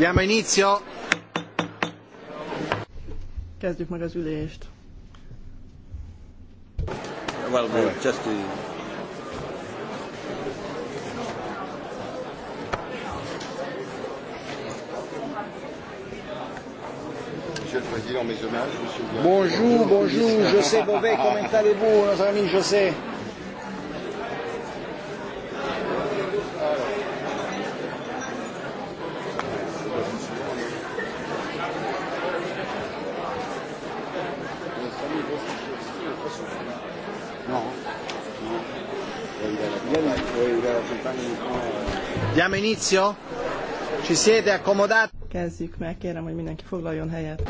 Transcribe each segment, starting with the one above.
Diamo inizio. Kezdjük meg az ülést. Well, we'll just do... Bonjour, bonjour, José Bové, comment allez-vous, nos amis José? inizio. Ci siete accomodati? Kezdjük meg, kérem, hogy mindenki foglaljon helyet.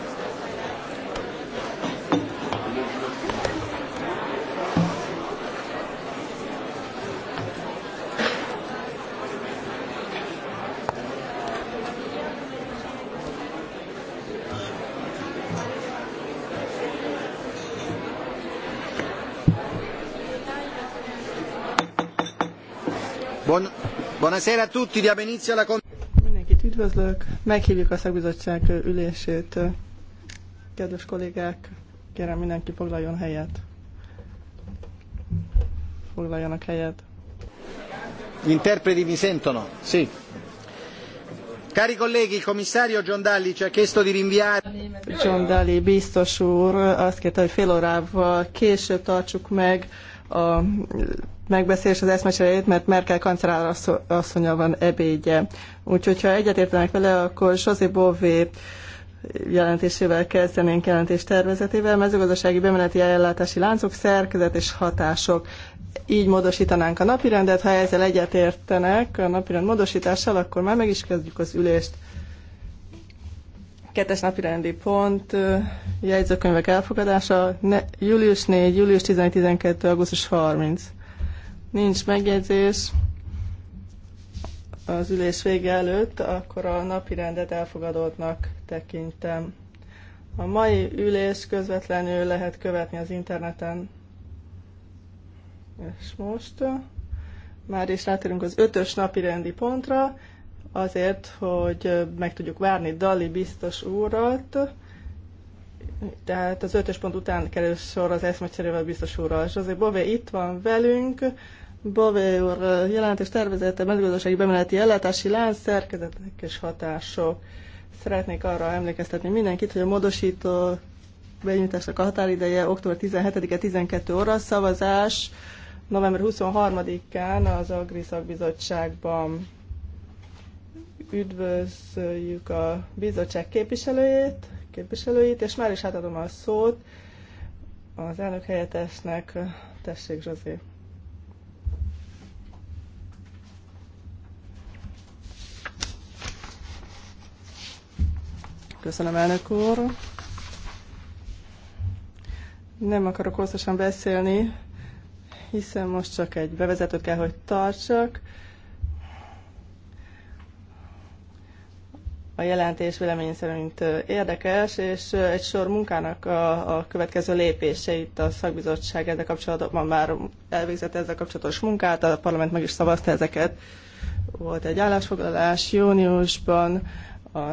Buonasera a tutti, diamo inizio alla Mindenkit üdvözlök, meghívjuk a szakbizottság ülését. Kedves kollégák, kérem mindenki foglaljon helyet. Foglaljanak helyet. Gli interpreti mi sentono? Sì. Cari colleghi, il commissario John Dalli ci ha chiesto di rinviare. John Dalli biztos úr azt kérte, hogy fél órával később tartsuk meg a megbeszélés az eszmecserejét, mert Merkel kancellár asszonya van ebédje. Úgyhogy, ha egyetértenek vele, akkor Sozi Bové jelentésével kezdenénk jelentés tervezetével, mezőgazdasági bemeneti ellátási láncok, szerkezet és hatások. Így módosítanánk a napirendet, ha ezzel egyetértenek a napirend módosítással, akkor már meg is kezdjük az ülést. Kettes napirendi pont, jegyzőkönyvek elfogadása, ne, július 4, július 11, 12, augusztus 30 nincs megjegyzés az ülés vége előtt, akkor a napi rendet elfogadottnak tekintem. A mai ülés közvetlenül lehet követni az interneten. És most már is rátérünk az ötös napi rendi pontra, azért, hogy meg tudjuk várni Dali biztos úrat, tehát az ötös pont után kerül sor az eszmecserével biztos úrral. José Bové itt van velünk, Bové úr jelentés tervezete mezőgazdasági bemeneti ellátási lánc szerkezetek és hatások. Szeretnék arra emlékeztetni mindenkit, hogy a módosító benyújtásnak a határideje október 17-e 12 óra szavazás, november 23-án az Agri Szakbizottságban üdvözöljük a bizottság képviselőjét, képviselőit, és már is átadom a szót az elnök helyettesnek, tessék Zsozé. Köszönöm, elnök úr. Nem akarok hosszasan beszélni, hiszen most csak egy bevezetőt kell, hogy tartsak. A jelentés vélemény szerint érdekes, és egy sor munkának a, a következő itt a szakbizottság ezzel kapcsolatban már elvégzett ezzel kapcsolatos munkát, a parlament meg is szavazta ezeket. Volt egy állásfoglalás júniusban, a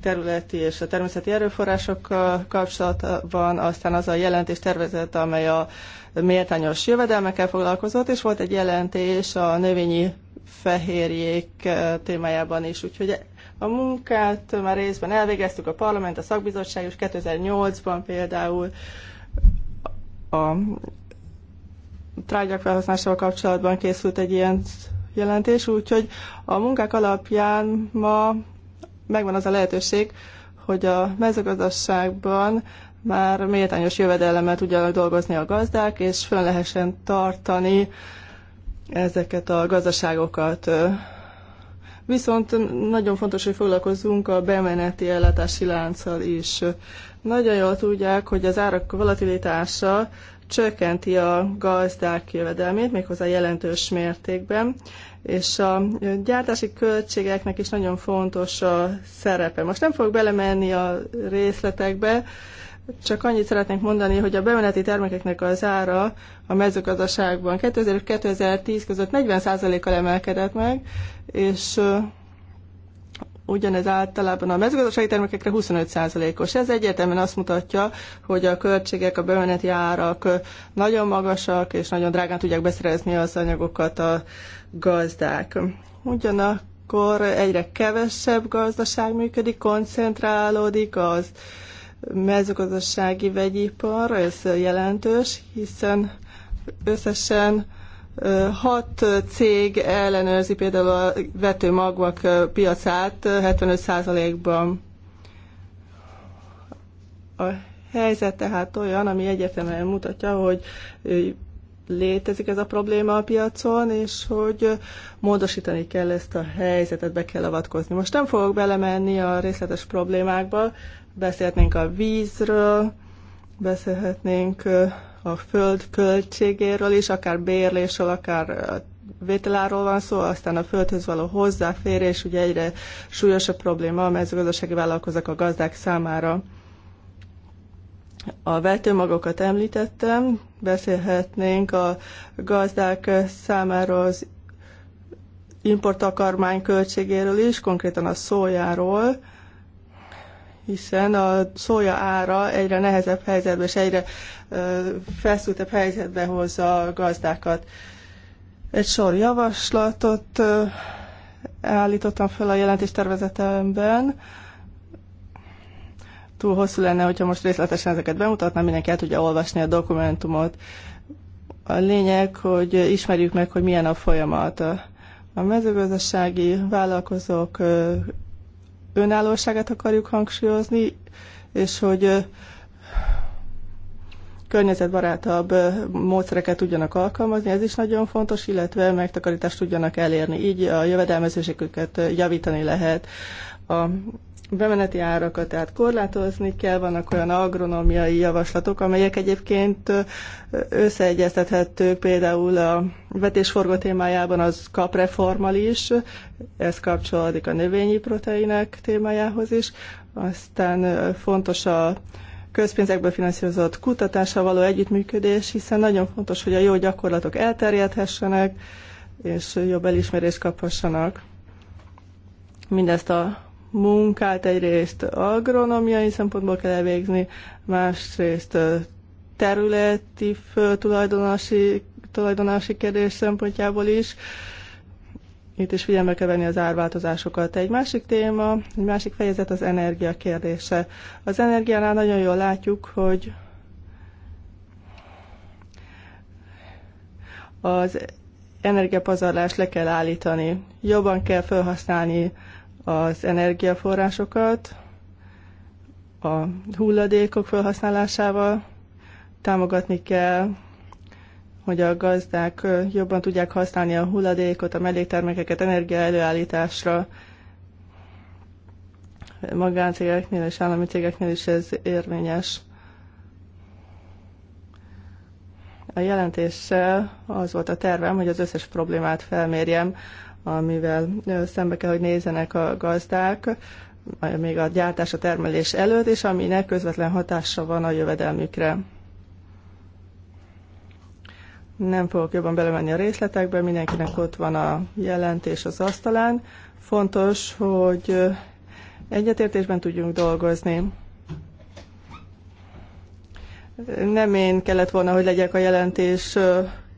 területi és a természeti erőforrások kapcsolatban, aztán az a jelentés tervezett, amely a méltányos jövedelmekkel foglalkozott, és volt egy jelentés a növényi fehérjék eh, témájában is, úgyhogy a munkát már részben elvégeztük, a parlament, a szakbizottság és 2008-ban például a trágyak felhasználásával kapcsolatban készült egy ilyen jelentés, úgyhogy a munkák alapján ma megvan az a lehetőség, hogy a mezőgazdaságban már méltányos jövedelemmel tudjanak dolgozni a gazdák, és fönn lehessen tartani ezeket a gazdaságokat. Viszont nagyon fontos, hogy foglalkozzunk a bemeneti ellátási lánccal is. Nagyon jól tudják, hogy az árak volatilitása csökkenti a gazdák jövedelmét, méghozzá jelentős mértékben, és a gyártási költségeknek is nagyon fontos a szerepe. Most nem fogok belemenni a részletekbe, csak annyit szeretnék mondani, hogy a bemeneti termékeknek az ára a mezőgazdaságban 2000 2010 között 40%-kal emelkedett meg, és ugyanez általában a mezőgazdasági termékekre 25%-os. Ez egyértelműen azt mutatja, hogy a költségek, a bemeneti árak nagyon magasak, és nagyon drágán tudják beszerezni az anyagokat a gazdák. Ugyanakkor egyre kevesebb gazdaság működik, koncentrálódik az mezőgazdasági vegyipar, ez jelentős, hiszen összesen Hat cég ellenőrzi például a vetőmagvak piacát 75%-ban. A helyzet tehát olyan, ami egyértelműen mutatja, hogy létezik ez a probléma a piacon, és hogy módosítani kell ezt a helyzetet, be kell avatkozni. Most nem fogok belemenni a részletes problémákba, beszélhetnénk a vízről, beszélhetnénk a föld költségéről is, akár bérlésről, akár vételáról van szó, aztán a földhöz való hozzáférés, ugye egyre súlyosabb probléma a mezőgazdasági vállalkozók a gazdák számára. A vetőmagokat említettem, beszélhetnénk a gazdák számára az importakarmány költségéről is, konkrétan a szójáról, hiszen a szója ára egyre nehezebb helyzetbe és egyre feszültebb helyzetbe hozza a gazdákat. Egy sor javaslatot állítottam fel a jelentéstervezetemben. Túl hosszú lenne, hogyha most részletesen ezeket bemutatnám, mindenki el tudja olvasni a dokumentumot. A lényeg, hogy ismerjük meg, hogy milyen a folyamat. A mezőgazdasági vállalkozók önállóságát akarjuk hangsúlyozni, és hogy környezetbarátabb módszereket tudjanak alkalmazni, ez is nagyon fontos, illetve megtakarítást tudjanak elérni. Így a jövedelmezőségüket javítani lehet. A bemeneti árakat tehát korlátozni kell, vannak olyan agronómiai javaslatok, amelyek egyébként összeegyeztethetők például a vetésforgó témájában az kapreformal is, ez kapcsolódik a növényi proteinek témájához is, aztán fontos a közpénzekből finanszírozott kutatással való együttműködés, hiszen nagyon fontos, hogy a jó gyakorlatok elterjedhessenek, és jobb elismerést kaphassanak. Mindezt a munkát egyrészt agronomiai szempontból kell elvégzni, másrészt területi tulajdonási, tulajdonási kérdés szempontjából is. Itt is figyelme kell venni az árváltozásokat. Egy másik téma, egy másik fejezet az energia kérdése. Az energiánál nagyon jól látjuk, hogy az energiapazarlást le kell állítani, jobban kell felhasználni az energiaforrásokat, a hulladékok felhasználásával támogatni kell, hogy a gazdák jobban tudják használni a hulladékot, a melléktermékeket energiaelőállításra. Magáncégeknél és állami cégeknél is ez érvényes. A jelentéssel az volt a tervem, hogy az összes problémát felmérjem, amivel szembe kell, hogy nézzenek a gazdák, még a gyártás, a termelés előtt, és aminek közvetlen hatása van a jövedelmükre. Nem fogok jobban belemenni a részletekbe, mindenkinek ott van a jelentés az asztalán. Fontos, hogy egyetértésben tudjunk dolgozni. Nem én kellett volna, hogy legyek a jelentés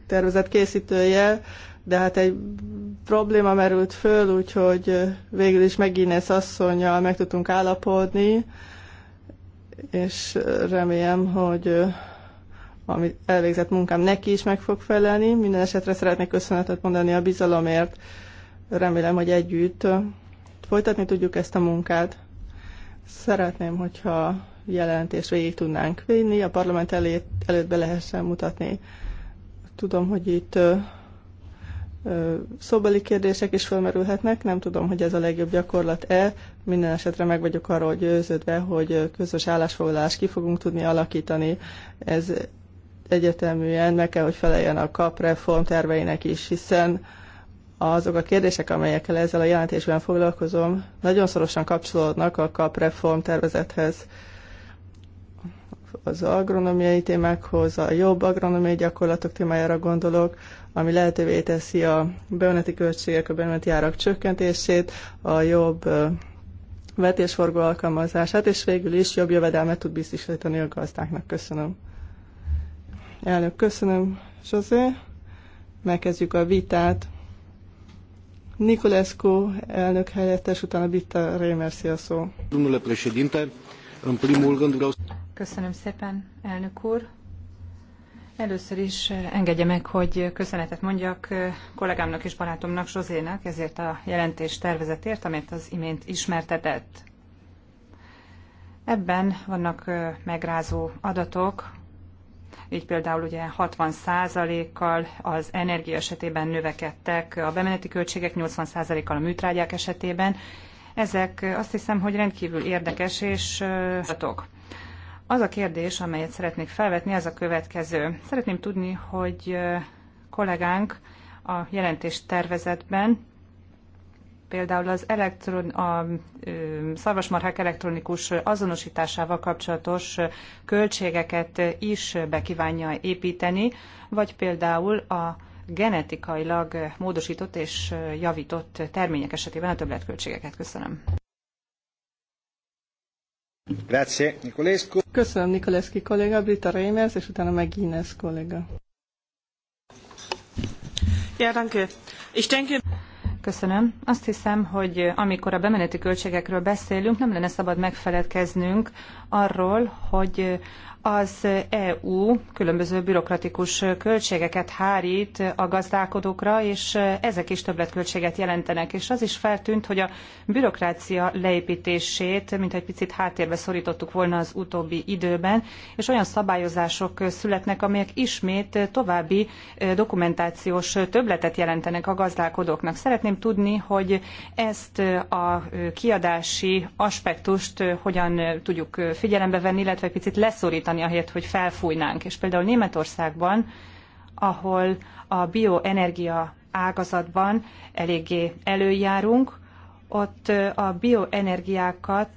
tervezet készítője, de hát egy probléma merült föl, úgyhogy végül is ez asszonyjal meg tudtunk állapodni, és remélem, hogy amit elvégzett munkám neki is meg fog felelni. Minden esetre szeretnék köszönetet mondani a bizalomért. Remélem, hogy együtt folytatni tudjuk ezt a munkát. Szeretném, hogyha jelentést végig tudnánk vinni, a parlament elé, előtt be lehessen mutatni. Tudom, hogy itt szóbeli kérdések is felmerülhetnek, nem tudom, hogy ez a legjobb gyakorlat-e, minden esetre meg vagyok arról győződve, hogy közös állásfoglalást ki fogunk tudni alakítani. Ez egyeteműen meg kell, hogy feleljen a KAP reform terveinek is, hiszen azok a kérdések, amelyekkel ezzel a jelentésben foglalkozom, nagyon szorosan kapcsolódnak a KAP reform tervezethez az agronomiai témákhoz, a jobb agronomiai gyakorlatok témájára gondolok, ami lehetővé teszi a bemeneti költségek, a bemeneti árak csökkentését, a jobb vetésforgó alkalmazását, és végül is jobb jövedelmet tud biztosítani a gazdáknak. Köszönöm. Elnök, köszönöm, José. Megkezdjük a vitát. Niculescu, elnök helyettes, utána Bitta Rémer, szia szó. Köszönöm szépen, elnök úr. Először is eh, engedje meg, hogy köszönetet mondjak eh, kollégámnak és barátomnak, Zsozénak ezért a jelentés tervezetért, amit az imént ismertetett. Ebben vannak eh, megrázó adatok, így például ugye 60%-kal az energia esetében növekedtek a bemeneti költségek, 80%-kal a műtrágyák esetében. Ezek azt hiszem, hogy rendkívül érdekes és adatok. Az a kérdés, amelyet szeretnék felvetni, az a következő. Szeretném tudni, hogy kollégánk a jelentés tervezetben például az elektron, a szarvasmarhák elektronikus azonosításával kapcsolatos költségeket is bekívánja építeni, vagy például a genetikailag módosított és javított termények esetében a többletköltségeket. Köszönöm. Grazie, Nikolescu. Köszönöm, Nikolescu kollega, Brita Reimers, és utána meg Ines kolléga. Ja, danke. Ich denke... Köszönöm. Azt hiszem, hogy amikor a bemeneti költségekről beszélünk, nem lenne szabad megfeledkeznünk arról, hogy az EU különböző bürokratikus költségeket hárít a gazdálkodókra, és ezek is többletköltséget jelentenek. És az is feltűnt, hogy a bürokrácia leépítését, mint egy picit háttérbe szorítottuk volna az utóbbi időben, és olyan szabályozások születnek, amelyek ismét további dokumentációs többletet jelentenek a gazdálkodóknak. Szeretném tudni, hogy ezt a kiadási aspektust hogyan tudjuk figyelembe venni, illetve egy picit leszorítani kiirtani, ahelyett, hogy felfújnánk. És például Németországban, ahol a bioenergia ágazatban eléggé előjárunk, ott a bioenergiákat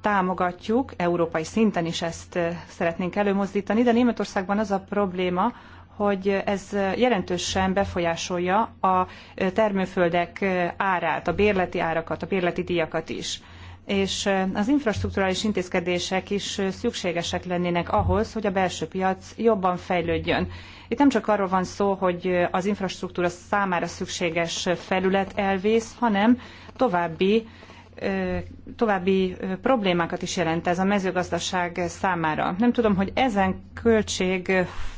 támogatjuk, európai szinten is ezt szeretnénk előmozdítani, de Németországban az a probléma, hogy ez jelentősen befolyásolja a termőföldek árát, a bérleti árakat, a bérleti díjakat is és az infrastruktúrális intézkedések is szükségesek lennének ahhoz, hogy a belső piac jobban fejlődjön. Itt nem csak arról van szó, hogy az infrastruktúra számára szükséges felület elvész, hanem további további problémákat is jelent ez a mezőgazdaság számára. Nem tudom, hogy ezen költség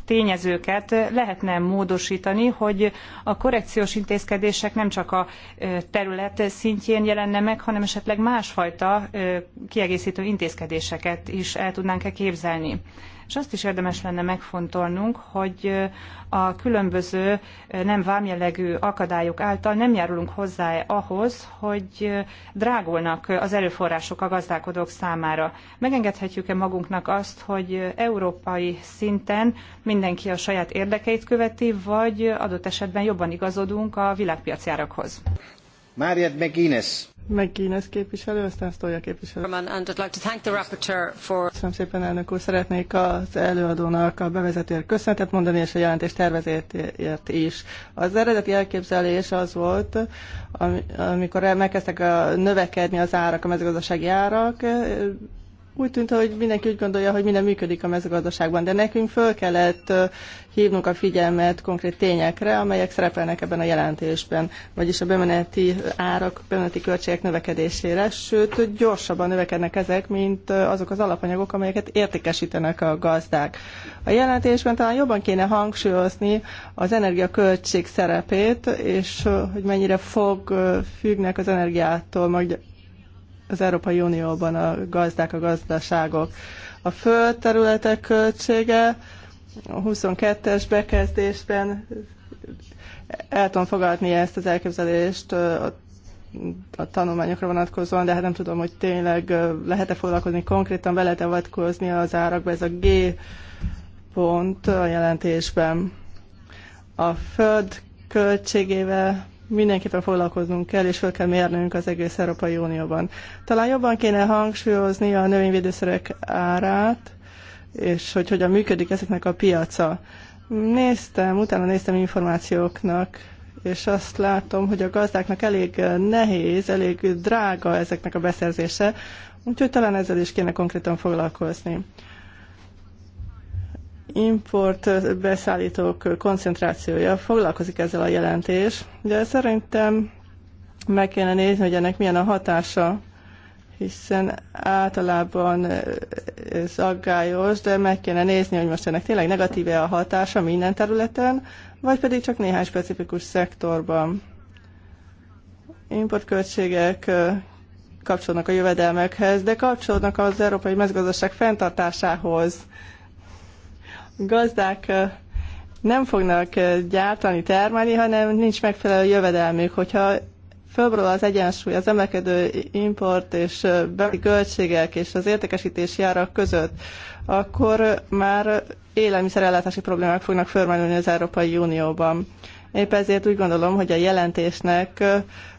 tényezőket lehetne módosítani, hogy a korrekciós intézkedések nem csak a terület szintjén jelenne meg, hanem esetleg másfajta kiegészítő intézkedéseket is el tudnánk-e képzelni. És azt is érdemes lenne megfontolnunk, hogy a különböző nem vámjellegű akadályok által nem járulunk hozzá ahhoz, hogy drágulnak az erőforrások a gazdálkodók számára. Megengedhetjük-e magunknak azt, hogy európai szinten mindenki a saját érdekeit követi, vagy adott esetben jobban igazodunk a világpiaci árakhoz? Máriad McGuinness. McGuinness képviselő, aztán Sztolja képviselő. Köszönöm szépen, elnök úr. Szeretnék az előadónak a bevezetőért köszönetet mondani, és a jelentés tervezétért is. Az eredeti elképzelés az volt, amikor megkezdtek a növekedni az árak, a mezőgazdasági árak, úgy tűnt, hogy mindenki úgy gondolja, hogy minden működik a mezőgazdaságban, de nekünk föl kellett hívnunk a figyelmet konkrét tényekre, amelyek szerepelnek ebben a jelentésben, vagyis a bemeneti árak, bemeneti költségek növekedésére, sőt, gyorsabban növekednek ezek, mint azok az alapanyagok, amelyeket értékesítenek a gazdák. A jelentésben talán jobban kéne hangsúlyozni az energiaköltség szerepét, és hogy mennyire fog függnek az energiától, majd az Európai Unióban a gazdák, a gazdaságok. A földterületek költsége a 22-es bekezdésben el tudom fogadni ezt az elképzelést a, a tanulmányokra vonatkozóan, de hát nem tudom, hogy tényleg lehet-e foglalkozni konkrétan, be lehet-e avatkozni az árakba, ez a G pont a jelentésben. A föld költségével mindenképpen foglalkoznunk kell, és fel kell mérnünk az egész Európai Unióban. Talán jobban kéne hangsúlyozni a növényvédőszerek árát, és hogy hogyan működik ezeknek a piaca. Néztem, utána néztem információknak, és azt látom, hogy a gazdáknak elég nehéz, elég drága ezeknek a beszerzése, úgyhogy talán ezzel is kéne konkrétan foglalkozni import beszállítók koncentrációja, foglalkozik ezzel a jelentés, de szerintem meg kéne nézni, hogy ennek milyen a hatása, hiszen általában ez aggályos, de meg kéne nézni, hogy most ennek tényleg negatíve a hatása minden területen, vagy pedig csak néhány specifikus szektorban. Importköltségek kapcsolódnak a jövedelmekhez, de kapcsolódnak az európai mezgazdaság fenntartásához gazdák nem fognak gyártani, termelni, hanem nincs megfelelő jövedelmük. Hogyha fölbről az egyensúly az emelkedő import és beli költségek és az értékesítési árak között, akkor már élelmiszerellátási problémák fognak fölmerülni az Európai Unióban. Épp ezért úgy gondolom, hogy a jelentésnek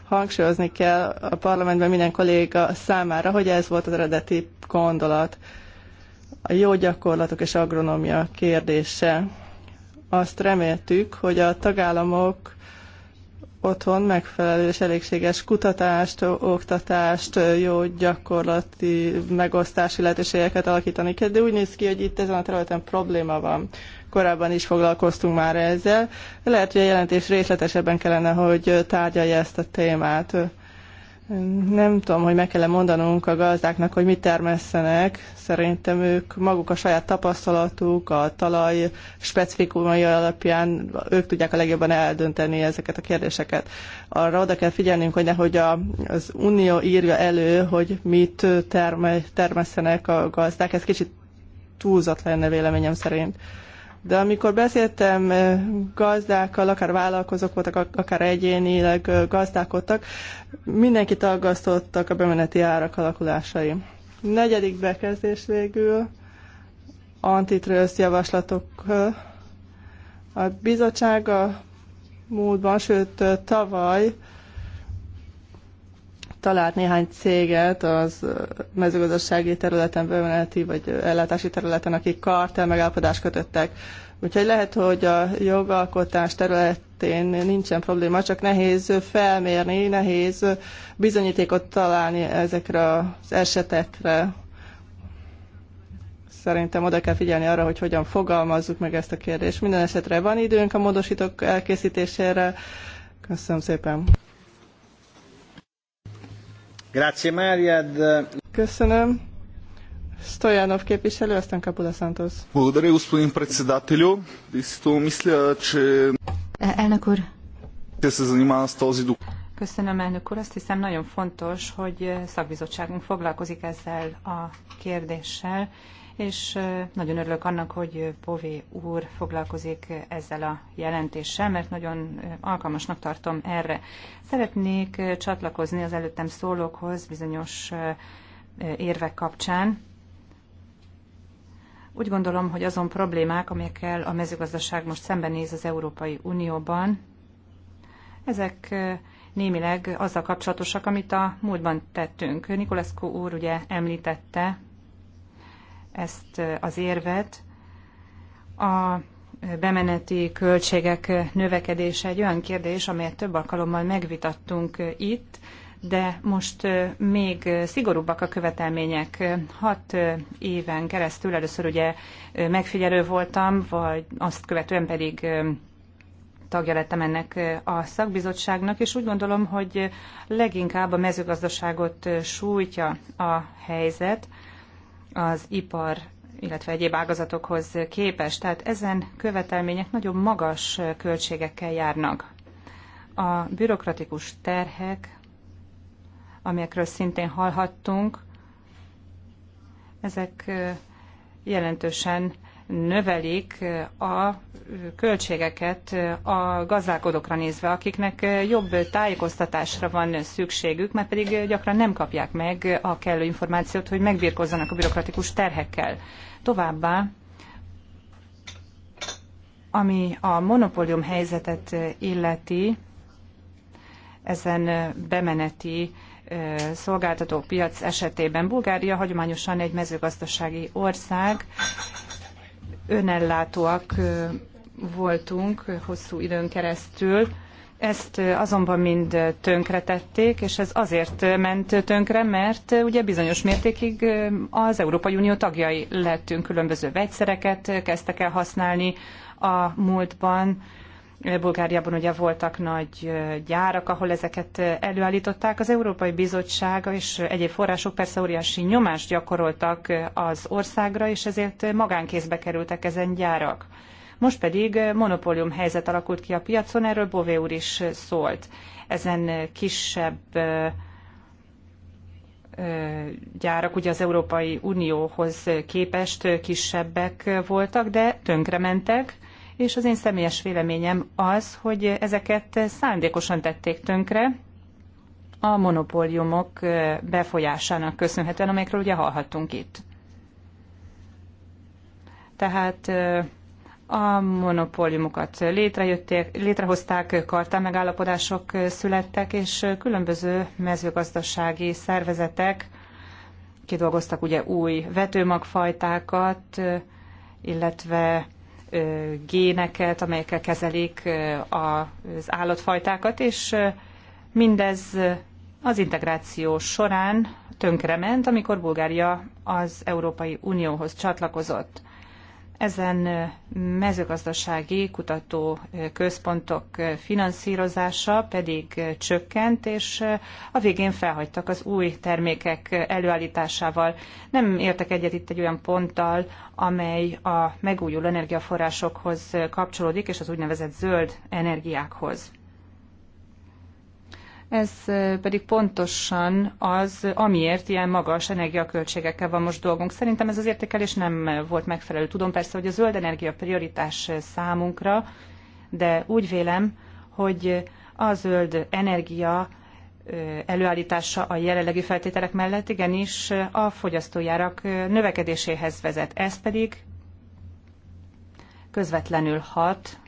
hangsúlyozni kell a parlamentben minden kolléga számára, hogy ez volt az eredeti gondolat a jó gyakorlatok és agronómia kérdése. Azt reméltük, hogy a tagállamok otthon megfelelő és elégséges kutatást, oktatást, jó gyakorlati megosztási lehetőségeket alakítani kell, de úgy néz ki, hogy itt ezen a területen probléma van. Korábban is foglalkoztunk már ezzel. Lehet, hogy a jelentés részletesebben kellene, hogy tárgyalja ezt a témát. Nem tudom, hogy meg kell -e mondanunk a gazdáknak, hogy mit termesztenek. Szerintem ők maguk a saját tapasztalatuk, a talaj specifikumai alapján ők tudják a legjobban eldönteni ezeket a kérdéseket. Arra oda kell figyelnünk, hogy nehogy a, az Unió írja elő, hogy mit terme, termesztenek a gazdák. Ez kicsit túlzat lenne véleményem szerint. De amikor beszéltem gazdákkal, akár vállalkozók voltak, akár egyénileg gazdálkodtak, mindenkit aggasztottak a bemeneti árak alakulásai. Negyedik bekezdés végül, antitrősz javaslatok. A bizottság a múltban, sőt tavaly talált néhány céget az mezőgazdasági területen, bőveneti vagy ellátási területen, akik kartel megállapodást kötöttek. Úgyhogy lehet, hogy a jogalkotás területén nincsen probléma, csak nehéz felmérni, nehéz bizonyítékot találni ezekre az esetekre. Szerintem oda kell figyelni arra, hogy hogyan fogalmazzuk meg ezt a kérdést. Minden esetre van időnk a módosítók elkészítésére. Köszönöm szépen! Grazie, Köszönöm. Стоянов képviselő, aztán Santos. Благодаря, господин председателю. Действително мисля, че... Elnök úr. Се занимава с този Köszönöm, elnök úr. Azt hiszem nagyon fontos, hogy eh, szakbizottságunk foglalkozik ezzel a kérdéssel, és nagyon örülök annak, hogy Pové úr foglalkozik ezzel a jelentéssel, mert nagyon alkalmasnak tartom erre. Szeretnék csatlakozni az előttem szólókhoz bizonyos érvek kapcsán. Úgy gondolom, hogy azon problémák, amelyekkel a mezőgazdaság most szembenéz az Európai Unióban, ezek némileg azzal kapcsolatosak, amit a múltban tettünk. Nikolaszko úr ugye említette ezt az érvet. A bemeneti költségek növekedése egy olyan kérdés, amelyet több alkalommal megvitattunk itt, de most még szigorúbbak a követelmények. Hat éven keresztül először ugye megfigyelő voltam, vagy azt követően pedig tagja lettem ennek a szakbizottságnak, és úgy gondolom, hogy leginkább a mezőgazdaságot sújtja a helyzet, az ipar illetve egyéb ágazatokhoz képest. Tehát ezen követelmények nagyon magas költségekkel járnak. A bürokratikus terhek, amelyekről szintén hallhattunk, ezek jelentősen növelik a költségeket a gazdálkodókra nézve, akiknek jobb tájékoztatásra van szükségük, mert pedig gyakran nem kapják meg a kellő információt, hogy megbírkozzanak a bürokratikus terhekkel. Továbbá, ami a monopólium helyzetet illeti, ezen bemeneti szolgáltató piac esetében. Bulgária hagyományosan egy mezőgazdasági ország, önellátóak voltunk hosszú időn keresztül. Ezt azonban mind tönkretették, és ez azért ment tönkre, mert ugye bizonyos mértékig az Európai Unió tagjai lettünk, különböző vegyszereket kezdtek el használni a múltban, Bulgáriában ugye voltak nagy gyárak, ahol ezeket előállították. Az Európai Bizottság és egyéb források persze óriási nyomást gyakoroltak az országra, és ezért magánkézbe kerültek ezen gyárak. Most pedig monopólium helyzet alakult ki a piacon, erről Bové úr is szólt. Ezen kisebb gyárak ugye az Európai Unióhoz képest kisebbek voltak, de tönkrementek, és az én személyes véleményem az, hogy ezeket szándékosan tették tönkre a monopóliumok befolyásának köszönhetően, amelyekről ugye hallhattunk itt. Tehát a monopóliumokat létrejötték, létrehozták, kartán megállapodások születtek, és különböző mezőgazdasági szervezetek kidolgoztak ugye új vetőmagfajtákat, illetve géneket, amelyekkel kezelik az állatfajtákat, és mindez az integráció során tönkrement, amikor Bulgária az Európai Unióhoz csatlakozott. Ezen mezőgazdasági kutató központok finanszírozása pedig csökkent, és a végén felhagytak az új termékek előállításával. Nem értek egyet itt egy olyan ponttal, amely a megújuló energiaforrásokhoz kapcsolódik, és az úgynevezett zöld energiákhoz. Ez pedig pontosan az, amiért ilyen magas energiaköltségekkel van most dolgunk. Szerintem ez az értékelés nem volt megfelelő. Tudom persze, hogy a zöld energia prioritás számunkra, de úgy vélem, hogy a zöld energia előállítása a jelenlegi feltételek mellett igenis a fogyasztójárak növekedéséhez vezet. Ez pedig közvetlenül hat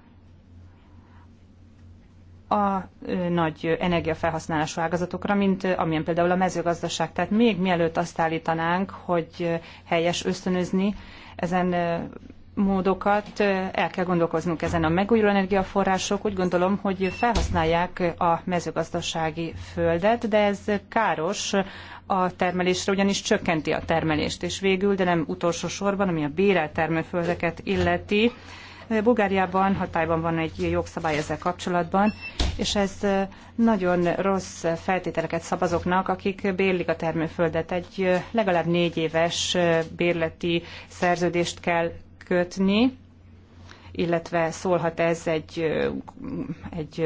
a nagy energiafelhasználású ágazatokra, mint amilyen például a mezőgazdaság. Tehát még mielőtt azt állítanánk, hogy helyes ösztönözni ezen módokat, el kell gondolkoznunk ezen a megújuló energiaforrások. Úgy gondolom, hogy felhasználják a mezőgazdasági földet, de ez káros a termelésre, ugyanis csökkenti a termelést. És végül, de nem utolsó sorban, ami a bérelt termőföldeket illeti, Bulgáriában hatályban van egy jogszabály ezzel kapcsolatban, és ez nagyon rossz feltételeket szab azoknak, akik bérlik a termőföldet. Egy legalább négy éves bérleti szerződést kell kötni, illetve szólhat ez egy, egy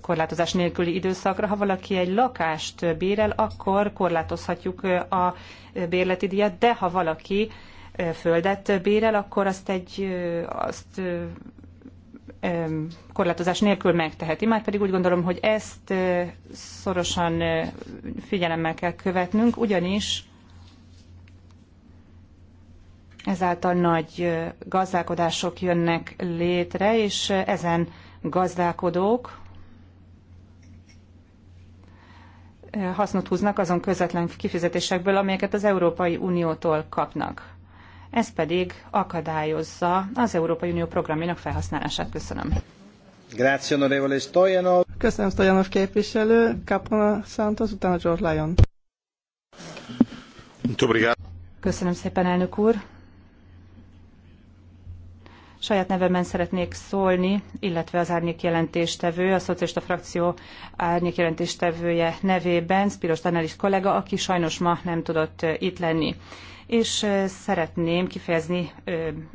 korlátozás nélküli időszakra. Ha valaki egy lakást bérel, akkor korlátozhatjuk a bérleti díjat, de ha valaki földet bérel, akkor azt egy azt korlátozás nélkül megteheti. Már pedig úgy gondolom, hogy ezt szorosan figyelemmel kell követnünk, ugyanis ezáltal nagy gazdálkodások jönnek létre, és ezen gazdálkodók hasznot húznak azon közvetlen kifizetésekből, amelyeket az Európai Uniótól kapnak ez pedig akadályozza az Európai Unió programjának felhasználását. Köszönöm. Grazie, onorevole Stojanov. Köszönöm, Stojanov képviselő. Kapona Santos, utána George Lyon. Köszönöm szépen, elnök úr. Saját nevemben szeretnék szólni, illetve az árnyék jelentéstevő, a szocialista frakció árnyék jelentéstevője nevében, Spiros Tanelis kollega, aki sajnos ma nem tudott eh, itt lenni és szeretném kifejezni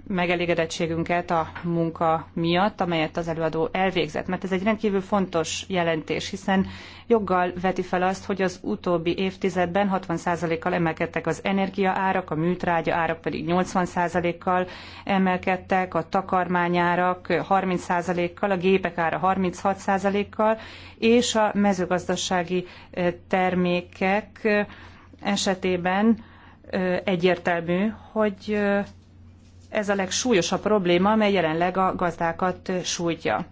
megelégedettségünket a munka miatt, amelyet az előadó elvégzett, mert ez egy rendkívül fontos jelentés, hiszen joggal veti fel azt, hogy az utóbbi évtizedben 60%-kal emelkedtek az energiaárak, a műtrágya árak pedig 80%-kal emelkedtek, a takarmányárak 30%-kal, a gépek ára 36%-kal, és a mezőgazdasági termékek esetében egyértelmű, hogy ez a legsúlyosabb probléma, amely jelenleg a gazdákat sújtja.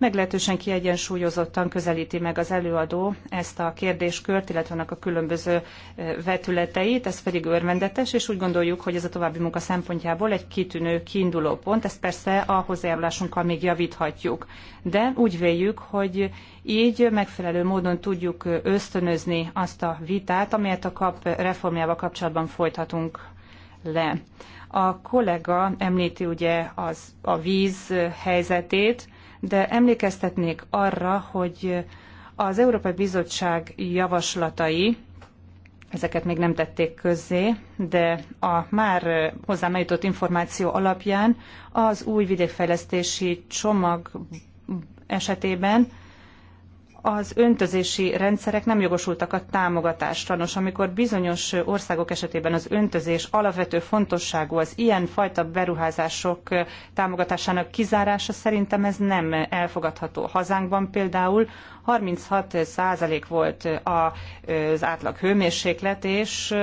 Meglehetősen kiegyensúlyozottan közelíti meg az előadó ezt a kérdéskört, illetve annak a különböző vetületeit, ez pedig örvendetes, és úgy gondoljuk, hogy ez a további munka szempontjából egy kitűnő kiinduló pont, ezt persze a hozzájárulásunkkal még javíthatjuk. De úgy véljük, hogy így megfelelő módon tudjuk ösztönözni azt a vitát, amelyet a kap reformjával kapcsolatban folytatunk le. A kollega említi ugye az, a víz helyzetét, de emlékeztetnék arra, hogy az Európai Bizottság javaslatai, ezeket még nem tették közzé, de a már hozzám eljutott információ alapján az új vidékfejlesztési csomag esetében az öntözési rendszerek nem jogosultak a támogatásra. Nos, amikor bizonyos országok esetében az öntözés alapvető fontosságú, az ilyen fajta beruházások támogatásának kizárása szerintem ez nem elfogadható. Hazánkban például 36% volt az átlag hőmérséklet, és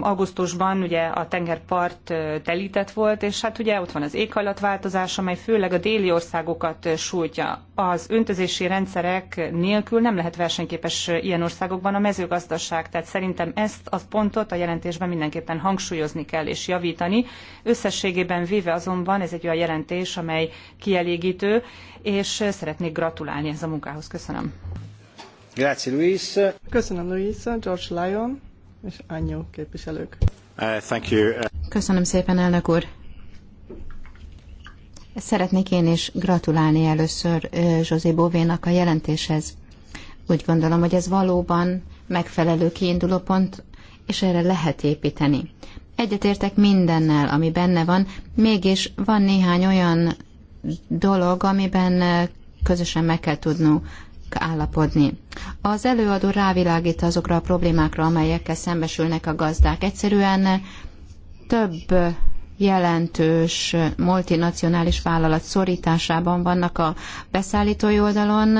augusztusban ugye a tengerpart telített volt, és hát ugye ott van az éghajlatváltozás, amely főleg a déli országokat sújtja. Az öntözési rendszerek nélkül nem lehet versenyképes ilyen országokban a mezőgazdaság, tehát szerintem ezt a pontot a jelentésben mindenképpen hangsúlyozni kell és javítani. Összességében véve azonban ez egy olyan jelentés, amely kielégítő, és szeretnék gratulálni ez a munkához. Köszönöm. Grazie, Luis. Köszönöm, Luis. George Lyon és Anyó képviselők. Uh, uh, Köszönöm szépen, elnök úr. Szeretnék én is gratulálni először uh, José Bovénak a jelentéshez. Úgy gondolom, hogy ez valóban megfelelő kiinduló pont, és erre lehet építeni. Egyetértek mindennel, ami benne van, mégis van néhány olyan dolog, amiben közösen meg kell tudnunk állapodni. Az előadó rávilágít azokra a problémákra, amelyekkel szembesülnek a gazdák. Egyszerűen több jelentős multinacionális vállalat szorításában vannak a beszállítói oldalon,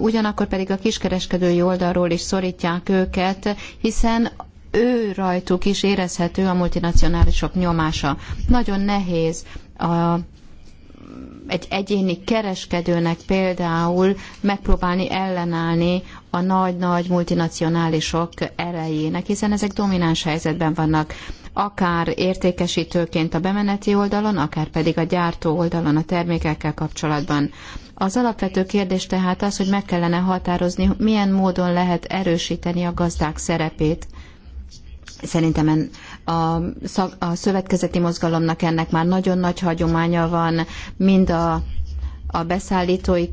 ugyanakkor pedig a kiskereskedői oldalról is szorítják őket, hiszen ő rajtuk is érezhető a multinacionálisok nyomása. Nagyon nehéz a egy egyéni kereskedőnek például megpróbálni ellenállni a nagy-nagy multinacionálisok erejének, hiszen ezek domináns helyzetben vannak, akár értékesítőként a bemeneti oldalon, akár pedig a gyártó oldalon a termékekkel kapcsolatban. Az alapvető kérdés tehát az, hogy meg kellene határozni, milyen módon lehet erősíteni a gazdák szerepét Szerintem a, a szövetkezeti mozgalomnak ennek már nagyon nagy hagyománya van, mind a a beszállítói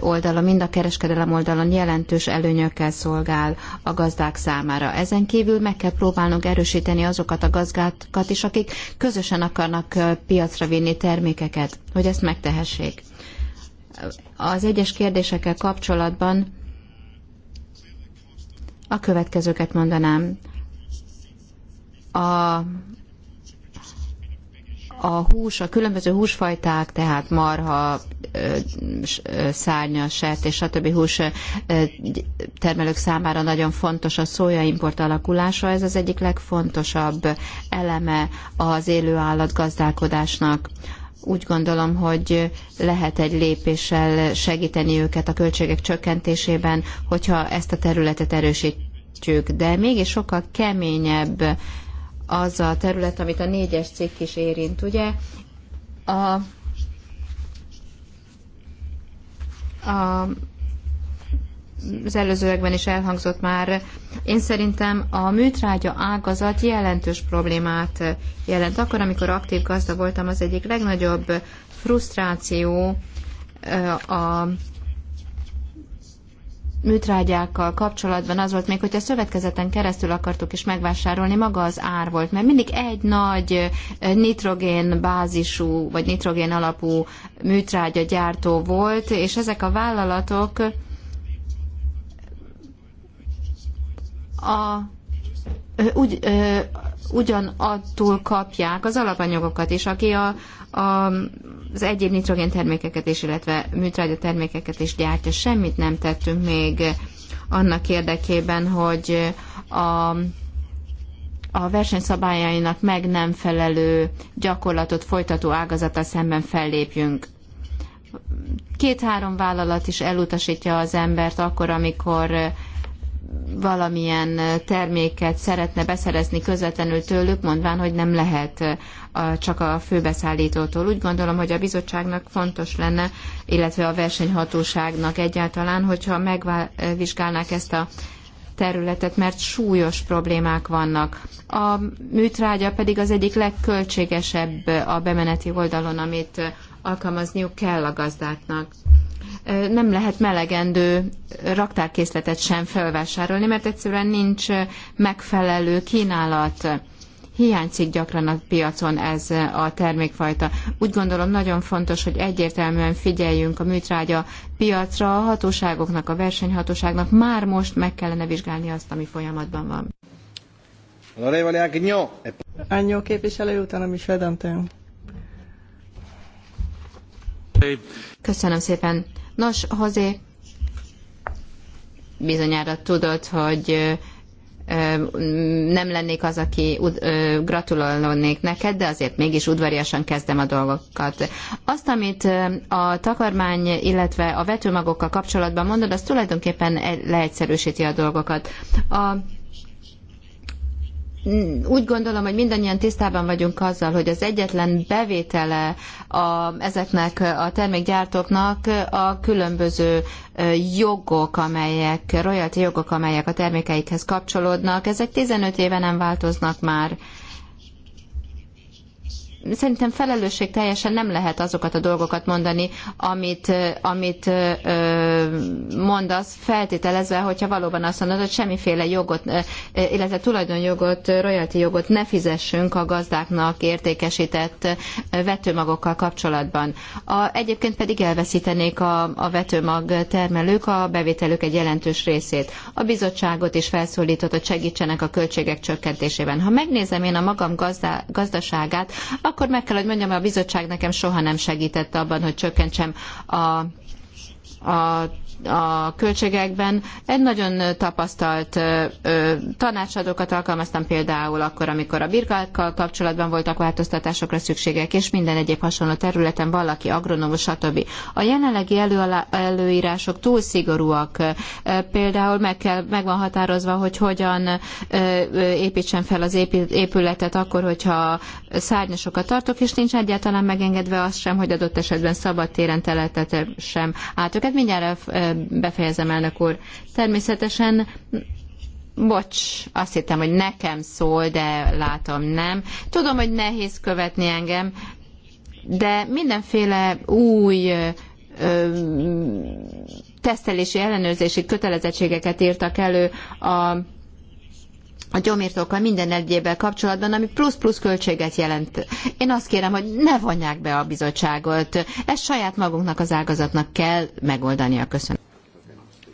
oldalon, mind a kereskedelem oldalon jelentős előnyökkel szolgál a gazdák számára. Ezen kívül meg kell próbálnunk erősíteni azokat a gazdákat is, akik közösen akarnak piacra vinni termékeket, hogy ezt megtehessék. Az egyes kérdésekkel kapcsolatban a következőket mondanám a a hús, a különböző húsfajták, tehát marha, szárnyas, sertés, stb. hús termelők számára nagyon fontos a szójaimport alakulása. Ez az egyik legfontosabb eleme az élőállat gazdálkodásnak. Úgy gondolom, hogy lehet egy lépéssel segíteni őket a költségek csökkentésében, hogyha ezt a területet erősítjük, de mégis sokkal keményebb az a terület, amit a négyes cikk is érint, ugye? A, a az előzőekben is elhangzott már, én szerintem a műtrágya ágazat jelentős problémát jelent. Akkor, amikor aktív gazda voltam, az egyik legnagyobb frusztráció a műtrágyákkal kapcsolatban az volt még, hogyha szövetkezeten keresztül akartuk is megvásárolni, maga az ár volt, mert mindig egy nagy eh, nitrogén bázisú, vagy nitrogén alapú műtrágya gyártó volt, és ezek a vállalatok a ugy, ugyanattól kapják az alapanyagokat is, aki a, a, az egyéb nitrogén termékeket is, illetve műtrágya termékeket is gyártja. Semmit nem tettünk még annak érdekében, hogy a, a versenyszabályainak meg nem felelő gyakorlatot folytató ágazata szemben fellépjünk. Két-három vállalat is elutasítja az embert akkor, amikor valamilyen terméket szeretne beszerezni közvetlenül tőlük, mondván, hogy nem lehet a, csak a főbeszállítótól. Úgy gondolom, hogy a bizottságnak fontos lenne, illetve a versenyhatóságnak egyáltalán, hogyha megvizsgálnák ezt a területet, mert súlyos problémák vannak. A műtrágya pedig az egyik legköltségesebb a bemeneti oldalon, amit alkalmazniuk kell a gazdáknak nem lehet melegendő raktárkészletet sem felvásárolni, mert egyszerűen nincs megfelelő kínálat. Hiányzik gyakran a piacon ez a termékfajta. Úgy gondolom nagyon fontos, hogy egyértelműen figyeljünk a műtrágya piacra, a hatóságoknak, a versenyhatóságnak már most meg kellene vizsgálni azt, ami folyamatban van. Agnyó képviselő, utána mi Köszönöm szépen. Nos, Hozé, bizonyára tudod, hogy nem lennék az, aki gratulálnék neked, de azért mégis udvariasan kezdem a dolgokat. Azt, amit a takarmány, illetve a vetőmagokkal kapcsolatban mondod, az tulajdonképpen e-, leegyszerűsíti a dolgokat. A úgy gondolom, hogy mindannyian tisztában vagyunk azzal, hogy az egyetlen bevétele a, ezeknek a termékgyártóknak a különböző jogok, amelyek, royalty jogok, amelyek a termékeikhez kapcsolódnak, ezek 15 éve nem változnak már szerintem felelősség teljesen nem lehet azokat a dolgokat mondani, amit, amit mondasz, feltételezve, hogyha valóban azt mondod, hogy semmiféle jogot, illetve tulajdonjogot, royalty jogot ne fizessünk a gazdáknak értékesített vetőmagokkal kapcsolatban. A, egyébként pedig elveszítenék a, a vetőmag termelők a bevételük egy jelentős részét. A bizottságot is felszólított, hogy segítsenek a költségek csökkentésében. Ha megnézem én a magam gazdaságát, akkor meg kell, hogy mondjam, a bizottság nekem soha nem segített abban, hogy csökkentsem a a, a költségekben. Egy nagyon tapasztalt tanácsadókat alkalmaztam például akkor, amikor a birkákkal kapcsolatban voltak változtatásokra szükségek, és minden egyéb hasonló területen valaki, agronómus, stb. A jelenlegi elő, előírások túl szigorúak. Például meg, kell, meg van határozva, hogy hogyan építsen fel az épületet akkor, hogyha szárnyasokat tartok, és nincs egyáltalán megengedve az sem, hogy adott esetben szabad téren teletet sem átöket kérdéseket. Mindjárt befejezem, elnök úr. Természetesen Bocs, azt hittem, hogy nekem szól, de látom nem. Tudom, hogy nehéz követni engem, de mindenféle új ö, tesztelési, ellenőrzési kötelezettségeket írtak elő a a gyomírtókkal, minden egyébbel kapcsolatban, ami plusz-plusz költséget jelent. Én azt kérem, hogy ne vonják be a bizottságot. Ezt saját magunknak, az ágazatnak kell megoldania. Köszönöm.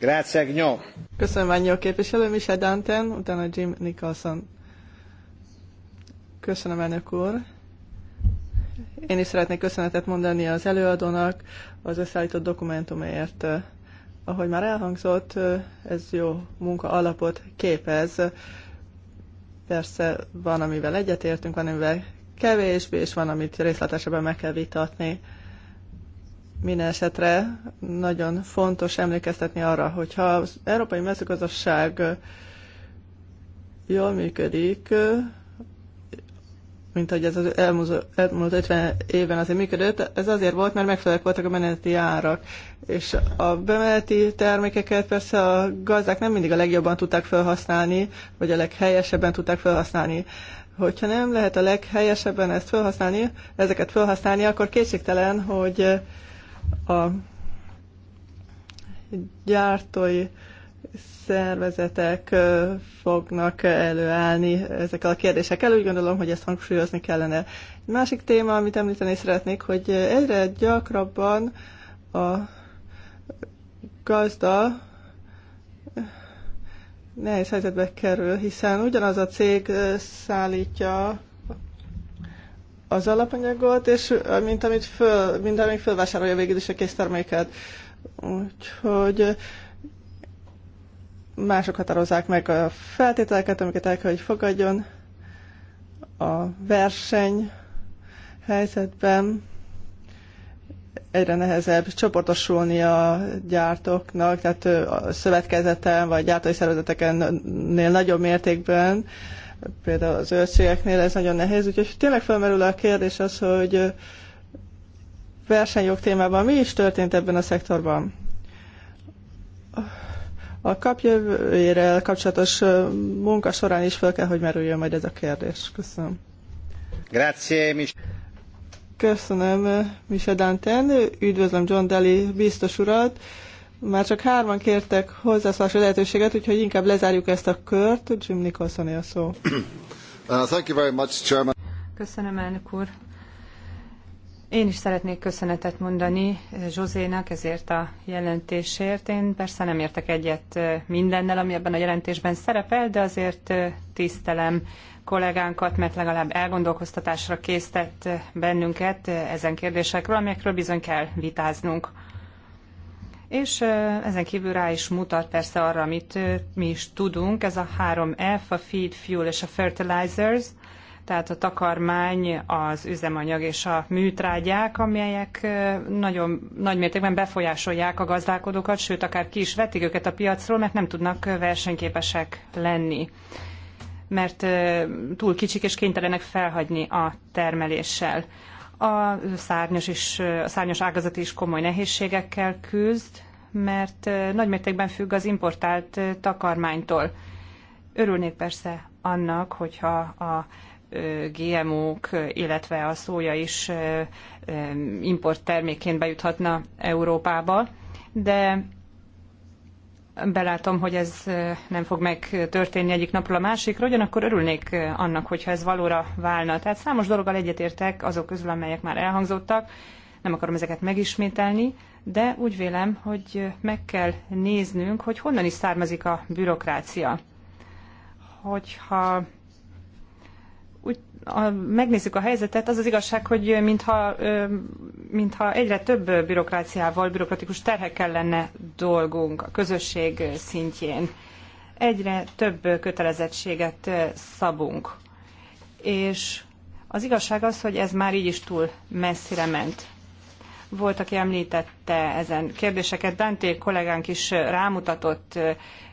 Grazie, Gnyó. Köszönöm, a képviselő, Michel Danten, utána Jim Nicholson. Köszönöm, elnök úr. Én is szeretnék köszönetet mondani az előadónak az összeállított dokumentumért. Ahogy már elhangzott, ez jó munka alapot képez Persze van, amivel egyetértünk, van, amivel kevésbé, és van, amit részletesebben meg kell vitatni. Minden esetre nagyon fontos emlékeztetni arra, hogyha az európai mezőgazdaság jól működik, mint hogy ez az elmúlt 50 évben azért működött, ez azért volt, mert megfelelők voltak a meneti árak. És a bemeneti termékeket persze a gazdák nem mindig a legjobban tudták felhasználni, vagy a leghelyesebben tudták felhasználni. Hogyha nem lehet a leghelyesebben ezt felhasználni, ezeket felhasználni, akkor kétségtelen, hogy a gyártói szervezetek fognak előállni ezekkel a kérdésekkel. Úgy gondolom, hogy ezt hangsúlyozni kellene. Egy másik téma, amit említeni szeretnék, hogy egyre gyakrabban a gazda nehéz helyzetbe kerül, hiszen ugyanaz a cég szállítja az alapanyagot, és mint amit föl, mint amit fölvásárolja végül is a készterméket. Úgyhogy mások határozzák meg a feltételeket, amiket el kell, hogy fogadjon. A verseny helyzetben egyre nehezebb csoportosulni a gyártóknak, tehát a szövetkezeten vagy gyártói szervezeteknél nagyobb mértékben, például az őrségeknél ez nagyon nehéz, úgyhogy tényleg felmerül a kérdés az, hogy versenyjog témában mi is történt ebben a szektorban. A kap jövőjére kapcsolatos munka során is fel kell, hogy merüljön majd ez a kérdés. Köszönöm. Grazie, Mich Köszönöm, Michel Danten. Üdvözlöm John Daly biztos urat. Már csak hárman kértek hozzászólási lehetőséget, úgyhogy inkább lezárjuk ezt a kört. Jim Nicholson a szó. Uh, thank you very much, Chairman. Köszönöm, elnök úr. Én is szeretnék köszönetet mondani Zsozénak ezért a jelentésért. Én persze nem értek egyet mindennel, ami ebben a jelentésben szerepel, de azért tisztelem kollégánkat, mert legalább elgondolkoztatásra késztett bennünket ezen kérdésekről, amelyekről bizony kell vitáznunk. És ezen kívül rá is mutat persze arra, amit mi is tudunk, ez a 3F, a Feed, Fuel és a Fertilizers – tehát a takarmány, az üzemanyag és a műtrágyák, amelyek nagyon nagy mértékben befolyásolják a gazdálkodókat, sőt, akár ki is vetik őket a piacról, mert nem tudnak versenyképesek lenni mert túl kicsik és kénytelenek felhagyni a termeléssel. A szárnyos, is, a szárnyos ágazat is komoly nehézségekkel küzd, mert nagymértékben függ az importált takarmánytól. Örülnék persze annak, hogyha a GMO-k, illetve a szója is import termékén bejuthatna Európába, de belátom, hogy ez nem fog megtörténni egyik napról a másikra, ugyanakkor örülnék annak, hogyha ez valóra válna. Tehát számos dologgal egyetértek azok közül, amelyek már elhangzottak, nem akarom ezeket megismételni, de úgy vélem, hogy meg kell néznünk, hogy honnan is származik a bürokrácia. Hogyha úgy ha megnézzük a helyzetet, az az igazság, hogy mintha, mintha egyre több bürokráciával, bürokratikus terhekkel lenne dolgunk a közösség szintjén. Egyre több kötelezettséget szabunk. És az igazság az, hogy ez már így is túl messzire ment. Volt, aki említette ezen kérdéseket, Dante kollégánk is rámutatott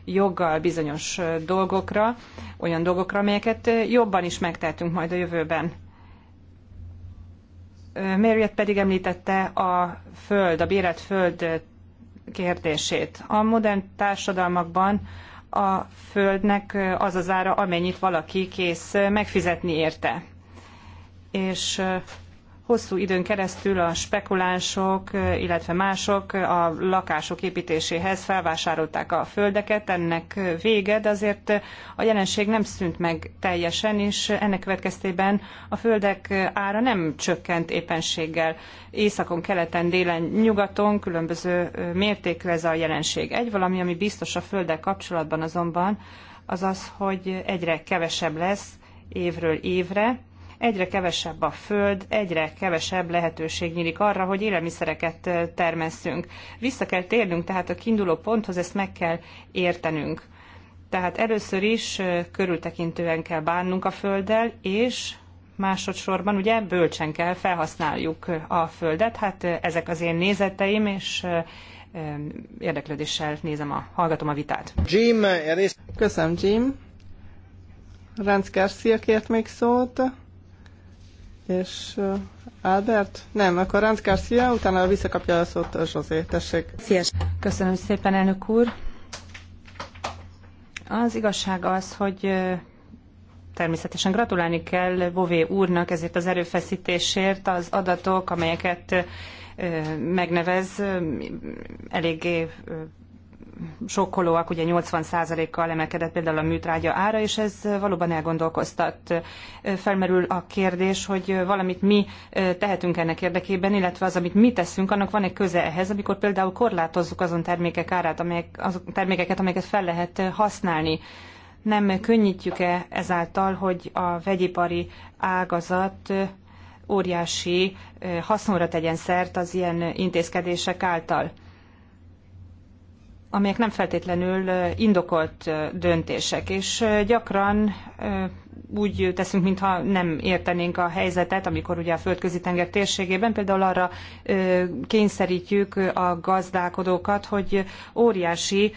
joggal bizonyos dolgokra, olyan dolgokra, amelyeket jobban is megtehetünk majd a jövőben. Mériet pedig említette a föld, a bérelt föld kérdését. A modern társadalmakban a földnek az az ára, amennyit valaki kész megfizetni érte. És hosszú időn keresztül a spekulánsok, illetve mások a lakások építéséhez felvásárolták a földeket, ennek vége, de azért a jelenség nem szűnt meg teljesen, és ennek következtében a földek ára nem csökkent éppenséggel. Északon, keleten, délen, nyugaton különböző mértékű ez a jelenség. Egy valami, ami biztos a földek kapcsolatban azonban, az az, hogy egyre kevesebb lesz évről évre, Egyre kevesebb a föld, egyre kevesebb lehetőség nyílik arra, hogy élelmiszereket termesszünk. Vissza kell térnünk tehát a kiinduló ponthoz, ezt meg kell értenünk. Tehát először is körültekintően kell bánnunk a földdel, és másodszorban ugye bölcsen kell felhasználjuk a földet. Hát ezek az én nézeteim, és érdeklődéssel nézem a, hallgatom a vitát. Jim, Köszönöm, Jim. Renz Garcia kért még szót. És uh, Albert? Nem, akkor Rand Garcia, utána visszakapja a szót a uh, Zsozé. Tessék. Szias. Köszönöm szépen, elnök úr. Az igazság az, hogy uh, természetesen gratulálni kell Bové úrnak ezért az erőfeszítésért, az adatok, amelyeket uh, megnevez, um, eléggé sokkolóak, ugye 80%-kal emelkedett például a műtrágya ára, és ez valóban elgondolkoztat. Felmerül a kérdés, hogy valamit mi tehetünk ennek érdekében, illetve az, amit mi teszünk, annak van egy köze ehhez, amikor például korlátozzuk azon termékek árát, amelyek, azok termékeket, amelyeket fel lehet használni nem könnyítjük-e ezáltal, hogy a vegyipari ágazat óriási eh, hasznóra tegyen szert az ilyen intézkedések által? amelyek nem feltétlenül indokolt döntések, és gyakran úgy teszünk, mintha nem értenénk a helyzetet, amikor ugye a földközi tenger térségében például arra kényszerítjük a gazdálkodókat, hogy óriási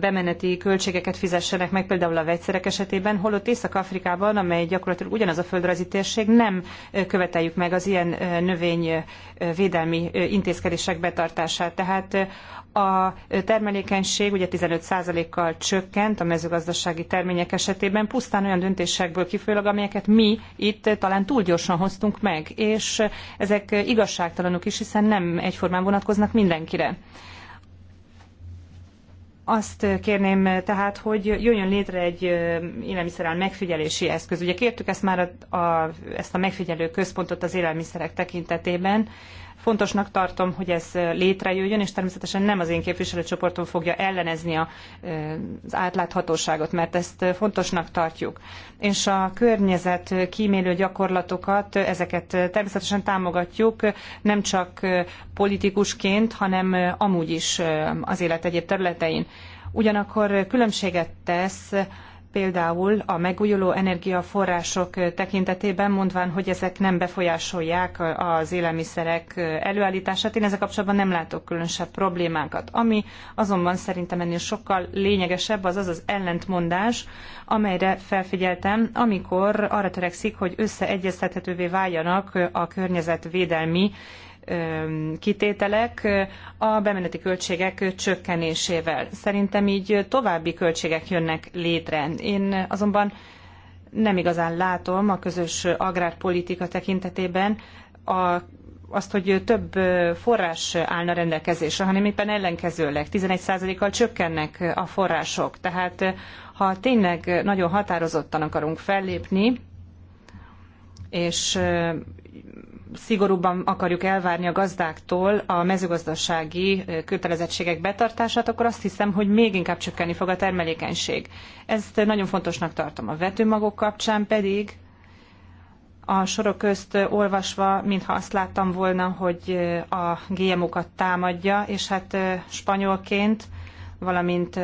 bemeneti költségeket fizessenek meg, például a vegyszerek esetében, holott Észak-Afrikában, amely gyakorlatilag ugyanaz a földrajzi térség, nem követeljük meg az ilyen növényvédelmi intézkedések betartását. Tehát a termelékenység ugye 15%-kal csökkent a mezőgazdasági termények esetében, pusztán olyan döntésekből kifolyólag, amelyeket mi itt talán túl gyorsan hoztunk meg, és ezek igazságtalanok is, hiszen nem egyformán vonatkoznak mindenkire. Azt kérném tehát, hogy jöjjön létre egy élelmiszerál megfigyelési eszköz. Ugye kértük ezt már a, a, ezt a megfigyelő központot az élelmiszerek tekintetében, Fontosnak tartom, hogy ez létrejöjjön, és természetesen nem az én képviselőcsoportom fogja ellenezni az átláthatóságot, mert ezt fontosnak tartjuk. És a környezet kímélő gyakorlatokat, ezeket természetesen támogatjuk, nem csak politikusként, hanem amúgy is az élet egyéb területein. Ugyanakkor különbséget tesz például a megújuló energiaforrások tekintetében, mondván, hogy ezek nem befolyásolják az élelmiszerek előállítását. Én ezzel kapcsolatban nem látok különösebb problémákat. Ami azonban szerintem ennél sokkal lényegesebb, az az az ellentmondás, amelyre felfigyeltem, amikor arra törekszik, hogy összeegyeztethetővé váljanak a környezetvédelmi kitételek a bemeneti költségek csökkenésével. Szerintem így további költségek jönnek létre. Én azonban nem igazán látom a közös agrárpolitika tekintetében a azt, hogy több forrás állna rendelkezésre, hanem éppen ellenkezőleg 11%-kal csökkennek a források. Tehát ha tényleg nagyon határozottan akarunk fellépni, és szigorúbban akarjuk elvárni a gazdáktól a mezőgazdasági kötelezettségek betartását, akkor azt hiszem, hogy még inkább csökkenni fog a termelékenység. Ezt nagyon fontosnak tartom. A vetőmagok kapcsán pedig a sorok közt olvasva, mintha azt láttam volna, hogy a GMO-kat támadja, és hát spanyolként, valamint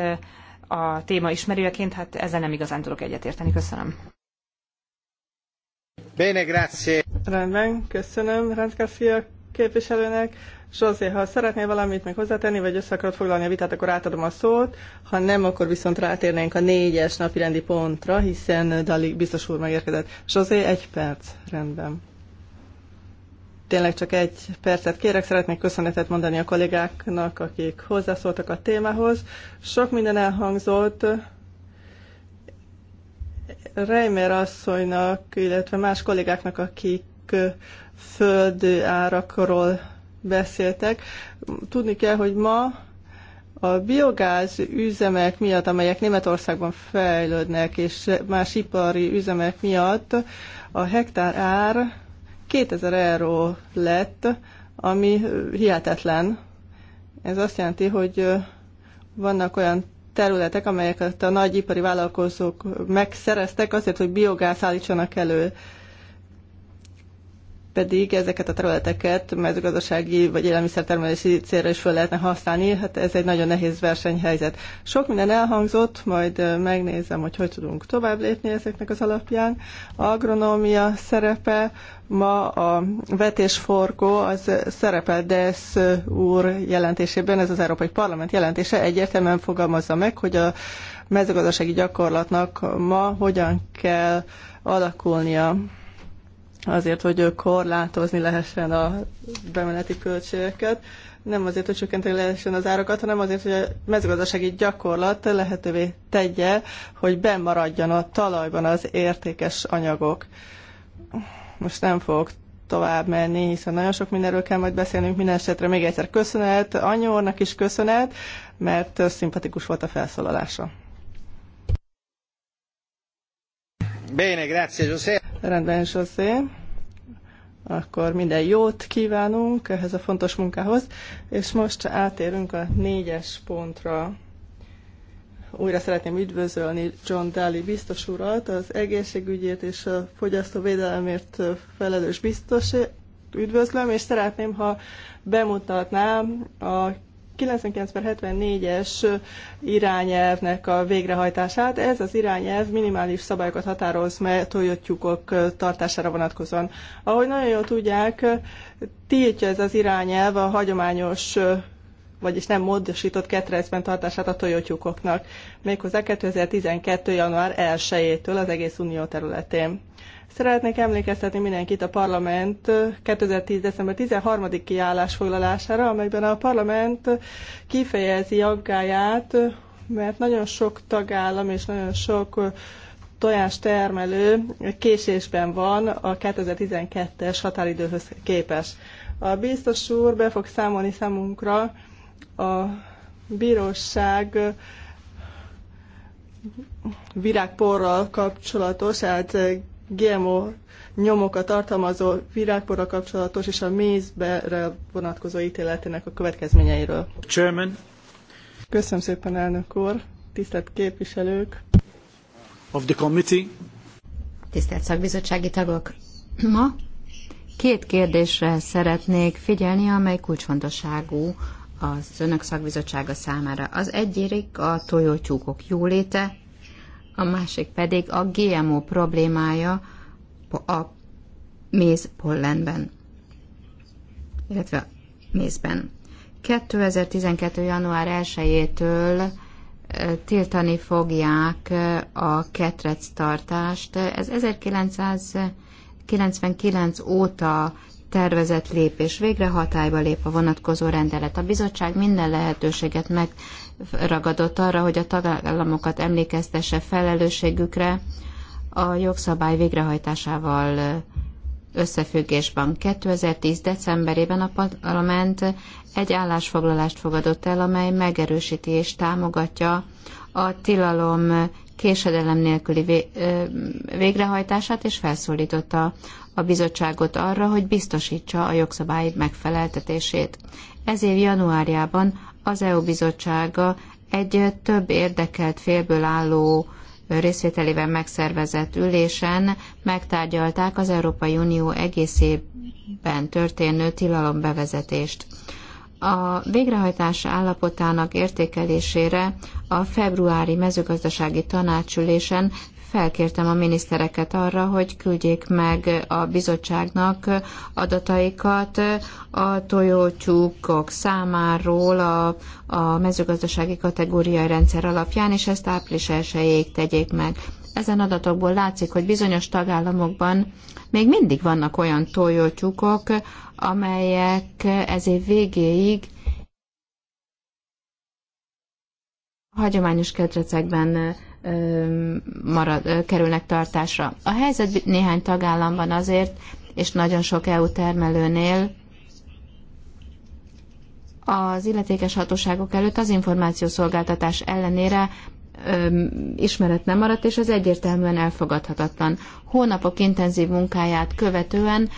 a téma ismerőjeként, hát ezzel nem igazán tudok egyetérteni. Köszönöm. Bene, grazie. Rendben, köszönöm Rendkafia képviselőnek. Zsózé, ha szeretnél valamit még hozzátenni, vagy össze akarod foglalni a vitát, akkor átadom a szót. Ha nem, akkor viszont rátérnénk a négyes napi rendi pontra, hiszen Dali biztos úr megérkezett. Zsózé, egy perc, rendben. Tényleg csak egy percet kérek, szeretnék köszönetet mondani a kollégáknak, akik hozzászóltak a témához. Sok minden elhangzott, Reimer asszonynak, illetve más kollégáknak, akik föld árakról beszéltek. Tudni kell, hogy ma a biogáz üzemek miatt, amelyek Németországban fejlődnek, és más ipari üzemek miatt a hektár ár 2000 euró lett, ami hihetetlen. Ez azt jelenti, hogy vannak olyan területek, amelyeket a nagyipari vállalkozók megszereztek azért, hogy biogáz állítsanak elő pedig ezeket a területeket mezőgazdasági vagy élelmiszertermelési célra is fel lehetne használni, hát ez egy nagyon nehéz versenyhelyzet. Sok minden elhangzott, majd megnézem, hogy hogy tudunk tovább lépni ezeknek az alapján. Agronómia szerepe, ma a vetésforgó az szerepel Desz úr jelentésében, ez az Európai Parlament jelentése egyértelműen fogalmazza meg, hogy a mezőgazdasági gyakorlatnak ma hogyan kell alakulnia azért, hogy korlátozni lehessen a bemeneti költségeket, nem azért, hogy csökkenteni lehessen az árakat, hanem azért, hogy a mezőgazdasági gyakorlat lehetővé tegye, hogy bemaradjon a talajban az értékes anyagok. Most nem fogok tovább menni, hiszen nagyon sok mindenről kell majd beszélnünk. Minden esetre még egyszer köszönet, anyórnak is köszönet, mert szimpatikus volt a felszólalása. Bene, grazie José. Rendben, José. Akkor minden jót kívánunk ehhez a fontos munkához, és most átérünk a négyes pontra. Újra szeretném üdvözölni John Daly biztos urat, az egészségügyért és a fogyasztóvédelemért felelős biztos üdvözlöm, és szeretném, ha bemutatnám a 99-74-es irányelvnek a végrehajtását. Ez az irányelv minimális szabályokat határoz meg tojótyúkok tartására vonatkozóan. Ahogy nagyon jól tudják, tiltja ez az irányelv a hagyományos vagyis nem módosított ketrecben tartását a tojótyúkoknak, méghozzá 2012. január 1-től az egész unió területén. Szeretnék emlékeztetni mindenkit a parlament 2010. december 13. kiállásfoglalására, amelyben a parlament kifejezi aggáját, mert nagyon sok tagállam és nagyon sok termelő késésben van a 2012-es határidőhöz képes. A biztos úr be fog számolni számunkra a bíróság virágporral kapcsolatos, tehát GMO nyomokat tartalmazó virágporra kapcsolatos és a mézbe vonatkozó ítéletének a következményeiről. Chairman. Köszönöm szépen, elnök úr, tisztelt képviselők. Of the committee. Tisztelt szakbizottsági tagok, ma két kérdésre szeretnék figyelni, amely kulcsfontosságú az önök szakbizottsága számára. Az egyik a tojótyúkok jóléte, a másik pedig a GMO problémája a méz pollenben, illetve mézben. 2012. január 1-től tiltani fogják a ketrec tartást. Ez 1999 óta tervezett lépés végre hatályba lép a vonatkozó rendelet. A bizottság minden lehetőséget meg ragadott arra, hogy a tagállamokat emlékeztesse felelősségükre a jogszabály végrehajtásával összefüggésben. 2010. decemberében a parlament egy állásfoglalást fogadott el, amely megerősíti és támogatja a tilalom késedelem nélküli végrehajtását, és felszólította a bizottságot arra, hogy biztosítsa a jogszabály megfeleltetését. Ez év januárjában az EU bizottsága egy több érdekelt félből álló részvételével megszervezett ülésen megtárgyalták az Európai Unió egészében történő tilalom bevezetést. A végrehajtás állapotának értékelésére a februári mezőgazdasági tanácsülésen felkértem a minisztereket arra, hogy küldjék meg a bizottságnak adataikat a tojótyúkok számáról a, a mezőgazdasági kategóriai rendszer alapján, és ezt április 1 tegyék meg. Ezen adatokból látszik, hogy bizonyos tagállamokban még mindig vannak olyan tojótyúkok, amelyek ez év végéig hagyományos kedrecekben marad, kerülnek tartásra. A helyzet néhány tagállamban azért, és nagyon sok EU termelőnél az illetékes hatóságok előtt az információszolgáltatás ellenére ismeret nem maradt, és ez egyértelműen elfogadhatatlan. Hónapok intenzív munkáját követően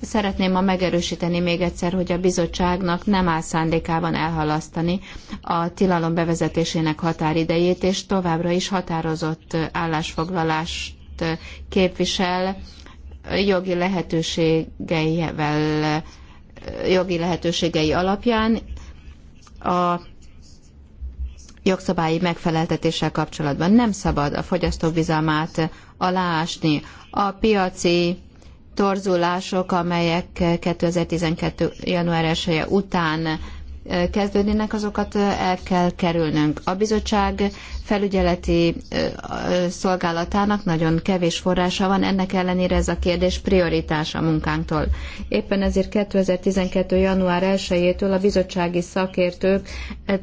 szeretném ma megerősíteni még egyszer, hogy a bizottságnak nem áll szándékában elhalasztani a tilalom bevezetésének határidejét, és továbbra is határozott állásfoglalást képvisel jogi lehetőségeivel, jogi lehetőségei alapján a jogszabályi megfeleltetéssel kapcsolatban. Nem szabad a fogyasztók bizalmát aláásni. A piaci torzulások, amelyek 2012. január 1 után kezdődnének, azokat el kell kerülnünk. A bizottság felügyeleti szolgálatának nagyon kevés forrása van, ennek ellenére ez a kérdés prioritás a munkánktól. Éppen ezért 2012. január 1-től a bizottsági szakértők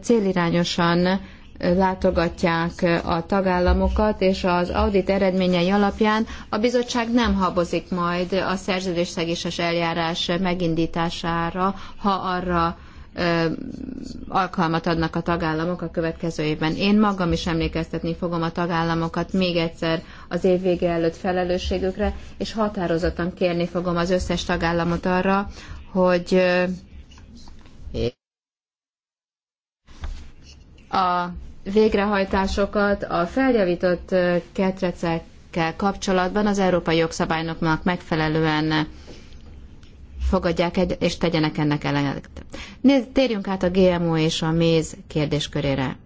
célirányosan látogatják a tagállamokat, és az audit eredményei alapján a bizottság nem habozik majd a szerződésszegéses eljárás megindítására, ha arra alkalmat adnak a tagállamok a következő évben. Én magam is emlékeztetni fogom a tagállamokat még egyszer az év vége előtt felelősségükre, és határozottan kérni fogom az összes tagállamot arra, hogy a végrehajtásokat a feljavított ketrecekkel kapcsolatban az európai jogszabályoknak megfelelően fogadják egy, és tegyenek ennek ellenet. Nézd, térjünk át a GMO és a méz kérdéskörére.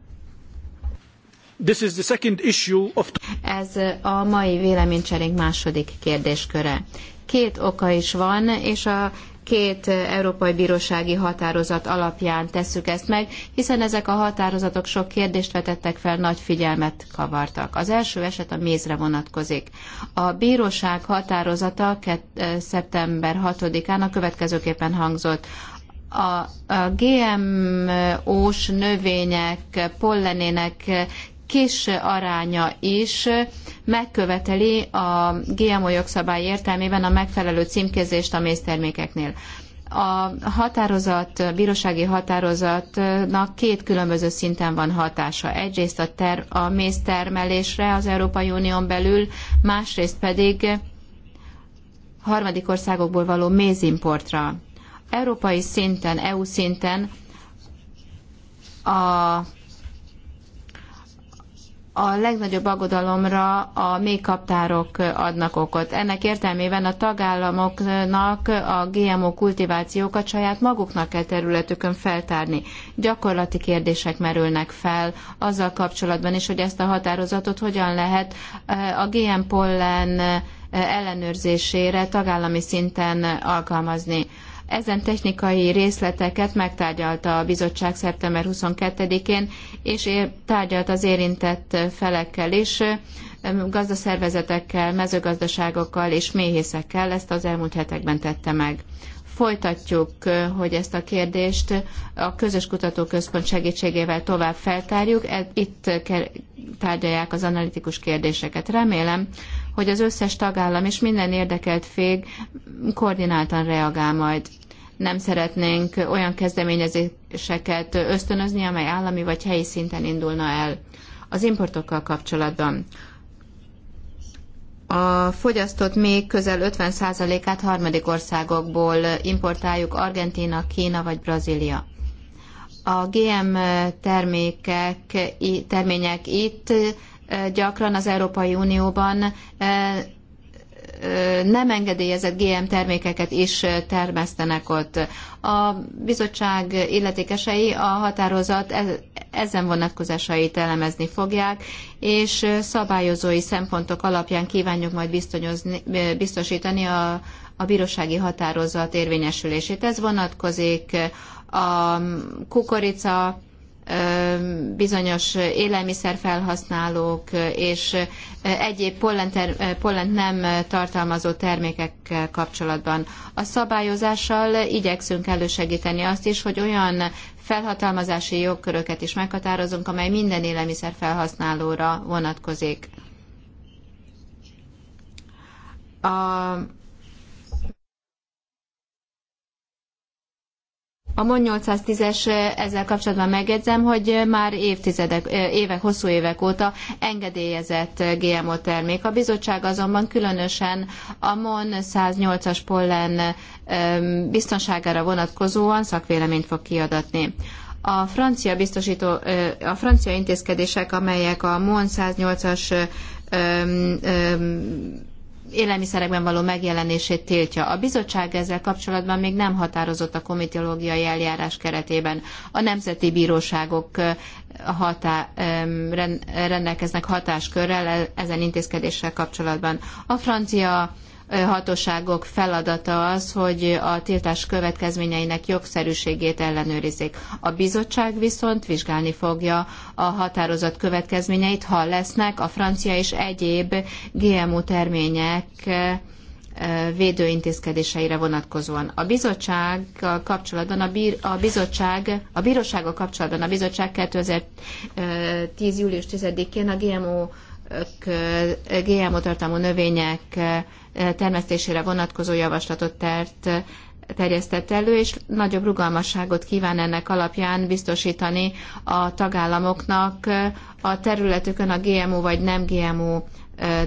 This is the second issue of... Ez a mai véleménycserénk második kérdésköre. Két oka is van, és a két európai bírósági határozat alapján tesszük ezt meg, hiszen ezek a határozatok sok kérdést vetettek fel, nagy figyelmet kavartak. Az első eset a mézre vonatkozik. A bíróság határozata szeptember 6-án a következőképpen hangzott a, a GMO-s növények pollenének kis aránya is megköveteli a GMO jogszabály értelmében a megfelelő címkézést a méztermékeknél. A határozat, a bírósági határozatnak két különböző szinten van hatása. Egyrészt a, ter- a méztermelésre az Európai Unión belül, másrészt pedig harmadik országokból való mézimportra. Európai szinten, EU szinten a a legnagyobb aggodalomra a mély kaptárok adnak okot. Ennek értelmében a tagállamoknak a GMO kultivációkat saját maguknak kell területükön feltárni. Gyakorlati kérdések merülnek fel azzal kapcsolatban is, hogy ezt a határozatot hogyan lehet e, a GM pollen e, ellenőrzésére tagállami szinten alkalmazni. Ezen technikai részleteket megtárgyalta a bizottság szeptember 22-én, és tárgyalt az érintett felekkel is, gazdaszervezetekkel, mezőgazdaságokkal és méhészekkel, ezt az elmúlt hetekben tette meg folytatjuk, hogy ezt a kérdést a közös kutatóközpont segítségével tovább feltárjuk. E- itt tárgyalják az analitikus kérdéseket. Remélem, hogy az összes tagállam és minden érdekelt fég koordináltan reagál majd nem szeretnénk olyan kezdeményezéseket ösztönözni, amely állami vagy helyi szinten indulna el. Az importokkal kapcsolatban a fogyasztott még közel 50%-át harmadik országokból importáljuk Argentína, Kína vagy Brazília. A GM termékek, termények itt eh, gyakran az Európai Unióban eh, nem engedélyezett GM termékeket is termesztenek ott. A bizottság illetékesei a határozat e, ezen vonatkozásait elemezni fogják, és szabályozói szempontok alapján kívánjuk majd biztosítani a, a bírósági határozat érvényesülését. Ez vonatkozik a kukorica, bizonyos élelmiszerfelhasználók és egyéb pollent, pollent nem tartalmazó termékekkel kapcsolatban. A szabályozással igyekszünk elősegíteni azt is, hogy olyan felhatalmazási jogköröket is meghatározunk, amely minden élelmiszerfelhasználóra vonatkozik. A A MON 810-es eh, ezzel kapcsolatban megjegyzem, hogy eh, már évtizedek, eh, évek, hosszú évek óta engedélyezett GMO termék. A bizottság azonban különösen a MON 108-as pollen biztonságára vonatkozóan szakvéleményt fog kiadatni a francia biztosító, a francia intézkedések, amelyek a MON 108-as élelmiszerekben való megjelenését tiltja. A bizottság ezzel kapcsolatban még nem határozott a komitológiai eljárás keretében. A nemzeti bíróságok hatá, rendelkeznek hatáskörrel e-, ezen intézkedéssel kapcsolatban. A francia hatóságok feladata az, hogy a tiltás következményeinek jogszerűségét ellenőrizzék. A bizottság viszont vizsgálni fogja a határozat következményeit, ha lesznek a francia és egyéb GMO termények eh, védőintézkedéseire vonatkozóan. A bizottsággal kapcsolatban a, bír, a bizottság, a bírósággal kapcsolatban a bizottság 2010. Eh, július 10-én a GMO GMO tartalmú növények eh, termesztésére vonatkozó javaslatot tert, terjesztett elő, és nagyobb rugalmasságot kíván ennek alapján biztosítani a tagállamoknak eh, a területükön a GMO vagy nem GMO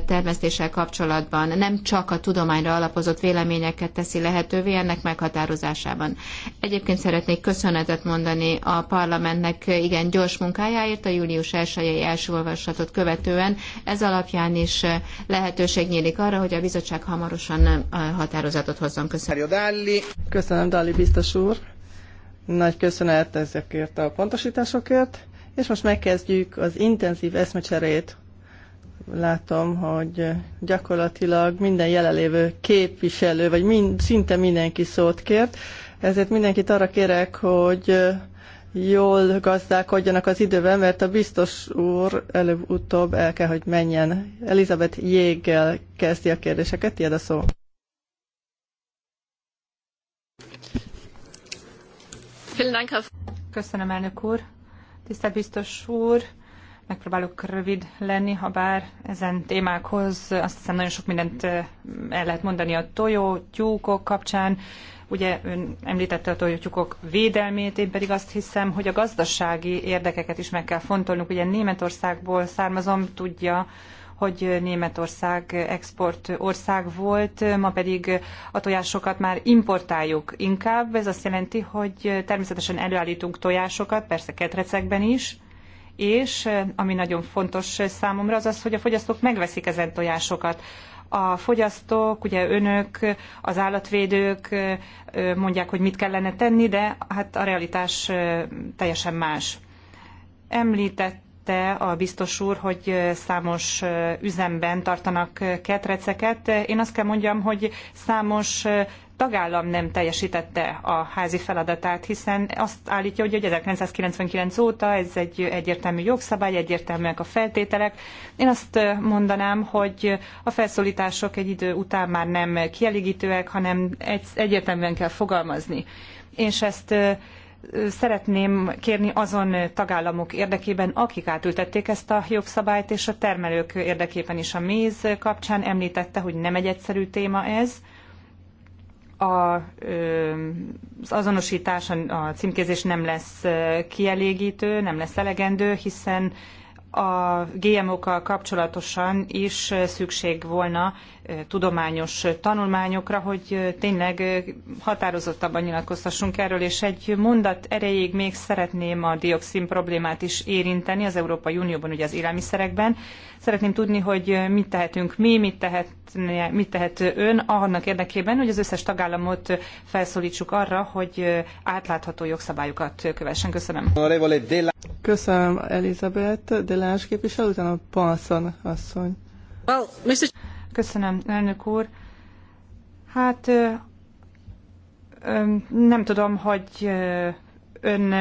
termesztéssel kapcsolatban nem csak a tudományra alapozott véleményeket teszi lehetővé ennek meghatározásában. Egyébként szeretnék köszönetet mondani a parlamentnek igen gyors munkájáért, a július 1-i első olvasatot követően. Ez alapján is lehetőség nyílik arra, hogy a bizottság hamarosan határozatot hozzon. Köszönöm. Köszönöm, Dalli biztos úr. Nagy köszönet ezekért a pontosításokért, és most megkezdjük az intenzív eszmecserét látom, hogy gyakorlatilag minden jelenlévő képviselő, vagy mind, szinte mindenki szót kért, ezért mindenkit arra kérek, hogy jól gazdálkodjanak az idővel, mert a biztos úr előbb-utóbb el kell, hogy menjen. Elizabeth Jéggel kezdi a kérdéseket, tiéd a szó. Köszönöm, elnök úr. Tisztelt biztos úr, megpróbálok rövid lenni, ha bár ezen témákhoz azt hiszem nagyon sok mindent el lehet mondani a tojó, tyúkok kapcsán. Ugye ön említette a tojótyúkok védelmét, én pedig azt hiszem, hogy a gazdasági érdekeket is meg kell fontolnunk. Ugye Németországból származom, tudja, hogy Németország export ország volt, ma pedig a tojásokat már importáljuk inkább. Ez azt jelenti, hogy természetesen előállítunk tojásokat, persze ketrecekben is, és eh, ami nagyon fontos eh, számomra, az az, hogy a fogyasztók megveszik ezen tojásokat a fogyasztók, ugye önök, az állatvédők eh, mondják, hogy mit kellene tenni, de hát a realitás teljesen más. Említette a biztos úr, hogy számos üzemben tartanak ketreceket. Én azt kell mondjam, hogy számos tagállam nem teljesítette a házi feladatát, hiszen azt állítja, hogy 1999 óta ez egy egyértelmű jogszabály, egyértelműek a feltételek. Én azt mondanám, hogy a felszólítások egy idő után már nem kielégítőek, hanem egyértelműen kell fogalmazni. És ezt szeretném kérni azon tagállamok érdekében, akik átültették ezt a jogszabályt, és a termelők érdekében is a méz kapcsán említette, hogy nem egy egyszerű téma ez, a, az azonosítás, a címkézés nem lesz kielégítő, nem lesz elegendő, hiszen a GMO-kkal kapcsolatosan is szükség volna tudományos tanulmányokra, hogy tényleg határozottabban nyilatkoztassunk erről, és egy mondat erejéig még szeretném a dioxin problémát is érinteni az Európai Unióban, ugye az élelmiszerekben. Szeretném tudni, hogy mit tehetünk mi, mit tehet, mit tehet ön annak érdekében, hogy az összes tagállamot felszólítsuk arra, hogy átlátható jogszabályokat kövessen. Köszönöm. Köszönöm, Elizabeth. Delás képviselő, utána Palszon asszony. Well, Mr. Köszönöm, elnök úr. Hát nem tudom, hogy ön,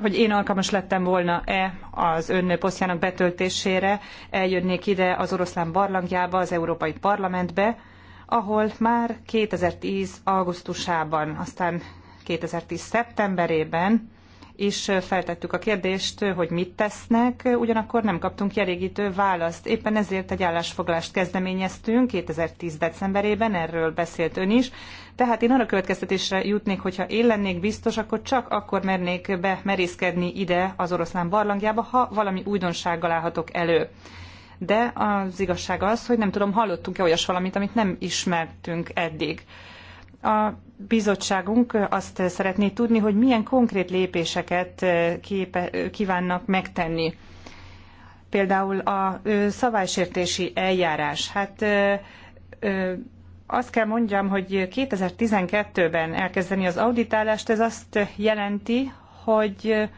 hogy én alkalmas lettem volna-e az ön posztjának betöltésére, eljönnék ide az oroszlán barlangjába, az Európai Parlamentbe, ahol már 2010. augusztusában, aztán 2010. szeptemberében is feltettük a kérdést, hogy mit tesznek, ugyanakkor nem kaptunk kielégítő választ. Éppen ezért egy állásfoglalást kezdeményeztünk 2010. decemberében, erről beszélt ön is. Tehát én arra következtetésre jutnék, hogyha én lennék biztos, akkor csak akkor mernék bemerészkedni ide az oroszlán barlangjába, ha valami újdonsággal állhatok elő de az igazság az, hogy nem tudom, hallottunk-e olyas valamit, amit nem ismertünk eddig. A bizottságunk azt szeretné tudni, hogy milyen konkrét lépéseket képe, kívánnak megtenni. Például a szabálysértési eljárás. Hát azt kell mondjam, hogy 2012-ben elkezdeni az auditálást, ez azt jelenti, hogy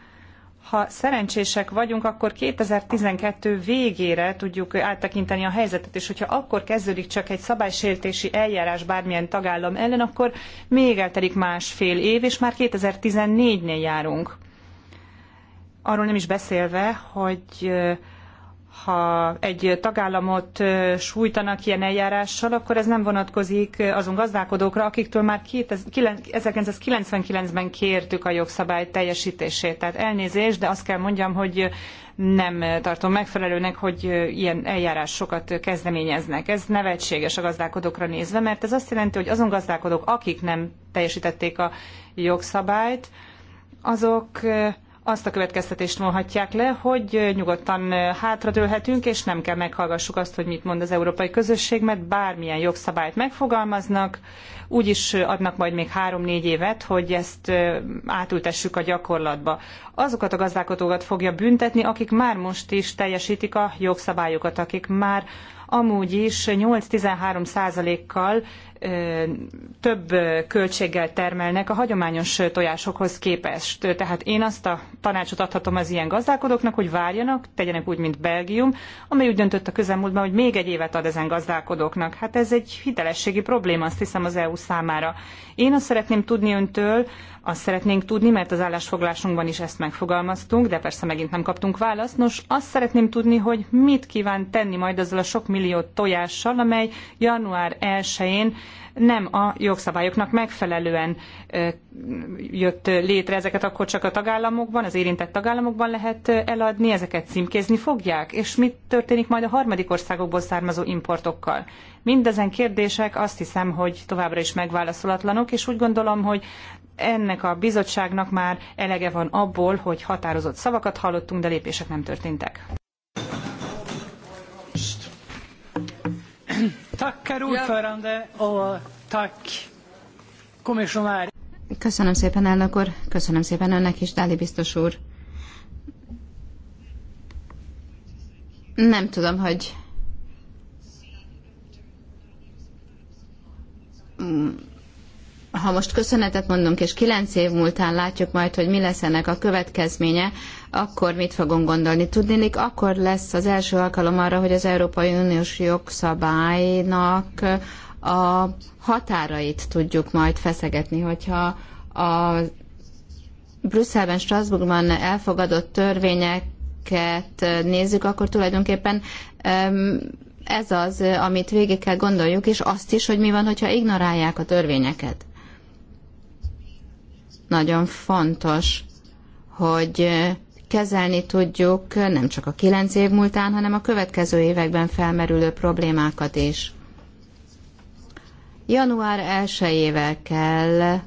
ha szerencsések vagyunk, akkor 2012 végére tudjuk áttekinteni a helyzetet, és hogyha akkor kezdődik csak egy szabálysértési eljárás bármilyen tagállam ellen, akkor még eltelik másfél év, és már 2014-nél járunk. Arról nem is beszélve, hogy ha egy tagállamot sújtanak ilyen eljárással, akkor ez nem vonatkozik azon gazdálkodókra, akiktől már 1999-ben kértük a jogszabály teljesítését. Tehát elnézést, de azt kell mondjam, hogy nem tartom megfelelőnek, hogy ilyen eljárásokat kezdeményeznek. Ez nevetséges a gazdálkodókra nézve, mert ez azt jelenti, hogy azon gazdálkodók, akik nem teljesítették a jogszabályt, azok azt a következtetést vonhatják le, hogy nyugodtan hátradőlhetünk, és nem kell meghallgassuk azt, hogy mit mond az európai közösség, mert bármilyen jogszabályt megfogalmaznak, úgyis adnak majd még három-négy évet, hogy ezt átültessük a gyakorlatba. Azokat a gazdálkodókat fogja büntetni, akik már most is teljesítik a jogszabályokat, akik már amúgy is 8-13 százalékkal több költséggel termelnek a hagyományos tojásokhoz képest. Tehát én azt a tanácsot adhatom az ilyen gazdálkodóknak, hogy várjanak, tegyenek úgy, mint Belgium, amely úgy döntött a közelmúltban, hogy még egy évet ad ezen gazdálkodóknak. Hát ez egy hitelességi probléma, azt hiszem, az EU számára. Én azt szeretném tudni öntől, azt szeretnénk tudni, mert az állásfoglásunkban is ezt megfogalmaztunk, de persze megint nem kaptunk választ. Nos, azt szeretném tudni, hogy mit kíván tenni majd azzal a sok millió tojással, amely január 1-én nem a jogszabályoknak megfelelően jött létre. Ezeket akkor csak a tagállamokban, az érintett tagállamokban lehet eladni, ezeket címkézni fogják? És mit történik majd a harmadik országokból származó importokkal? Mindezen kérdések azt hiszem, hogy továbbra is megválaszolatlanok, és úgy gondolom, hogy ennek a bizottságnak már elege van abból, hogy határozott szavakat hallottunk, de lépések nem történtek. Köszönöm szépen, elnök úr. Köszönöm szépen önnek is, Dáli biztos úr. Nem tudom, hogy ha most köszönetet mondunk, és kilenc év múltán látjuk majd, hogy mi lesz ennek a következménye, akkor mit fogunk gondolni? Tudnélik, akkor lesz az első alkalom arra, hogy az Európai Uniós jogszabálynak a határait tudjuk majd feszegetni, hogyha a Brüsszelben, Strasbourgban elfogadott törvényeket nézzük, akkor tulajdonképpen ez az, amit végig kell gondoljuk, és azt is, hogy mi van, hogyha ignorálják a törvényeket nagyon fontos, hogy kezelni tudjuk nem csak a kilenc év múltán, hanem a következő években felmerülő problémákat is. Január 1-ével kell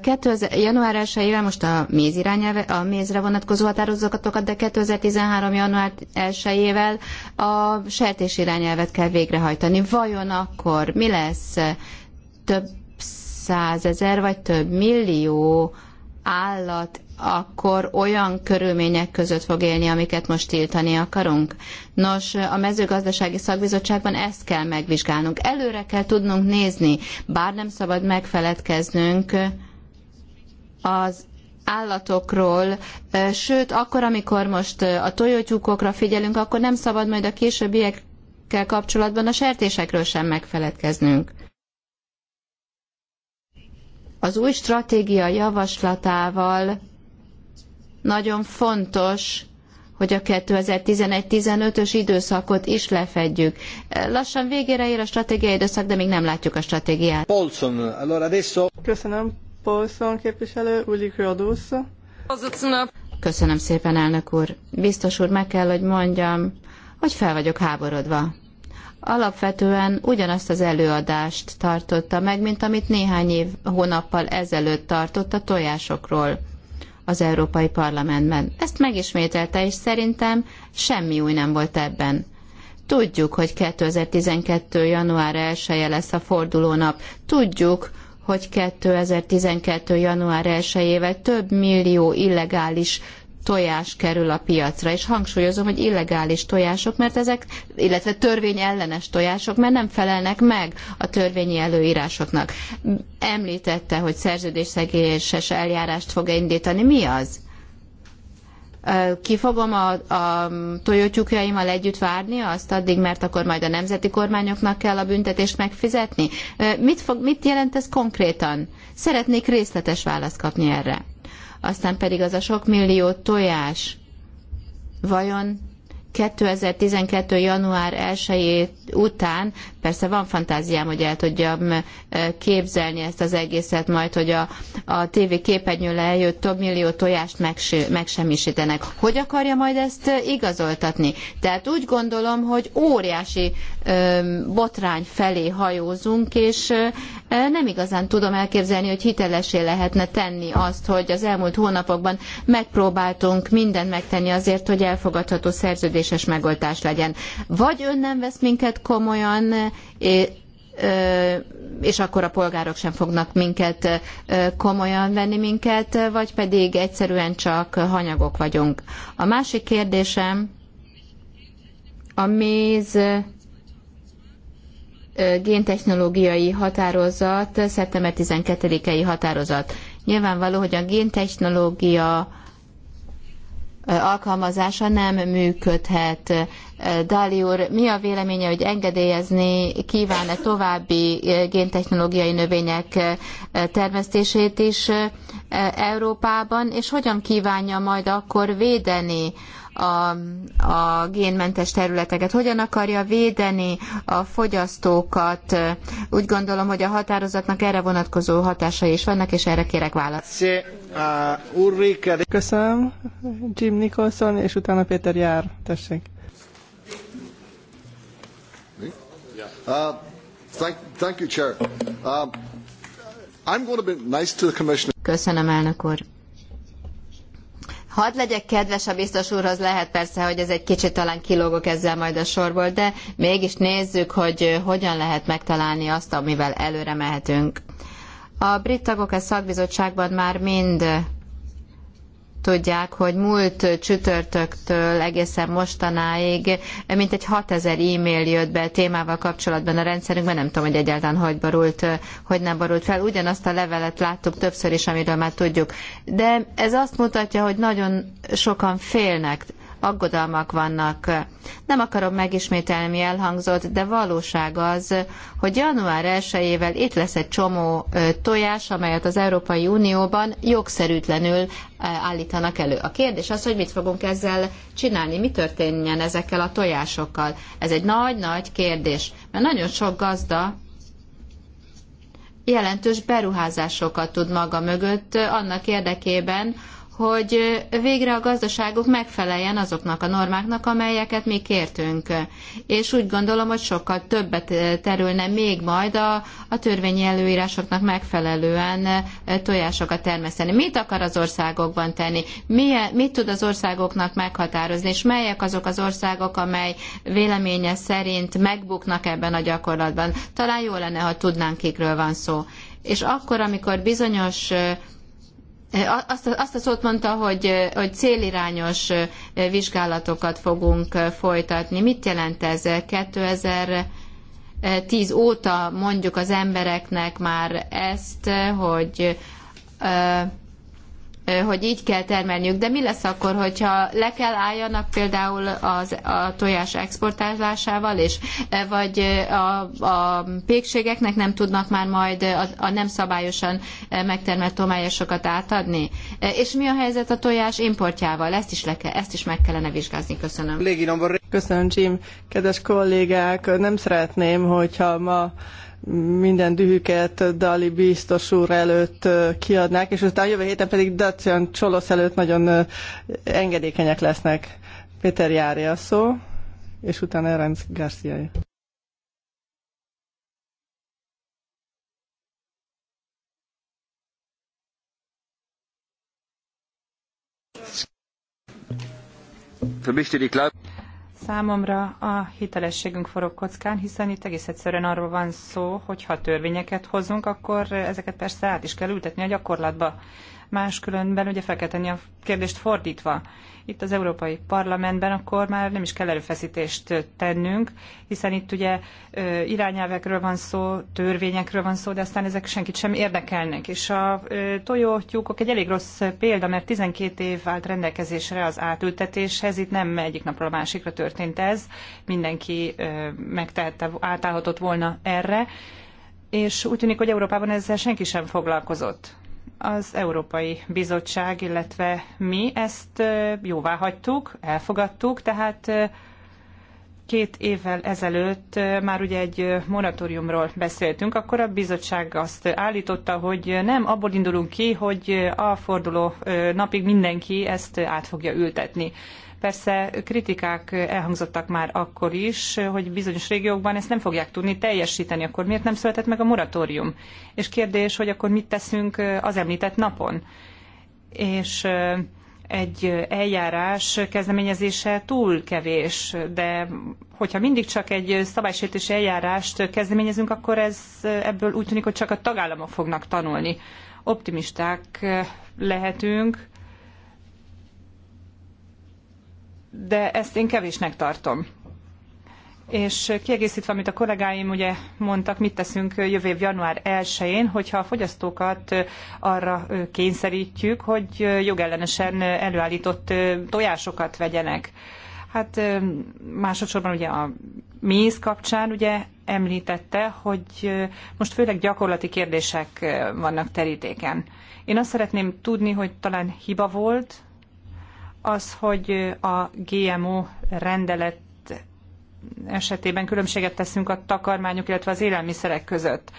2000, január 1 most a méz irányelve, a mézre vonatkozó határozatokat, de 2013. január 1-ével a sertés irányelvet kell végrehajtani. Vajon akkor mi lesz több százezer vagy több millió állat akkor olyan körülmények között fog élni, amiket most tiltani akarunk? Nos, a mezőgazdasági szakbizottságban ezt kell megvizsgálnunk. Előre kell tudnunk nézni, bár nem szabad megfeledkeznünk az állatokról, sőt, akkor, amikor most a tojótyúkokra figyelünk, akkor nem szabad majd a későbbiekkel kapcsolatban a sertésekről sem megfeledkeznünk. Az új stratégia javaslatával nagyon fontos, hogy a 2011-15-ös időszakot is lefedjük. Lassan végére ér a stratégiai időszak, de még nem látjuk a stratégiát. Köszönöm. Paulson képviselő, Köszönöm szépen, elnök úr. Biztos úr, meg kell, hogy mondjam, hogy fel vagyok háborodva. Alapvetően ugyanazt az előadást tartotta meg, mint amit néhány év hónappal ezelőtt tartott a tojásokról az Európai Parlamentben. Ezt megismételte, és szerintem semmi új nem volt ebben. Tudjuk, hogy 2012. január 1 -e lesz a fordulónap. Tudjuk, hogy 2012. január 1-ével több millió illegális tojás kerül a piacra, és hangsúlyozom, hogy illegális tojások, mert ezek, illetve törvényellenes tojások, mert nem felelnek meg a törvényi előírásoknak. Említette, hogy szerződésszegéses eljárást fog -e indítani. Mi az? ki fogom a, a tojótyúkjaimmal együtt várni azt addig, mert akkor majd a nemzeti kormányoknak kell a büntetést megfizetni? Mit, fog, mit jelent ez konkrétan? Szeretnék részletes választ kapni erre. Aztán pedig az a sok millió tojás vajon 2012. január 1 után, persze van fantáziám, hogy el tudjam képzelni ezt az egészet majd, hogy a, a TV képernyő lejött több millió tojást megső, megsemmisítenek. Hogy akarja majd ezt igazoltatni? Tehát úgy gondolom, hogy óriási ö, botrány felé hajózunk, és nem igazán tudom elképzelni, hogy hitelesé lehetne tenni azt, hogy az elmúlt hónapokban megpróbáltunk mindent megtenni azért, hogy elfogadható szerződéses megoldás legyen. Vagy ön nem vesz minket komolyan, és akkor a polgárok sem fognak minket komolyan venni minket, vagy pedig egyszerűen csak hanyagok vagyunk. A másik kérdésem a méz géntechnológiai határozat, szeptember 12-i határozat. Nyilvánvaló, hogy a géntechnológia alkalmazása nem működhet. Dali úr, mi a véleménye, hogy engedélyezni kíván-e további géntechnológiai növények termesztését is Európában, és hogyan kívánja majd akkor védeni a, a génmentes területeket, hogyan akarja védeni a fogyasztókat. Úgy gondolom, hogy a határozatnak erre vonatkozó hatásai is vannak, és erre kérek választ. Köszönöm, Jim Nicholson, és utána Péter Jár. Tessék. Uh, thank, thank you, Chair. Uh, I'm going to be nice to the Commissioner. Köszönöm, elnök úr. Hadd legyek kedves a biztos úrhoz, lehet persze, hogy ez egy kicsit talán kilógok ezzel majd a sorból, de mégis nézzük, hogy hogyan lehet megtalálni azt, amivel előre mehetünk. A brit tagok a e szakbizottságban már mind tudják, hogy múlt csütörtöktől egészen mostanáig mintegy 6000 e-mail jött be témával kapcsolatban a rendszerünkben, nem tudom, hogy egyáltalán hogy barult, hogy nem barult fel. Ugyanazt a levelet láttuk többször is, amiről már tudjuk. De ez azt mutatja, hogy nagyon sokan félnek aggodalmak vannak. Nem akarom megismételni, mi elhangzott, de valóság az, hogy január 1 itt lesz egy csomó tojás, amelyet az Európai Unióban jogszerűtlenül állítanak elő. A kérdés az, hogy mit fogunk ezzel csinálni, mi történjen ezekkel a tojásokkal. Ez egy nagy-nagy kérdés, mert nagyon sok gazda jelentős beruházásokat tud maga mögött annak érdekében, hogy végre a gazdaságuk megfeleljen azoknak a normáknak, amelyeket mi kértünk. És úgy gondolom, hogy sokkal többet terülne még majd a, a törvényi előírásoknak megfelelően eh, tojásokat termeszteni. Mit akar az országokban tenni? Milyen, mit tud az országoknak meghatározni? És melyek azok az országok, amely véleménye szerint megbuknak ebben a gyakorlatban? Talán jó lenne, ha tudnánk, kikről van szó. És akkor, amikor bizonyos eh, azt, azt a szót mondta, hogy, hogy célirányos vizsgálatokat fogunk folytatni. Mit jelent ez? 2010 óta mondjuk az embereknek már ezt, hogy hogy így kell termelniük, de mi lesz akkor, hogyha le kell álljanak például az, a tojás exportálásával, és vagy a, a pékségeknek nem tudnak már majd a, a nem szabályosan megtermelt tojásokat átadni? És mi a helyzet a tojás importjával? Ezt is, le kell, ezt is meg kellene vizsgázni. Köszönöm. Köszönöm, Jim. Kedves kollégák, nem szeretném, hogyha ma minden dühüket Dali biztos úr előtt kiadnák, és aztán jövő héten pedig Dacian Csolosz előtt nagyon engedékenyek lesznek. Péter Jári a szó, és utána Erenc Garciai. Für mich steht die Számomra a hitelességünk forog kockán, hiszen itt egész egyszerűen arról van szó, hogy ha törvényeket hozunk, akkor ezeket persze át is kell ültetni a gyakorlatba. Máskülönben ugye fel kell tenni a kérdést fordítva. Itt az Európai Parlamentben akkor már nem is kell erőfeszítést tennünk, hiszen itt ugye irányelvekről van szó, törvényekről van szó, de aztán ezek senkit sem érdekelnek. És a tojótyúkok egy elég rossz példa, mert 12 év állt rendelkezésre az átültetéshez, itt nem egyik napról a másikra történt ez, mindenki megtehette, átállhatott volna erre, és úgy tűnik, hogy Európában ezzel senki sem foglalkozott az Európai Bizottság, illetve mi ezt jóvá hagytuk, elfogadtuk, tehát két évvel ezelőtt már ugye egy moratóriumról beszéltünk, akkor a bizottság azt állította, hogy nem abból indulunk ki, hogy a forduló napig mindenki ezt át fogja ültetni. Persze kritikák elhangzottak már akkor is, hogy bizonyos régiókban ezt nem fogják tudni teljesíteni, akkor miért nem született meg a moratórium? És kérdés, hogy akkor mit teszünk eh, az említett napon? És eh, egy eljárás kezdeményezése túl kevés, de hogyha mindig csak egy szabálysértési eljárást kezdeményezünk, akkor ez eh, ebből úgy tűnik, hogy csak a tagállamok fognak tanulni. Optimisták lehetünk, de ezt én kevésnek tartom. És kiegészítve, amit a kollégáim ugye mondtak, mit teszünk jövő év január 1-én, hogyha a fogyasztókat arra kényszerítjük, hogy jogellenesen előállított tojásokat vegyenek. Hát másodszorban ugye a méz kapcsán ugye említette, hogy most főleg gyakorlati kérdések vannak terítéken. Én azt szeretném tudni, hogy talán hiba volt, az, hogy a GMO rendelet esetében különbséget teszünk a takarmányok, illetve az élelmiszerek között.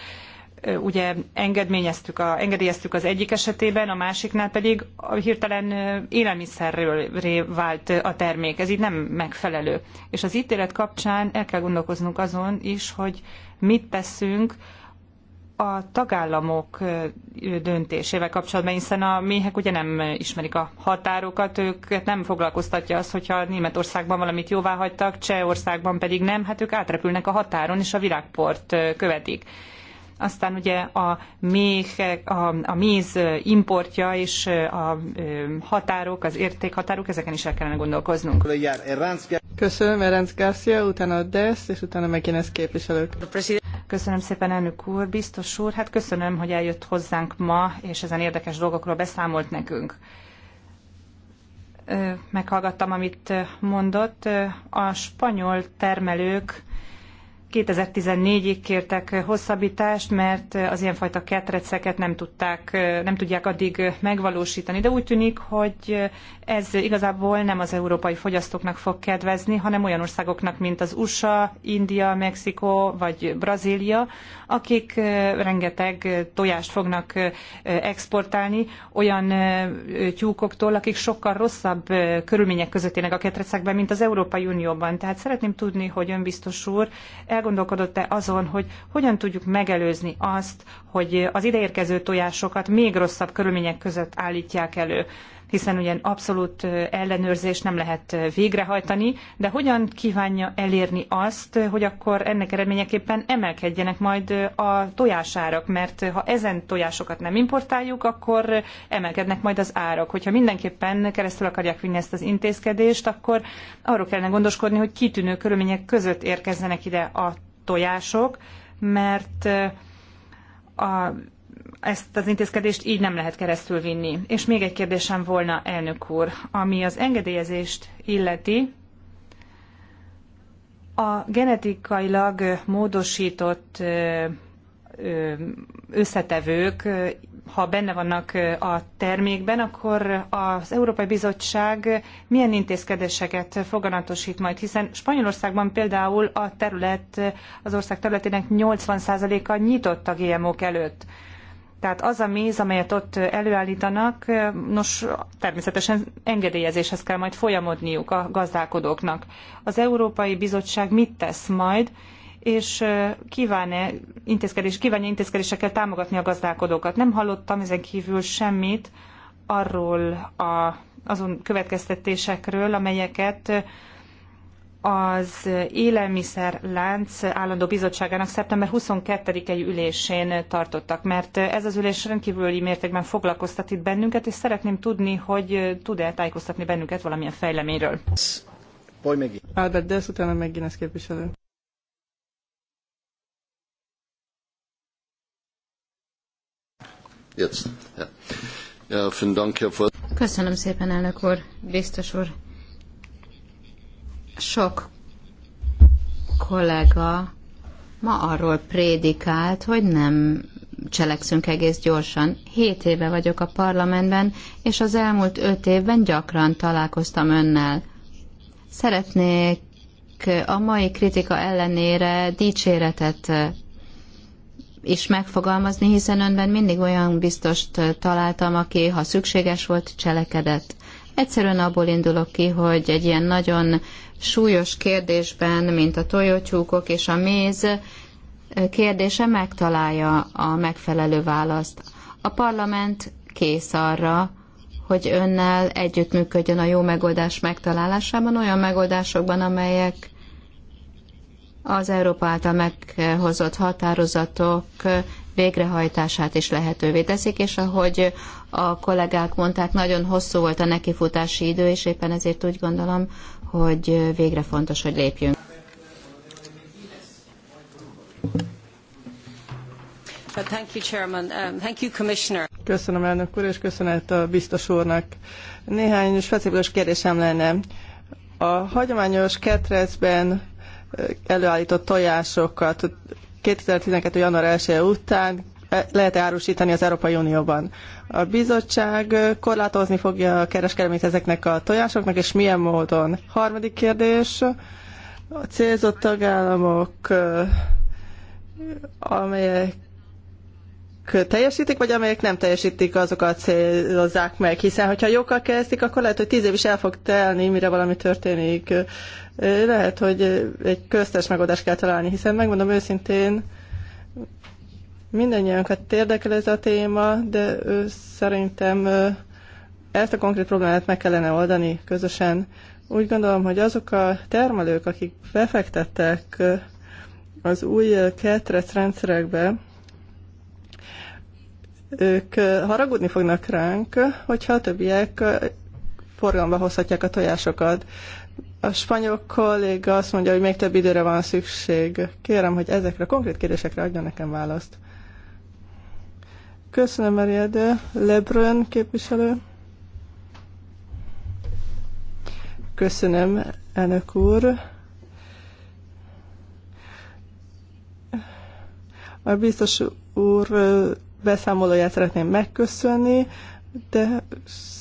Ugye engedményeztük a, engedélyeztük az egyik esetében, a másiknál pedig hirtelen élelmiszerről vált a termék. Ez így nem megfelelő. És az ítélet kapcsán el kell gondolkoznunk azon is, hogy mit teszünk, a tagállamok döntésével kapcsolatban, hiszen a méhek ugye nem ismerik a határokat, őket nem foglalkoztatja az, hogyha Németországban valamit jóvá hagytak, Csehországban pedig nem, hát ők átrepülnek a határon, és a virágport követik. Aztán ugye a, méh, a, a méz importja és a határok, az értékhatárok, ezeken is el kellene gondolkoznunk. Köszönöm, Erenc Garcia, utána Desz, és utána megint ez képviselők. Köszönöm szépen, elnök úr, biztos úr. Hát köszönöm, hogy eljött hozzánk ma, és ezen érdekes dolgokról beszámolt nekünk meghallgattam, amit mondott. A spanyol termelők 2014-ig kértek hosszabbítást, mert az ilyenfajta ketreceket nem, tudták, nem tudják addig megvalósítani. De úgy tűnik, hogy ez igazából nem az európai fogyasztóknak fog kedvezni, hanem olyan országoknak, mint az USA, India, Mexikó vagy Brazília, akik rengeteg tojást fognak exportálni olyan tyúkoktól, akik sokkal rosszabb körülmények között élnek a ketrecekben, mint az Európai Unióban. Tehát szeretném tudni, hogy ön biztos úr elgondolkodott-e azon, hogy hogyan tudjuk megelőzni azt, hogy az ideérkező tojásokat még rosszabb körülmények között állítják elő hiszen ugyan abszolút ellenőrzést nem lehet végrehajtani, de hogyan kívánja elérni azt, hogy akkor ennek eredményeképpen emelkedjenek majd a tojásárak, mert ha ezen tojásokat nem importáljuk, akkor emelkednek majd az árak. Hogyha mindenképpen keresztül akarják vinni ezt az intézkedést, akkor arról kellene gondoskodni, hogy kitűnő körülmények között érkezzenek ide a tojások, mert a ezt az intézkedést így nem lehet keresztül vinni. És még egy kérdésem volna, elnök úr, ami az engedélyezést illeti, a genetikailag módosított összetevők, ha benne vannak a termékben, akkor az Európai Bizottság milyen intézkedéseket foganatosít majd, hiszen Spanyolországban például a terület, az ország területének 80%-a nyitott a GMO-k előtt. Tehát az a méz, amelyet ott előállítanak, nos, természetesen engedélyezéshez kell majd folyamodniuk a gazdálkodóknak. Az Európai Bizottság mit tesz majd, és kíván-e intézkedés, kívánja intézkedésekkel támogatni a gazdálkodókat? Nem hallottam ezen kívül semmit arról a, azon következtetésekről, amelyeket az élelmiszerlánc állandó bizottságának szeptember 22-i ülésén tartottak, mert ez az ülés rendkívüli mértékben foglalkoztat itt bennünket, és szeretném tudni, hogy tud-e tájékoztatni bennünket valamilyen fejleményről. Albert Dess, utána megint képviselő. Köszönöm szépen, elnök úr, biztos úr. Sok kollega ma arról prédikált, hogy nem cselekszünk egész gyorsan. Hét éve vagyok a parlamentben, és az elmúlt öt évben gyakran találkoztam önnel. Szeretnék a mai kritika ellenére dicséretet is megfogalmazni, hiszen önben mindig olyan biztost találtam, aki, ha szükséges volt, cselekedett. Egyszerűen abból indulok ki, hogy egy ilyen nagyon súlyos kérdésben, mint a tojótyúkok és a méz kérdése megtalálja a megfelelő választ. A parlament kész arra, hogy önnel együttműködjön a jó megoldás megtalálásában, olyan megoldásokban, amelyek az Európa által meghozott határozatok végrehajtását is lehetővé teszik, és ahogy a kollégák mondták, nagyon hosszú volt a nekifutási idő, és éppen ezért úgy gondolom, hogy végre fontos, hogy lépjünk. Um, Köszönöm elnök úr, és köszönet a biztos úrnak. Néhány specifikus kérdésem lenne. A hagyományos ketrecben előállított tojásokat 2012. január 1 -e után lehet -e árusítani az Európai Unióban. A bizottság korlátozni fogja a kereskedelmét ezeknek a tojásoknak, és milyen módon? Harmadik kérdés, a célzott tagállamok, amelyek teljesítik, vagy amelyek nem teljesítik, azokat célozzák meg, hiszen hogyha jókkal kezdik, akkor lehet, hogy tíz év is el fog telni, mire valami történik. Lehet, hogy egy köztes megoldást kell találni, hiszen megmondom őszintén, mindannyiunkat érdekel ez a téma, de szerintem ezt a konkrét problémát meg kellene oldani közösen. Úgy gondolom, hogy azok a termelők, akik befektettek az új ketrec rendszerekbe, ők haragudni fognak ránk, hogyha a többiek forgalomba hozhatják a tojásokat. A spanyol kolléga azt mondja, hogy még több időre van szükség. Kérem, hogy ezekre a konkrét kérdésekre adjon nekem választ. Köszönöm, Eriedő. Lebrön képviselő. Köszönöm, elnök úr. A biztos úr beszámolóját szeretném megköszönni, de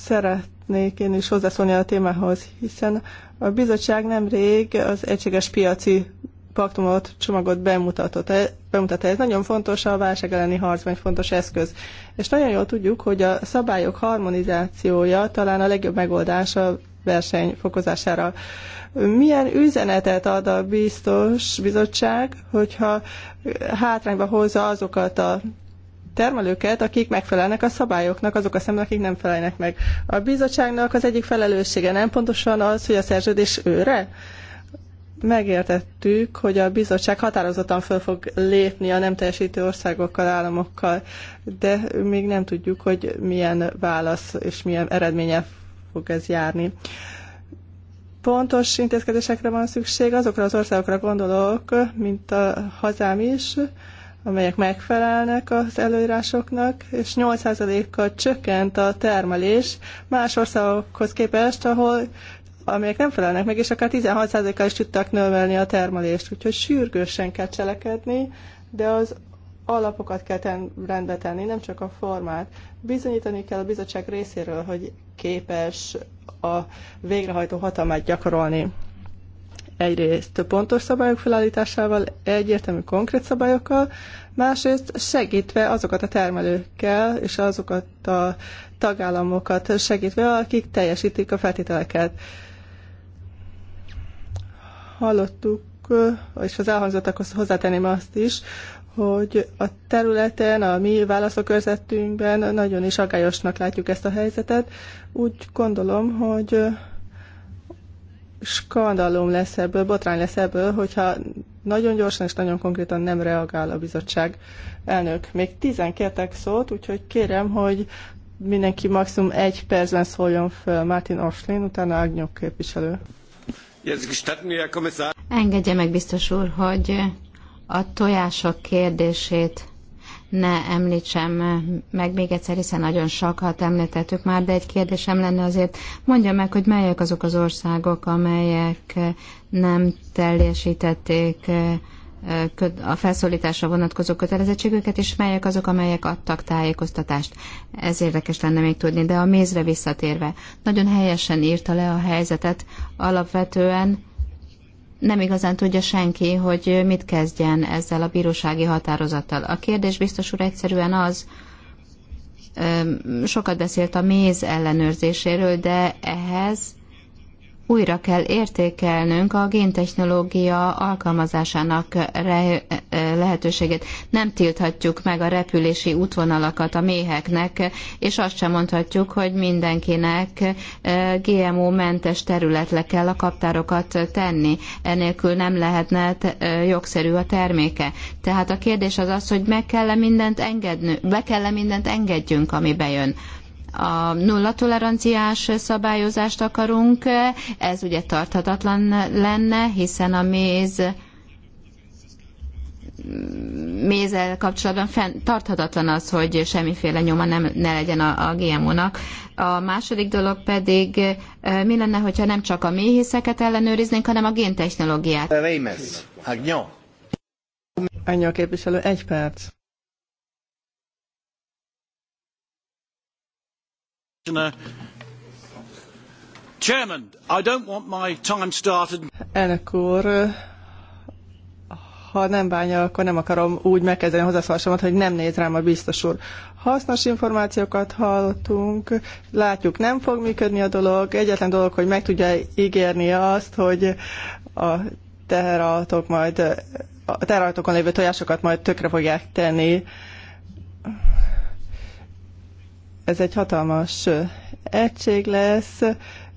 szeretnék én is hozzászólni a témához, hiszen a bizottság nemrég az egységes piaci paktumot, csomagot bemutatott. bemutatta. Ez nagyon fontos a válság elleni harcban, egy fontos eszköz. És nagyon jól tudjuk, hogy a szabályok harmonizációja talán a legjobb megoldás a verseny fokozására. Milyen üzenetet ad a biztos bizottság, hogyha hátrányba hozza azokat a termelőket, akik megfelelnek a szabályoknak, azok a szemben, akik nem felelnek meg. A bizottságnak az egyik felelőssége nem pontosan az, hogy a szerződés őre? Megértettük, hogy a bizottság határozottan föl fog lépni a nem teljesítő országokkal, államokkal, de még nem tudjuk, hogy milyen válasz és milyen eredménye fog ez járni pontos intézkedésekre van szükség, azokra az országokra gondolok, mint a hazám is, amelyek megfelelnek az előírásoknak, és 8%-kal csökkent a termelés más országokhoz képest, ahol amelyek nem felelnek meg, és akár 16%-kal is tudtak növelni a termelést. Úgyhogy sürgősen kell cselekedni, de az alapokat kell ten, rendbe tenni, nem csak a formát. Bizonyítani kell a bizottság részéről, hogy képes a végrehajtó hatalmát gyakorolni. Egyrészt pontos szabályok felállításával, egyértelmű konkrét szabályokkal, másrészt segítve azokat a termelőkkel és azokat a tagállamokat segítve, akik teljesítik a feltételeket. Hallottuk, és az elhangzottakhoz hozzátenném azt is, hogy a területen, a mi válaszokörzetünkben nagyon is aggályosnak látjuk ezt a helyzetet. Úgy gondolom, hogy skandalom lesz ebből, botrány lesz ebből, hogyha nagyon gyorsan és nagyon konkrétan nem reagál a bizottság elnök. Még tizen kértek szót, úgyhogy kérem, hogy mindenki maximum egy percben szóljon föl Martin Oslin, utána Agnyok képviselő. Engedje meg biztos úr, hogy a tojások kérdését ne említsem meg még egyszer, hiszen nagyon sokat említettük már, de egy kérdésem lenne azért, mondja meg, hogy melyek azok az országok, amelyek nem teljesítették a felszólításra vonatkozó kötelezettségüket, és melyek azok, amelyek adtak tájékoztatást. Ez érdekes lenne még tudni, de a mézre visszatérve. Nagyon helyesen írta le a helyzetet. Alapvetően nem igazán tudja senki, hogy mit kezdjen ezzel a bírósági határozattal. A kérdés biztos úr egyszerűen az, sokat beszélt a méz ellenőrzéséről, de ehhez újra kell értékelnünk a géntechnológia alkalmazásának lehetőségét. Nem tilthatjuk meg a repülési útvonalakat a méheknek, és azt sem mondhatjuk, hogy mindenkinek eh, GMO-mentes területre kell a kaptárokat tenni. Enélkül nem lehetne eh, jogszerű a terméke. Tehát a kérdés az az, hogy meg kell -e mindent engednünk, be kell -e mindent engedjünk, ami bejön a nulla toleranciás szabályozást akarunk, ez ugye tarthatatlan lenne, hiszen a méz mézzel kapcsolatban tarthatatlan az, hogy semmiféle nyoma nem, ne legyen a, a GMO-nak. A második dolog pedig, mi lenne, hogyha nem csak a méhészeket ellenőriznénk, hanem a géntechnológiát? Reimers, Agnyó. Agnyó képviselő, egy perc. Elnök úr, ha nem bánja, akkor nem akarom úgy megkezdeni a hozzászólásomat, hogy nem néz rám a biztos úr. Hasznos információkat hallottunk, látjuk, nem fog működni a dolog. Egyetlen dolog, hogy meg tudja ígérni azt, hogy a teherautók majd a teherautókon lévő tojásokat majd tökre fogják tenni ez egy hatalmas egység lesz,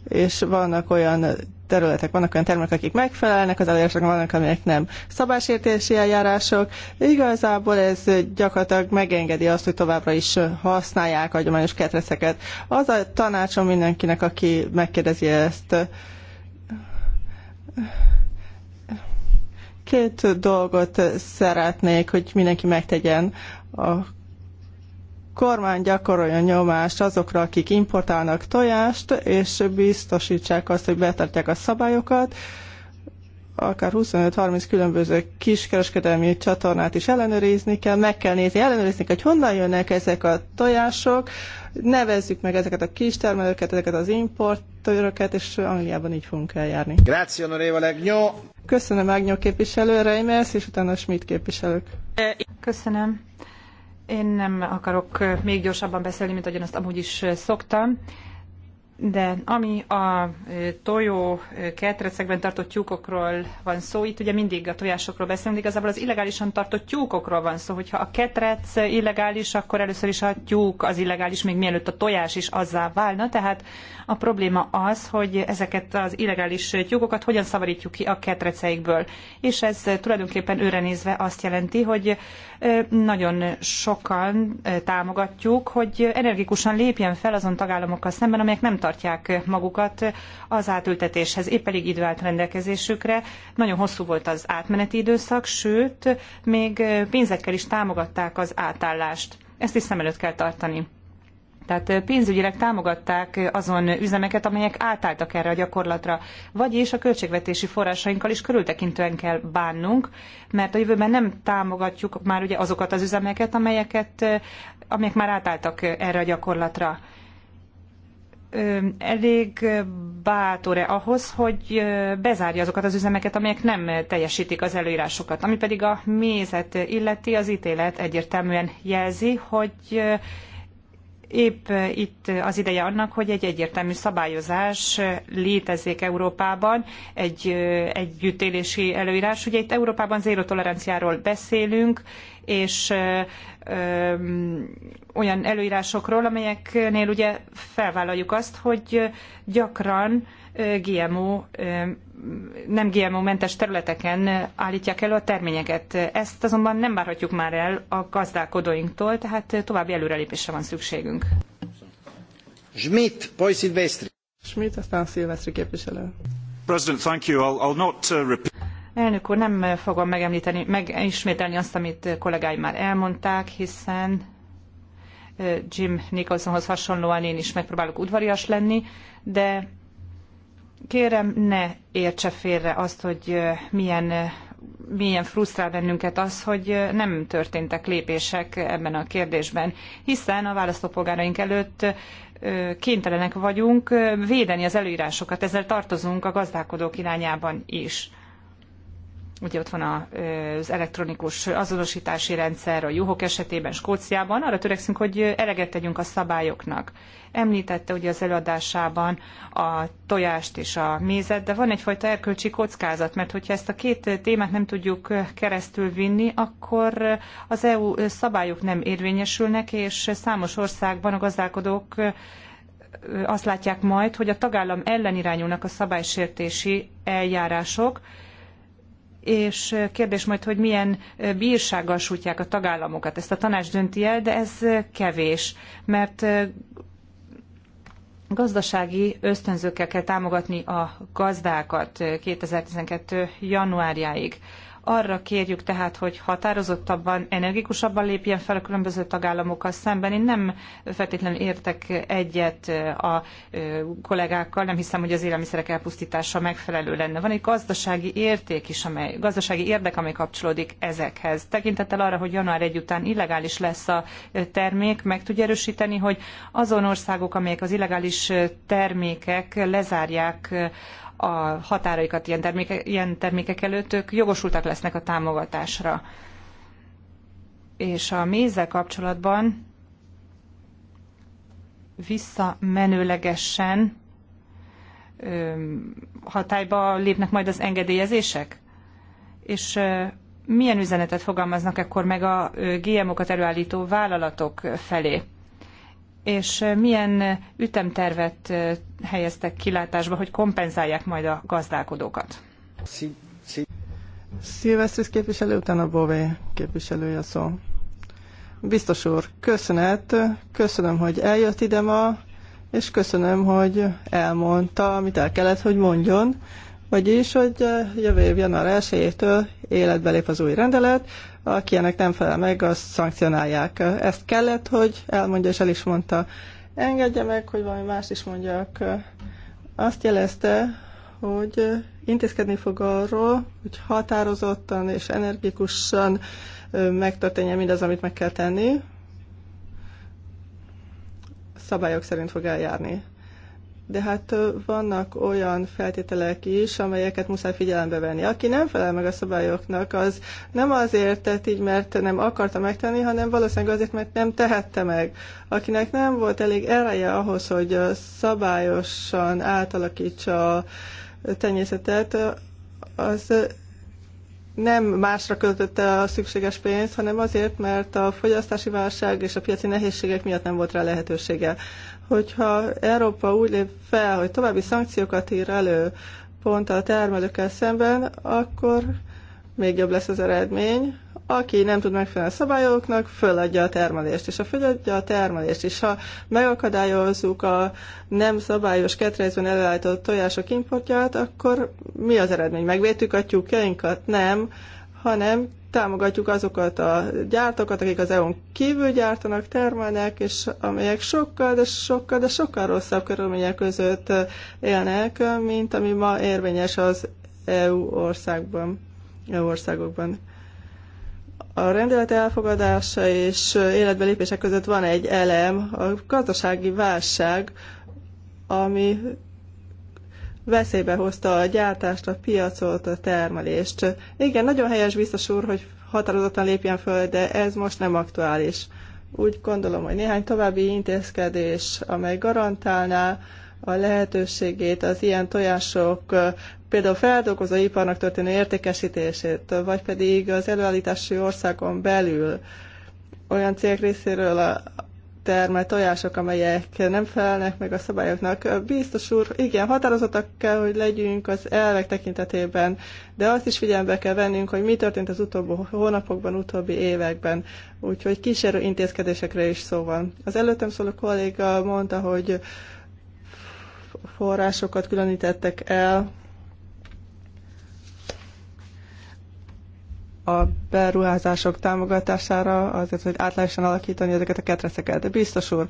és vannak olyan területek, vannak olyan termékek, akik megfelelnek az előírásoknak, vannak, amelyek nem. Szabásértési eljárások, igazából ez gyakorlatilag megengedi azt, hogy továbbra is használják a hagyományos ketreszeket. Az a tanácsom mindenkinek, aki megkérdezi ezt. Két dolgot szeretnék, hogy mindenki megtegyen a kormány gyakoroljon nyomást azokra, akik importálnak tojást, és biztosítsák azt, hogy betartják a szabályokat, akár 25-30 különböző kiskereskedelmi csatornát is ellenőrizni kell, meg kell nézni, ellenőrizni, hogy honnan jönnek ezek a tojások, nevezzük meg ezeket a kistermelőket, ezeket az importőröket, és Angliában így fogunk eljárni. Grazie, onorevole Agnyó! Köszönöm Agnyó képviselő, Reimers, és utána Schmidt képviselők. Köszönöm. Én nem akarok még gyorsabban beszélni, mint ahogyan azt amúgy is szoktam. De ami a tojó ketrecekben tartott tyúkokról van szó, itt ugye mindig a tojásokról beszélünk, de igazából az illegálisan tartott tyúkokról van szó, hogyha a ketrec illegális, akkor először is a tyúk az illegális, még mielőtt a tojás is azzá válna, tehát a probléma az, hogy ezeket az illegális tyúkokat hogyan szavarítjuk ki a ketreceikből. És ez tulajdonképpen őre nézve azt jelenti, hogy nagyon sokan támogatjuk, hogy energikusan lépjen fel azon tagállamokkal szemben, amelyek nem tartják tartják magukat az átültetéshez. Épp elég idő állt rendelkezésükre. Nagyon hosszú volt az átmeneti időszak, sőt, még pénzekkel is támogatták az átállást. Ezt is szem előtt kell tartani. Tehát pénzügyileg támogatták azon üzemeket, amelyek átálltak erre a gyakorlatra. Vagyis a költségvetési forrásainkkal is körültekintően kell bánnunk, mert a jövőben nem támogatjuk már ugye azokat az üzemeket, amelyeket, amelyek már átálltak erre a gyakorlatra elég bátor-e ahhoz, hogy bezárja azokat az üzemeket, amelyek nem teljesítik az előírásokat. Ami pedig a mézet illeti, az ítélet egyértelműen jelzi, hogy épp itt az ideje annak, hogy egy egyértelmű szabályozás létezzék Európában, egy együttélési előírás. Ugye itt Európában zéró toleranciáról beszélünk, és olyan előírásokról, amelyeknél ugye felvállaljuk azt, hogy gyakran GMO, nem GMO-mentes területeken állítják elő a terményeket. Ezt azonban nem várhatjuk már el a gazdálkodóinktól, tehát további előrelépésre van szükségünk. Schmidt, poi Silvestri. Schmidt, aztán Silvestri képviselő. President, thank you. I'll, I'll not uh, repeat. Elnök úr, nem fogom megemlíteni, megismételni azt, amit kollégáim már elmondták, hiszen Jim Nicholsonhoz hasonlóan én is megpróbálok udvarias lenni, de kérem ne értse félre azt, hogy milyen, milyen frusztrál bennünket az, hogy nem történtek lépések ebben a kérdésben, hiszen a választópolgáraink előtt kénytelenek vagyunk védeni az előírásokat, ezzel tartozunk a gazdálkodók irányában is. Ugye ott van az elektronikus azonosítási rendszer a juhok esetében Skóciában. Arra törekszünk, hogy eleget tegyünk a szabályoknak. Említette ugye az előadásában a tojást és a mézet, de van egyfajta erkölcsi kockázat, mert hogyha ezt a két témát nem tudjuk keresztül vinni, akkor az EU szabályok nem érvényesülnek, és számos országban a gazdálkodók azt látják majd, hogy a tagállam ellen irányulnak a szabálysértési eljárások, és kérdés majd, hogy milyen bírsággal sújtják a tagállamokat. Ezt a tanács dönti el, de ez kevés, mert gazdasági ösztönzőkkel kell támogatni a gazdákat 2012. januárjáig. Arra kérjük tehát, hogy határozottabban, energikusabban lépjen fel a különböző tagállamokkal szemben. Én nem feltétlenül értek egyet a kollégákkal, nem hiszem, hogy az élelmiszerek elpusztítása megfelelő lenne. Van egy gazdasági érték is, amely, gazdasági érdek, amely kapcsolódik ezekhez. Tekintettel arra, hogy január 1 után illegális lesz a termék, meg tudja erősíteni, hogy azon országok, amelyek az illegális termékek lezárják a határaikat ilyen, termékek, ilyen termékek előtt, ők jogosultak lesznek a támogatásra. És a mézzel kapcsolatban visszamenőlegesen hatályba lépnek majd az engedélyezések? És milyen üzenetet fogalmaznak ekkor meg a GMO-kat előállító vállalatok felé? és milyen ütemtervet helyeztek kilátásba, hogy kompenzálják majd a gazdálkodókat? Sí, képviselő, utána Bové képviselője szó. Biztos úr, köszönet, köszönöm, hogy eljött ide ma, és köszönöm, hogy elmondta, amit el kellett, hogy mondjon, vagyis, hogy jövő év január 1 életbe lép az új rendelet, aki ennek nem felel meg, azt szankcionálják. Ezt kellett, hogy elmondja, és el is mondta. Engedje meg, hogy valami más is mondjak. Azt jelezte, hogy intézkedni fog arról, hogy határozottan és energikusan megtörténjen mindaz, amit meg kell tenni. Szabályok szerint fog eljárni de hát vannak olyan feltételek is, amelyeket muszáj figyelembe venni. Aki nem felel meg a szabályoknak, az nem azért tett így, mert nem akarta megtenni, hanem valószínűleg azért, mert nem tehette meg. Akinek nem volt elég ereje ahhoz, hogy szabályosan átalakítsa a tenyészetet, az nem másra költötte a szükséges pénzt, hanem azért, mert a fogyasztási válság és a piaci nehézségek miatt nem volt rá lehetősége hogyha Európa úgy lép fel, hogy további szankciókat ír elő pont a termelőkkel szemben, akkor még jobb lesz az eredmény. Aki nem tud megfelelni a szabályoknak, föladja a termelést, és ha föladja a termelést, és ha megakadályozzuk a nem szabályos ketrecben előállított tojások importját, akkor mi az eredmény? Megvédtük a tyúkjainkat? Nem, hanem támogatjuk azokat a gyártókat, akik az EU-n kívül gyártanak, termelnek, és amelyek sokkal, de sokkal, de sokkal rosszabb körülmények között élnek, mint ami ma érvényes az EU országban, EU országokban. A rendelet elfogadása és életbe lépések között van egy elem, a gazdasági válság, ami veszélybe hozta a gyártást, a piacot, a termelést. Igen, nagyon helyes biztos úr, hogy határozottan lépjen föl, de ez most nem aktuális. Úgy gondolom, hogy néhány további intézkedés, amely garantálná a lehetőségét az ilyen tojások például feldolgozó iparnak történő értékesítését, vagy pedig az előállítási országon belül olyan cégek részéről, termelt tojások, amelyek nem felelnek meg a szabályoknak. Biztos úr, igen, határozottak kell, hogy legyünk az elvek tekintetében, de azt is figyelembe kell vennünk, hogy mi történt az utóbbi hónapokban, utóbbi években. Úgyhogy kísérő intézkedésekre is szó van. Az előttem szóló kolléga mondta, hogy forrásokat különítettek el a beruházások támogatására, azért, hogy át lehessen alakítani ezeket a ketreceket. Biztos úr,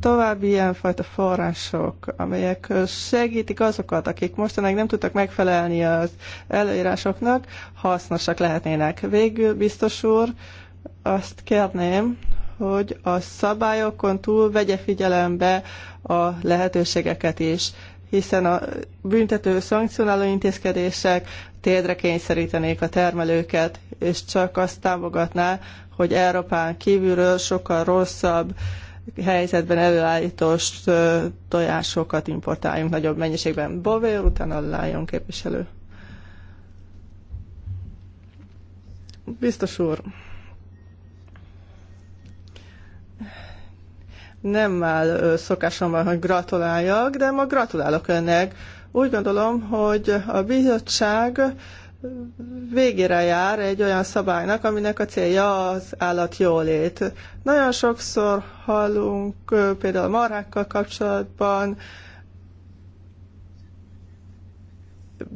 további ilyenfajta források, amelyek segítik azokat, akik mostanáig nem tudtak megfelelni az előírásoknak, hasznosak lehetnének. Végül, biztos úr, azt kérném, hogy a szabályokon túl vegye figyelembe a lehetőségeket is hiszen a büntető szankcionáló intézkedések térdre kényszerítenék a termelőket, és csak azt támogatná, hogy Európán kívülről sokkal rosszabb helyzetben előállítós tojásokat importáljunk nagyobb mennyiségben. Bové utána Lion képviselő. Biztos úr. nem áll szokásomban, hogy gratuláljak, de ma gratulálok önnek. Úgy gondolom, hogy a bizottság végére jár egy olyan szabálynak, aminek a célja az állat jólét. Nagyon sokszor hallunk például marhákkal kapcsolatban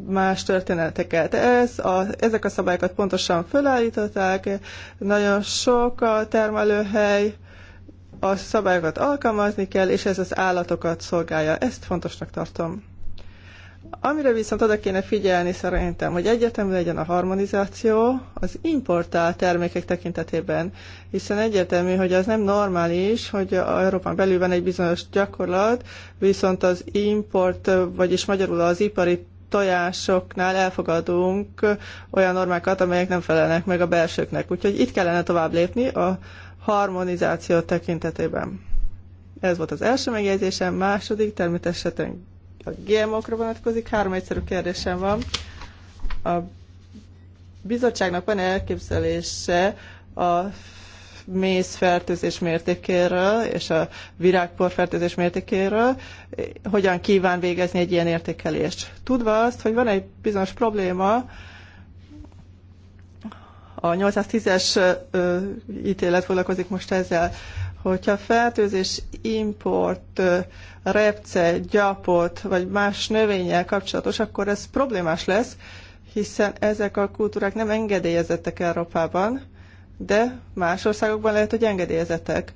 más történeteket. Ez a, ezek a szabályokat pontosan fölállították, nagyon sok a termelőhely, a szabályokat alkalmazni kell, és ez az állatokat szolgálja. Ezt fontosnak tartom. Amire viszont oda kéne figyelni szerintem, hogy egyetemű legyen a harmonizáció az importált termékek tekintetében, hiszen egyetemű, hogy az nem normális, hogy a Európán belül van egy bizonyos gyakorlat, viszont az import, vagyis magyarul az ipari tojásoknál elfogadunk olyan normákat, amelyek nem felelnek meg a belsőknek. Úgyhogy itt kellene tovább lépni, a harmonizáció tekintetében. Ez volt az első megjegyzésem. Második, természetesen a GMO-kra vonatkozik. Három egyszerű kérdésem van. A bizottságnak van elképzelése a fertőzés mértékéről és a virágpor fertőzés mértékéről, hogyan kíván végezni egy ilyen értékelést. Tudva azt, hogy van egy bizonyos probléma, a 810-es ítélet foglalkozik most ezzel, hogyha fertőzés import repce, gyapot vagy más növényel kapcsolatos, akkor ez problémás lesz, hiszen ezek a kultúrák nem engedélyezettek Európában, de más országokban lehet, hogy engedélyezettek.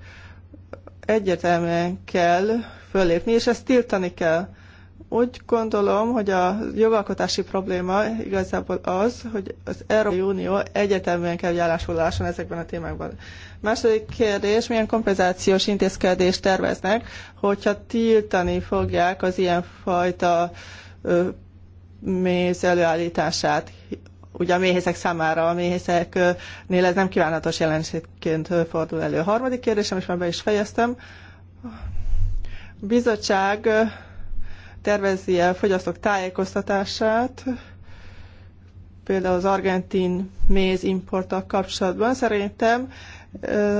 Egyértelműen kell fölépni, és ezt tiltani kell. Úgy gondolom, hogy a jogalkotási probléma igazából az, hogy az Európai Unió egyetemben kell, állásfoglaláson ezekben a témákban. Második kérdés, milyen kompenzációs intézkedést terveznek, hogyha tiltani fogják az ilyenfajta ö, méz előállítását, ugye a méhészek számára, a méhészeknél ez nem kívánatos jelenségként fordul elő. A harmadik kérdésem, és már be is fejeztem, bizottság tervezi a fogyasztók tájékoztatását, például az argentin méz importtal kapcsolatban, szerintem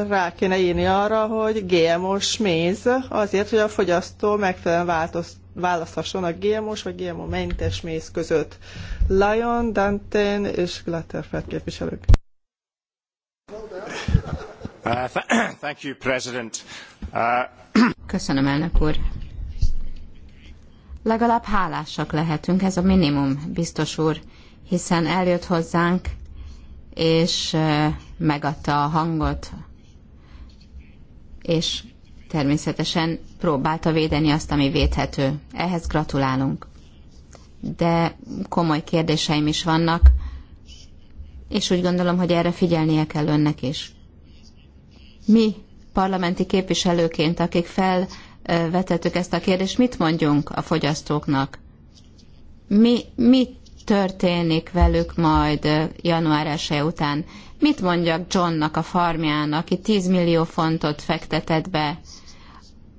rá kéne írni arra, hogy GMO-s méz, azért, hogy a fogyasztó megfelelően választhasson a GMO-s vagy GMO-mentes méz között. Lion, Dantén és Glatterfeld képviselők. Uh, uh, Köszönöm, elnök úr legalább hálásak lehetünk, ez a minimum, biztos úr, hiszen eljött hozzánk, és megadta a hangot, és természetesen próbálta védeni azt, ami védhető. Ehhez gratulálunk. De komoly kérdéseim is vannak, és úgy gondolom, hogy erre figyelnie kell önnek is. Mi parlamenti képviselőként, akik fel vetettük ezt a kérdést, mit mondjunk a fogyasztóknak? Mi, mi történik velük majd január 1 után? Mit mondjak Johnnak, a farmjának, aki 10 millió fontot fektetett be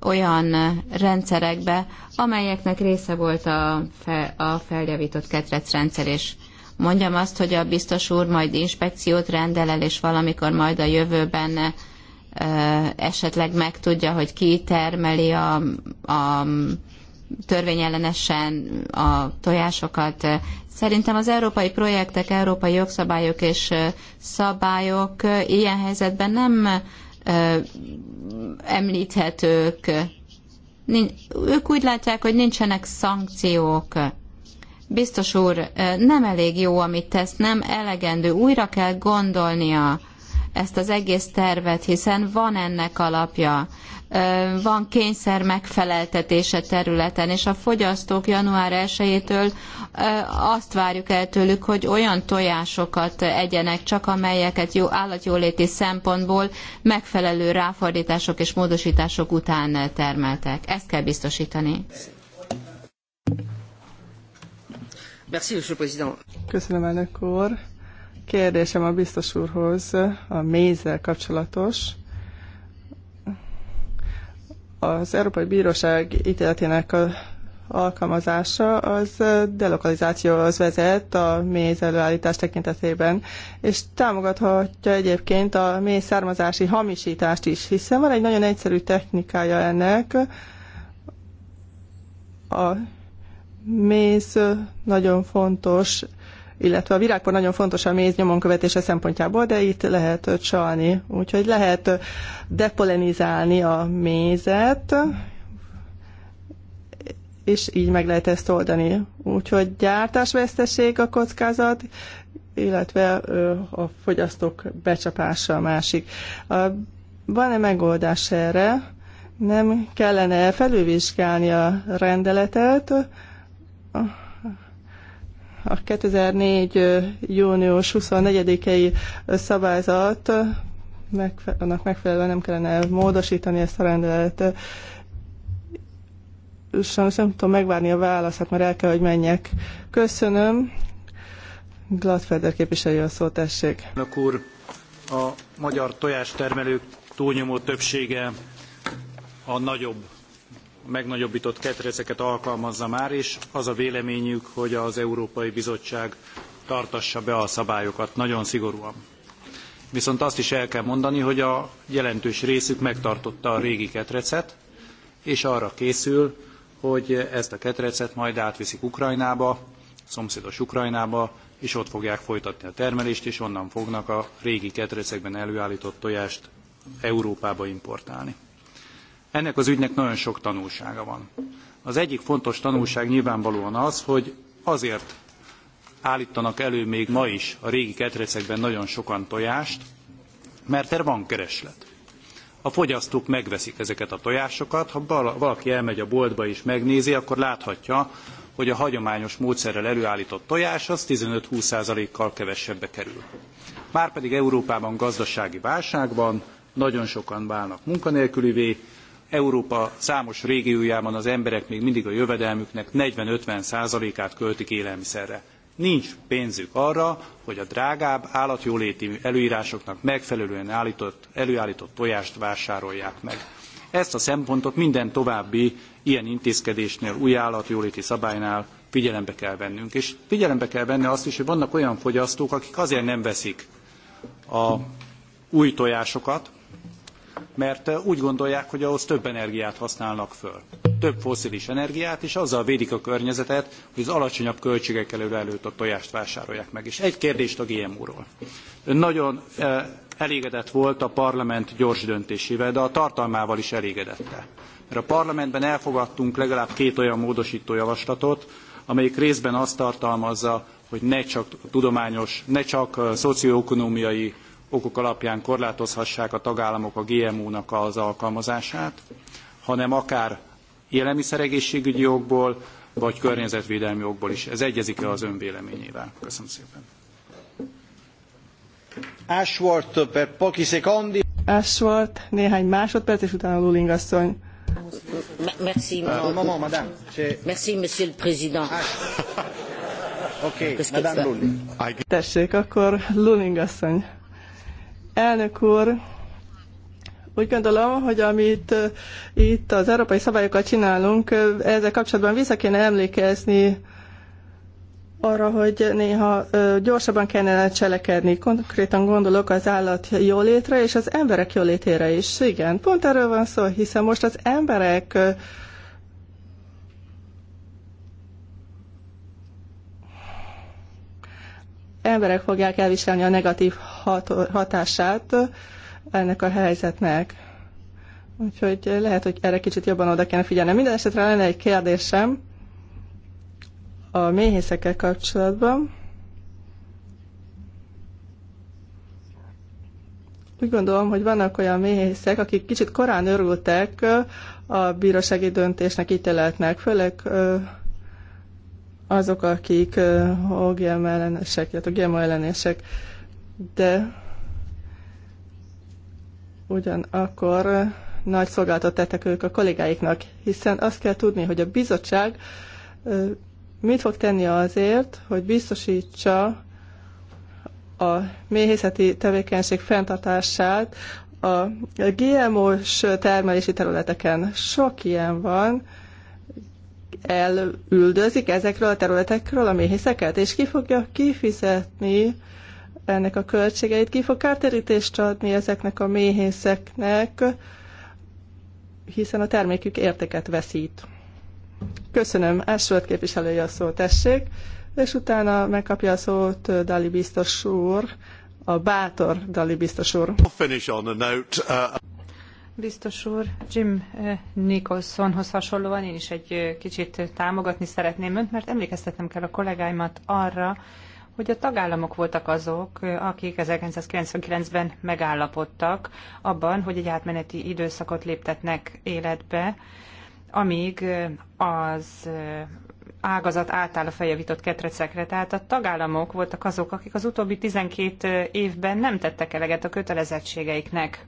olyan rendszerekbe, amelyeknek része volt a, fe, a feljavított ketrecrendszer is. Mondjam azt, hogy a biztos úr majd inspekciót rendel el, és valamikor majd a jövőben esetleg megtudja, hogy ki termeli a, a törvényellenesen a tojásokat. Szerintem az európai projektek, európai jogszabályok és szabályok ilyen helyzetben nem említhetők. Ők úgy látják, hogy nincsenek szankciók. Biztos úr, nem elég jó, amit tesz, nem elegendő. Újra kell gondolnia ezt az egész tervet, hiszen van ennek alapja, van kényszer megfeleltetése területen, és a fogyasztók január 1-től azt várjuk el tőlük, hogy olyan tojásokat egyenek, csak amelyeket jó állatjóléti szempontból megfelelő ráfordítások és módosítások után termeltek. Ezt kell biztosítani. Köszönöm, elnök úr. Kérdésem a biztos úrhoz a mézzel kapcsolatos. Az Európai Bíróság ítéletének a alkalmazása az delokalizációhoz vezet a méz előállítás tekintetében, és támogathatja egyébként a méz származási hamisítást is, hiszen van egy nagyon egyszerű technikája ennek. A méz nagyon fontos illetve a virágpor nagyon fontos a méz nyomon követése szempontjából, de itt lehet csalni. Úgyhogy lehet depolenizálni a mézet, és így meg lehet ezt oldani. Úgyhogy gyártásveszteség a kockázat, illetve a fogyasztók becsapása a másik. Van-e megoldás erre? Nem kellene felülvizsgálni a rendeletet, ah. A 2004. június 24-i szabályzat megfe- annak megfelelően nem kellene módosítani ezt a rendeletet. Sajnos nem tudom megvárni a válaszát, mert el kell, hogy menjek. Köszönöm. Gladfelder képviselő a szót, tessék. Önök úr, a magyar tojástermelők túlnyomó többsége a nagyobb megnagyobbított ketreceket alkalmazza már, és az a véleményük, hogy az Európai Bizottság tartassa be a szabályokat nagyon szigorúan. Viszont azt is el kell mondani, hogy a jelentős részük megtartotta a régi ketrecet, és arra készül, hogy ezt a ketrecet majd átviszik Ukrajnába, szomszédos Ukrajnába, és ott fogják folytatni a termelést, és onnan fognak a régi ketrecekben előállított tojást Európába importálni. Ennek az ügynek nagyon sok tanulsága van. Az egyik fontos tanulság nyilvánvalóan az, hogy azért állítanak elő még ma is a régi ketrecekben nagyon sokan tojást, mert erre van kereslet. A fogyasztók megveszik ezeket a tojásokat, ha valaki elmegy a boltba és megnézi, akkor láthatja, hogy a hagyományos módszerrel előállított tojás az 15-20%-kal kevesebbe kerül. Márpedig Európában gazdasági válság van, nagyon sokan válnak munkanélkülivé, Európa számos régiójában az emberek még mindig a jövedelmüknek 40-50 százalékát költik élelmiszerre. Nincs pénzük arra, hogy a drágább állatjóléti előírásoknak megfelelően állított, előállított tojást vásárolják meg. Ezt a szempontot minden további ilyen intézkedésnél, új állatjóléti szabálynál figyelembe kell vennünk. És figyelembe kell venni azt is, hogy vannak olyan fogyasztók, akik azért nem veszik a új tojásokat, mert úgy gondolják, hogy ahhoz több energiát használnak föl. Több foszilis energiát, és azzal védik a környezetet, hogy az alacsonyabb költségek elő előtt a tojást vásárolják meg. És egy kérdést a GMO-ról. Ön nagyon elégedett volt a parlament gyors döntésével, de a tartalmával is elégedette. Mert a parlamentben elfogadtunk legalább két olyan módosító javaslatot, amelyik részben azt tartalmazza, hogy ne csak tudományos, ne csak szocioökonomiai okok alapján korlátozhassák a tagállamok a GMO-nak az alkalmazását, hanem akár élelmiszeregészségügyi jogból, vagy környezetvédelmi jogból is. Ez egyezik-e az ön véleményével? Köszönöm szépen. Ashworth per pochi secondi. Ashworth, néhány másodperc, és utána Luling asszony. Merci, ah, madame. Merci, monsieur le président. Oké, ah, okay, madame Luling. Tessék, akkor Luling asszony. Elnök úr, úgy gondolom, hogy amit itt az európai szabályokat csinálunk, ezzel kapcsolatban vissza kéne emlékezni arra, hogy néha gyorsabban kellene cselekedni. Konkrétan gondolok az állat jólétre és az emberek jólétére is. Igen, pont erről van szó, hiszen most az emberek emberek fogják elviselni a negatív hat hatását ennek a helyzetnek. Úgyhogy lehet, hogy erre kicsit jobban oda kellene figyelni. Minden esetre lenne egy kérdésem a méhészekkel kapcsolatban. Úgy gondolom, hogy vannak olyan méhészek, akik kicsit korán örültek a bírósági döntésnek, ítéletnek, főleg azok, akik OGM ellenesek, illetve GMO ellenesek, de ugyanakkor nagy szolgálatot tettek ők a kollégáiknak, hiszen azt kell tudni, hogy a bizottság mit fog tenni azért, hogy biztosítsa a méhészeti tevékenység fenntartását a GMO-s termelési területeken. Sok ilyen van, elüldözik ezekről a területekről a méhészeket, és ki fogja kifizetni ennek a költségeit, ki fog kártérítést adni ezeknek a méhészeknek, hiszen a termékük értéket veszít. Köszönöm, Ashworth képviselője a szót, tessék, és utána megkapja a szót Dali biztos úr, a bátor Dali biztos úr. Biztos úr, Jim eh, Nicholsonhoz hasonlóan én is egy eh, kicsit támogatni szeretném önt, mert emlékeztetnem kell a kollégáimat arra, hogy a tagállamok voltak azok, eh, akik 1999-ben megállapodtak abban, hogy egy átmeneti időszakot léptetnek életbe, amíg az ágazat átáll a feljavított ketrecekre. Tehát a tagállamok voltak azok, akik az utóbbi 12 évben nem tettek eleget a kötelezettségeiknek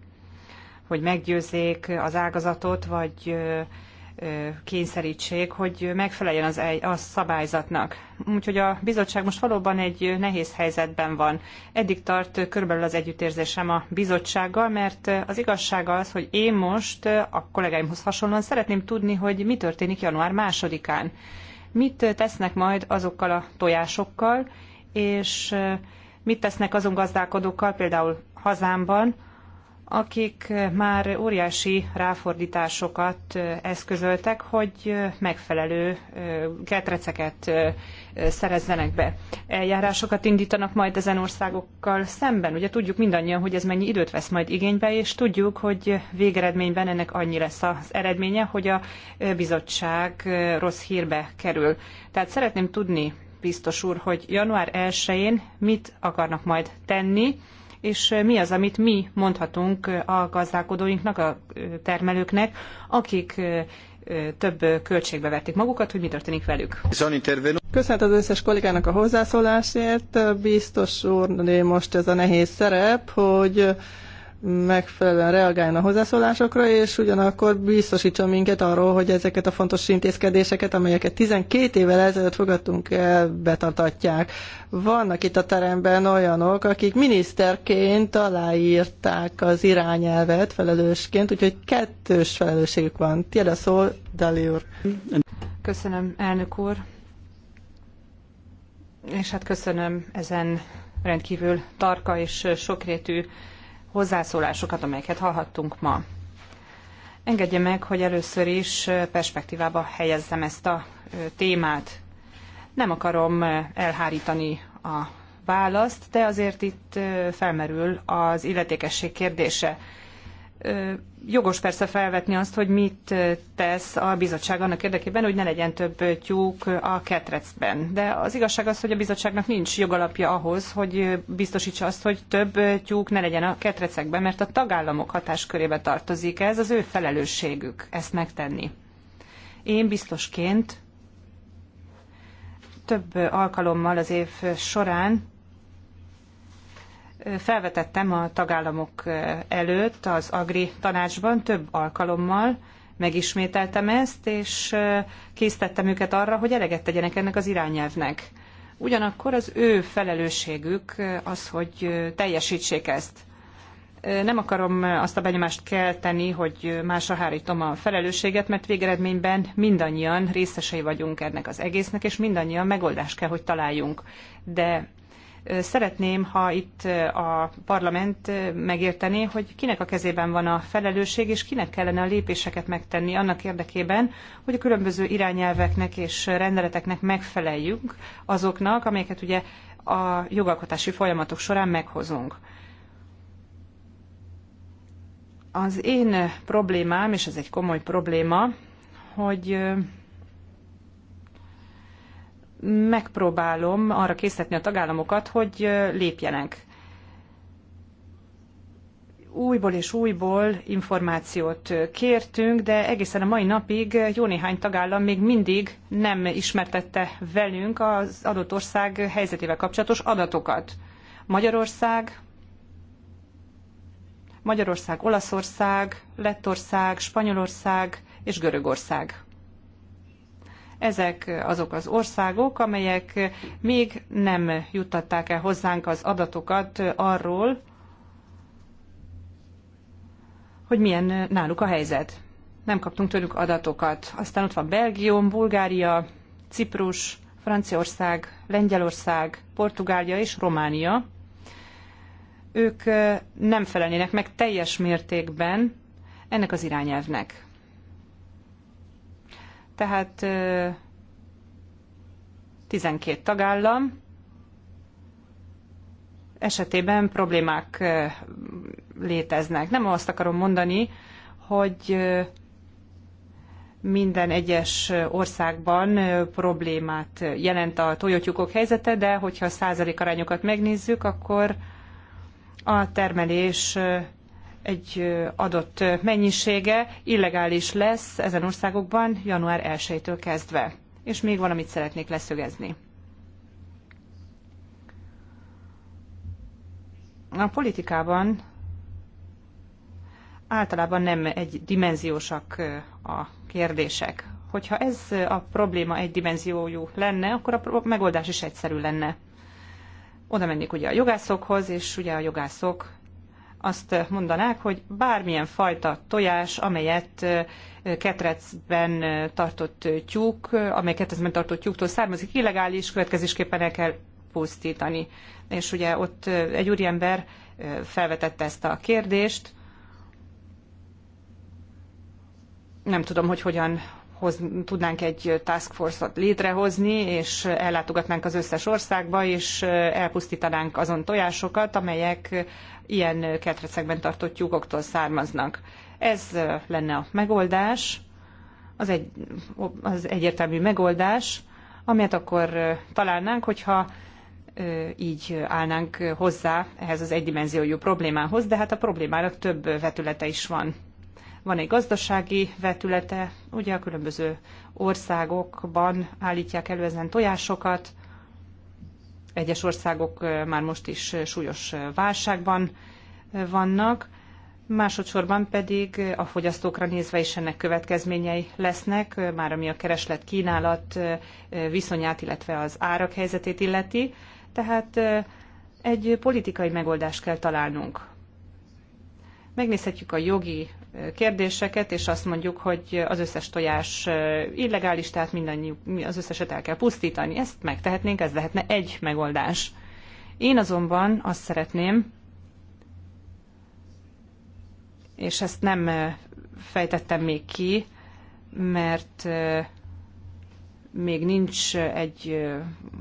hogy meggyőzzék az ágazatot, vagy kényszerítsék, hogy megfeleljen az, a szabályzatnak. Úgyhogy a bizottság most valóban egy nehéz helyzetben van. Eddig tart körülbelül az együttérzésem a bizottsággal, mert az igazság az, hogy én most a kollégáimhoz hasonlóan szeretném tudni, hogy mi történik január másodikán. Mit tesznek majd azokkal a tojásokkal, és mit tesznek azon gazdálkodókkal, például hazámban, akik már óriási ráfordításokat eszközöltek, hogy megfelelő ketreceket szerezzenek be. Eljárásokat indítanak majd ezen országokkal szemben. Ugye tudjuk mindannyian, hogy ez mennyi időt vesz majd igénybe, és tudjuk, hogy végeredményben ennek annyi lesz az eredménye, hogy a bizottság rossz hírbe kerül. Tehát szeretném tudni, biztos úr, hogy január 1-én mit akarnak majd tenni, és mi az, amit mi mondhatunk a gazdálkodóinknak, a termelőknek, akik több költségbe vették magukat, hogy mi történik velük. Köszönöm az összes kollégának a hozzászólásért. Biztos úr, most ez a nehéz szerep, hogy megfelelően reagáljon a hozzászólásokra, és ugyanakkor biztosítson minket arról, hogy ezeket a fontos intézkedéseket, amelyeket 12 évvel ezelőtt fogadtunk el, betartatják. Vannak itt a teremben olyanok, akik miniszterként aláírták az irányelvet felelősként, úgyhogy kettős felelősségük van. Tiéd a szó, Dali úr. Köszönöm, elnök úr. És hát köszönöm ezen rendkívül tarka és sokrétű hozzászólásokat, amelyeket hallhattunk ma. Engedje meg, hogy először is perspektívába helyezzem ezt a témát. Nem akarom elhárítani a választ, de azért itt felmerül az illetékesség kérdése jogos persze felvetni azt, hogy mit tesz a bizottság annak érdekében, hogy ne legyen több tyúk a ketrecben. De az igazság az, hogy a bizottságnak nincs jogalapja ahhoz, hogy biztosítsa azt, hogy több tyúk ne legyen a ketrecekben, mert a tagállamok hatáskörébe tartozik ez, az ő felelősségük ezt megtenni. Én biztosként több alkalommal az év során felvetettem a tagállamok előtt az Agri tanácsban több alkalommal, megismételtem ezt, és késztettem őket arra, hogy eleget tegyenek ennek az irányelvnek. Ugyanakkor az ő felelősségük az, hogy teljesítsék ezt. Nem akarom azt a benyomást kelteni, hogy másra hárítom a felelősséget, mert végeredményben mindannyian részesei vagyunk ennek az egésznek, és mindannyian megoldást kell, hogy találjunk. De Szeretném, ha itt a parlament megértené, hogy kinek a kezében van a felelősség, és kinek kellene a lépéseket megtenni annak érdekében, hogy a különböző irányelveknek és rendeleteknek megfeleljünk azoknak, amelyeket ugye a jogalkotási folyamatok során meghozunk. Az én problémám, és ez egy komoly probléma, hogy megpróbálom arra készíteni a tagállamokat, hogy lépjenek. Újból és újból információt kértünk, de egészen a mai napig jó néhány tagállam még mindig nem ismertette velünk az adott ország helyzetével kapcsolatos adatokat. Magyarország, Magyarország, Olaszország, Lettország, Spanyolország és Görögország. Ezek azok az országok, amelyek még nem juttatták el hozzánk az adatokat arról, hogy milyen náluk a helyzet. Nem kaptunk tőlük adatokat. Aztán ott van Belgium, Bulgária, Ciprus, Franciaország, Lengyelország, Portugália és Románia. Ők nem felelnének meg teljes mértékben ennek az irányelvnek. Tehát 12 tagállam esetében problémák léteznek. Nem azt akarom mondani, hogy minden egyes országban problémát jelent a tojótyúkok helyzete, de hogyha a százalék arányokat megnézzük, akkor a termelés egy adott mennyisége illegális lesz ezen országokban január 1-től kezdve. És még valamit szeretnék leszögezni. A politikában általában nem egy dimenziósak a kérdések. Hogyha ez a probléma egy dimenziójú lenne, akkor a megoldás is egyszerű lenne. Oda mennék ugye a jogászokhoz, és ugye a jogászok azt mondanák, hogy bármilyen fajta tojás, amelyet ketrecben tartott tyúk, amely ketrecben tartott tyúktól származik, illegális, következésképpen el kell pusztítani. És ugye ott egy úriember felvetette ezt a kérdést, nem tudom, hogy hogyan hoz, tudnánk egy task force-ot létrehozni, és ellátogatnánk az összes országba, és elpusztítanánk azon tojásokat, amelyek ilyen ketrecekben tartott tyúkoktól származnak. Ez lenne a megoldás, az, egy, az egyértelmű megoldás, amelyet akkor találnánk, hogyha így állnánk hozzá ehhez az egydimenziójú problémához, de hát a problémának több vetülete is van. Van egy gazdasági vetülete, ugye a különböző országokban állítják elő ezen tojásokat, egyes országok már most is súlyos válságban vannak, másodszorban pedig a fogyasztókra nézve is ennek következményei lesznek, már ami a kereslet kínálat viszonyát, illetve az árak helyzetét illeti. Tehát egy politikai megoldást kell találnunk. Megnézhetjük a jogi kérdéseket, és azt mondjuk, hogy az összes tojás illegális, tehát mindannyiuk, az összeset el kell pusztítani. Ezt megtehetnénk, ez lehetne egy megoldás. Én azonban azt szeretném, és ezt nem fejtettem még ki, mert még nincs egy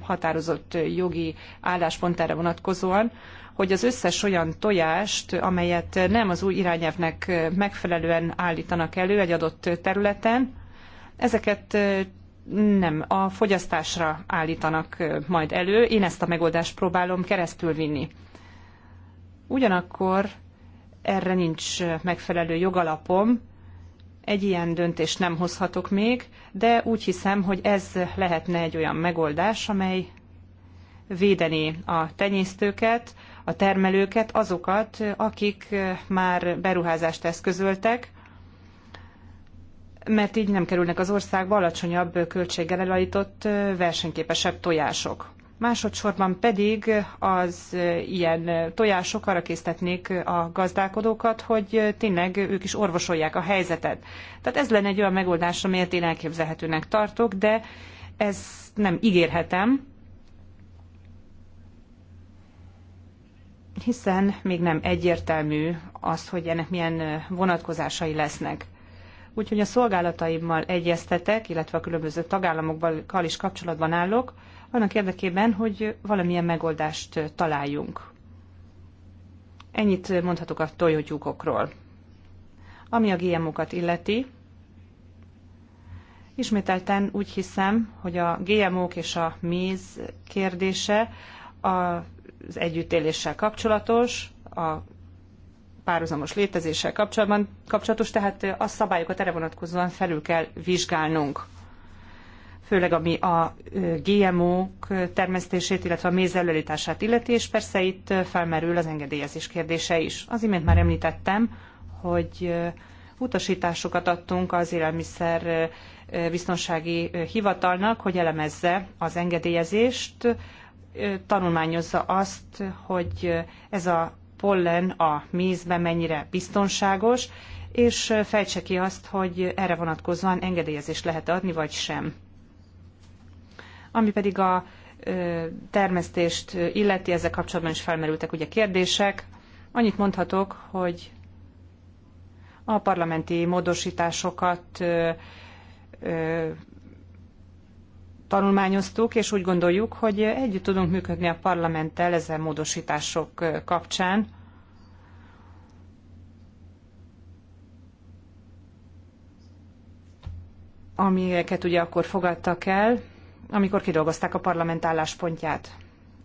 határozott jogi álláspont erre vonatkozóan, hogy az összes olyan tojást, amelyet nem az új irányelvnek megfelelően állítanak elő egy adott területen, ezeket nem a fogyasztásra állítanak majd elő. Én ezt a megoldást próbálom keresztül vinni. Ugyanakkor erre nincs megfelelő jogalapom, egy ilyen döntést nem hozhatok még, de úgy hiszem, hogy ez lehetne egy olyan megoldás, amely védeni a tenyésztőket, a termelőket, azokat, akik már beruházást eszközöltek, mert így nem kerülnek az országba alacsonyabb költséggel elajtott versenyképesebb tojások. Másodszorban pedig az ilyen tojások arra késztetnék a gazdálkodókat, hogy tényleg ők is orvosolják a helyzetet. Tehát ez lenne egy olyan megoldás, amelyet én elképzelhetőnek tartok, de ezt nem ígérhetem, hiszen még nem egyértelmű az, hogy ennek milyen vonatkozásai lesznek. Úgyhogy a szolgálataimmal egyeztetek, illetve a különböző tagállamokkal is kapcsolatban állok, annak érdekében, hogy valamilyen megoldást találjunk. Ennyit mondhatok a tojótyúkokról. Ami a GMO-kat illeti, ismételten úgy hiszem, hogy a GMO-k és a méz kérdése a az együttéléssel kapcsolatos, a párhuzamos létezéssel kapcsolatban kapcsolatos, tehát a szabályokat erre vonatkozóan felül kell vizsgálnunk főleg ami a GMO-k termesztését, illetve a méz illeti, és persze itt felmerül az engedélyezés kérdése is. Az imént már említettem, hogy utasításokat adtunk az élelmiszer biztonsági hivatalnak, hogy elemezze az engedélyezést, tanulmányozza azt, hogy ez a pollen a mézben mennyire biztonságos, és fejtse ki azt, hogy erre vonatkozóan engedélyezést lehet adni, vagy sem. Ami pedig a termesztést illeti, ezzel kapcsolatban is felmerültek ugye kérdések. Annyit mondhatok, hogy a parlamenti módosításokat tanulmányoztuk, és úgy gondoljuk, hogy együtt tudunk működni a parlamenttel ezen módosítások kapcsán. amiket ugye akkor fogadtak el, amikor kidolgozták a parlament álláspontját.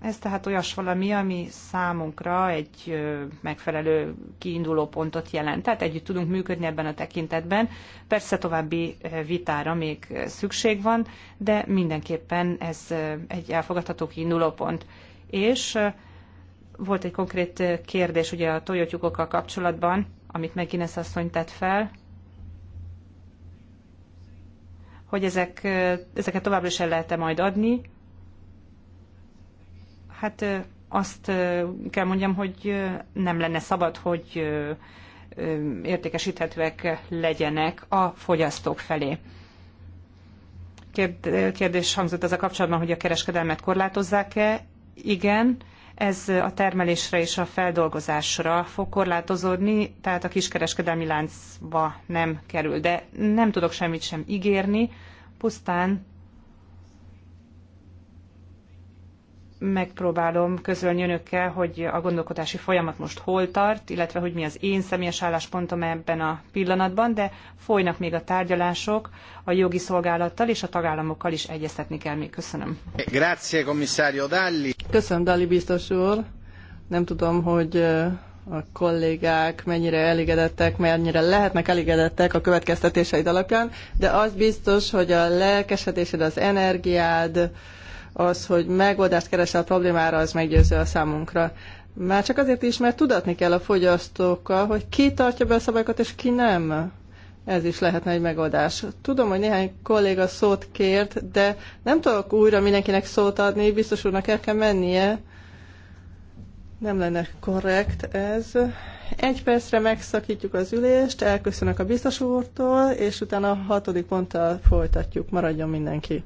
Ez tehát olyas valami, ami számunkra egy megfelelő kiinduló pontot jelent. Tehát együtt tudunk működni ebben a tekintetben. Persze további vitára még szükség van, de mindenképpen ez egy elfogadható kiinduló pont. És volt egy konkrét kérdés ugye a tojótyúkokkal kapcsolatban, amit ezt asszony tett fel, hogy ezek, ezeket továbbra is el lehet-e majd adni, Hát azt kell mondjam, hogy nem lenne szabad, hogy értékesíthetőek legyenek a fogyasztók felé. Kérdés hangzott az a kapcsolatban, hogy a kereskedelmet korlátozzák-e? Igen, ez a termelésre és a feldolgozásra fog korlátozódni, tehát a kiskereskedelmi láncba nem kerül. De nem tudok semmit sem ígérni, pusztán megpróbálom közölni önökkel, hogy a gondolkodási folyamat most hol tart, illetve hogy mi az én személyes álláspontom ebben a pillanatban, de folynak még a tárgyalások a jogi szolgálattal és a tagállamokkal is egyeztetni kell még. Köszönöm. Grazie, commissario Dalli. Köszönöm, Dalli biztos úr. Nem tudom, hogy a kollégák mennyire elégedettek, mennyire lehetnek elégedettek a következtetéseid alapján, de az biztos, hogy a lelkesedésed, az energiád, az, hogy megoldást keresel a problémára, az meggyőző a számunkra. Már csak azért is, mert tudatni kell a fogyasztókkal, hogy ki tartja be a szabályokat, és ki nem. Ez is lehetne egy megoldás. Tudom, hogy néhány kolléga szót kért, de nem tudok újra mindenkinek szót adni, biztos úrnak el kell mennie. Nem lenne korrekt ez. Egy percre megszakítjuk az ülést, elköszönök a biztos úrtól, és utána a hatodik ponttal folytatjuk. Maradjon mindenki.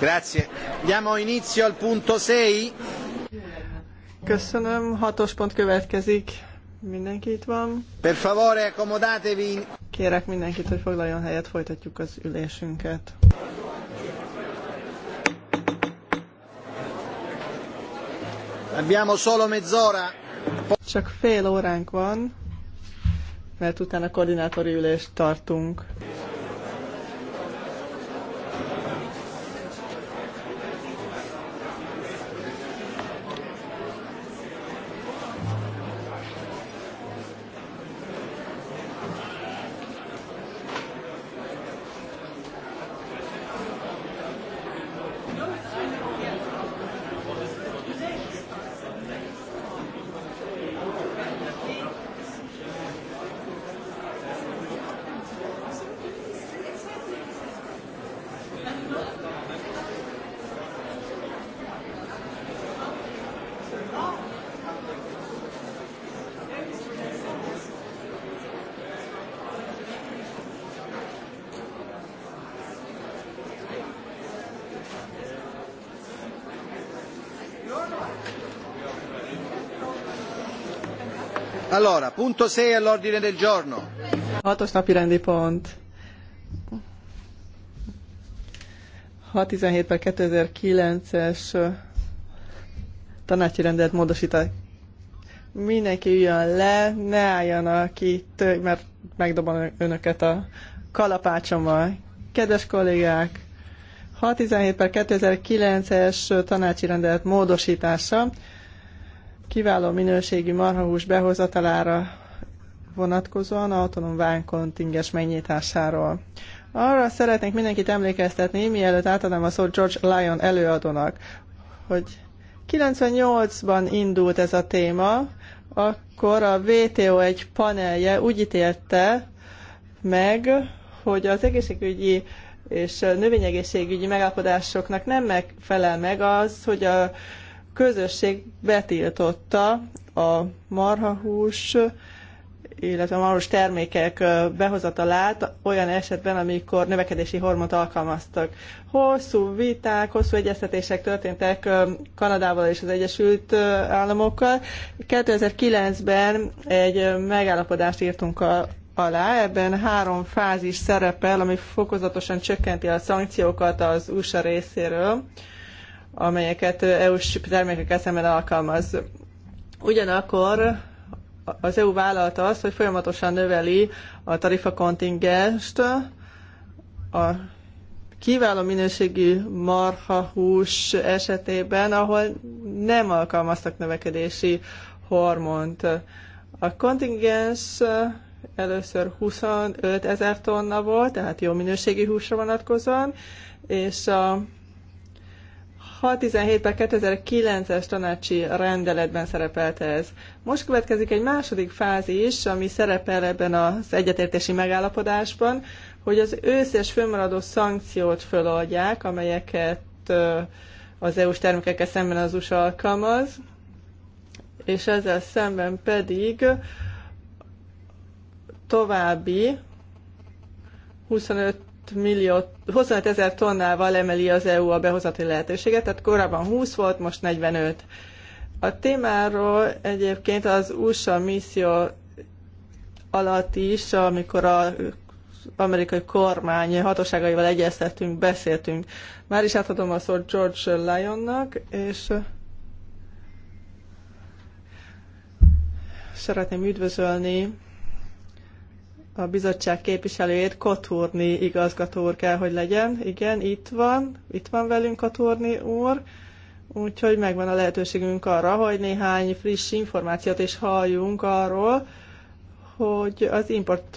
Grazie. Diamo inizio al punto 6. Köszönöm, hatos pont következik. Mindenki itt van. Per favore, accomodatevi. Kérek mindenkit, hogy foglaljon helyet, folytatjuk az ülésünket. Abbiamo solo mezz'ora. Csak fél óránk van, mert utána koordinátori ülést tartunk. Allora, punto 6 all'ordine del giorno. Hatos napi rendi pont. 617 per 2009-es tanácsi rendelet módosítás. Mindenki üljön le, ne álljanak itt, mert megdobom önöket a kalapácsommal. Kedves kollégák, 617 per 2009-es tanácsi rendelet módosítása kiváló minőségű marhahús behozatalára vonatkozóan autonóm vámkontingens megnyitásáról. Arra szeretnék mindenkit emlékeztetni, mielőtt átadom a szót George Lyon előadónak, hogy 98-ban indult ez a téma, akkor a WTO egy panelje úgy ítélte meg, hogy az egészségügyi és növényegészségügyi megállapodásoknak nem megfelel meg az, hogy a közösség betiltotta a marhahús, illetve a marhahús termékek behozatalát olyan esetben, amikor növekedési hormont alkalmaztak. Hosszú viták, hosszú egyeztetések történtek Kanadával és az Egyesült Államokkal. 2009-ben egy megállapodást írtunk a alá. Ebben három fázis szerepel, ami fokozatosan csökkenti a szankciókat az USA részéről amelyeket EU-s termékekkel szemben alkalmaz. Ugyanakkor az EU vállalta azt, hogy folyamatosan növeli a tarifakontingest, a kiváló minőségű marhahús esetében, ahol nem alkalmaztak növekedési hormont. A kontingens először 25 ezer tonna volt, tehát jó minőségű húsra vonatkozóan, és a 17 ben 2009-es tanácsi rendeletben szerepelt ez. Most következik egy második fázis, ami szerepel ebben az egyetértési megállapodásban, hogy az összes fönmaradó szankciót föladják, amelyeket az EU-s termékekkel szemben az USA alkalmaz, és ezzel szemben pedig további 25 millió, 25 ezer tonnával emeli az EU a behozati lehetőséget, tehát korábban 20 volt, most 45. A témáról egyébként az USA misszió alatt is, amikor a amerikai kormány hatóságaival egyeztettünk, beszéltünk. Már is átadom a szót George Lyonnak, és szeretném üdvözölni a bizottság képviselőjét Koturni igazgató úr kell, hogy legyen. Igen, itt van, itt van velünk Koturni úr, úgyhogy megvan a lehetőségünk arra, hogy néhány friss információt is halljunk arról, hogy az import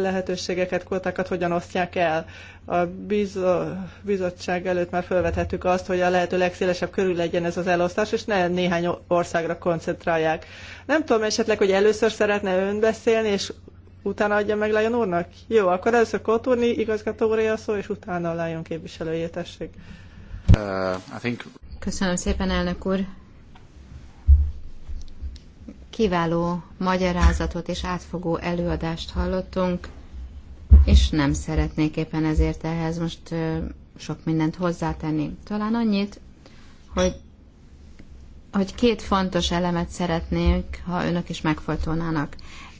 lehetőségeket, kvótákat hogyan osztják el. A bizo- bizottság előtt már felvethettük azt, hogy a lehető legszélesebb körül legyen ez az elosztás, és ne néhány országra koncentrálják. Nem tudom esetleg, hogy először szeretne ön beszélni, és Utána adja meg Lion úrnak? Jó, akkor először Kotorni igazgató a szó, és utána a Lion képviselője, tessék. Uh, I think... Köszönöm szépen, elnök úr. Kiváló magyarázatot és átfogó előadást hallottunk, és nem szeretnék éppen ezért ehhez most sok mindent hozzátenni. Talán annyit, hogy, hogy két fontos elemet szeretnék, ha önök is megfontolnának.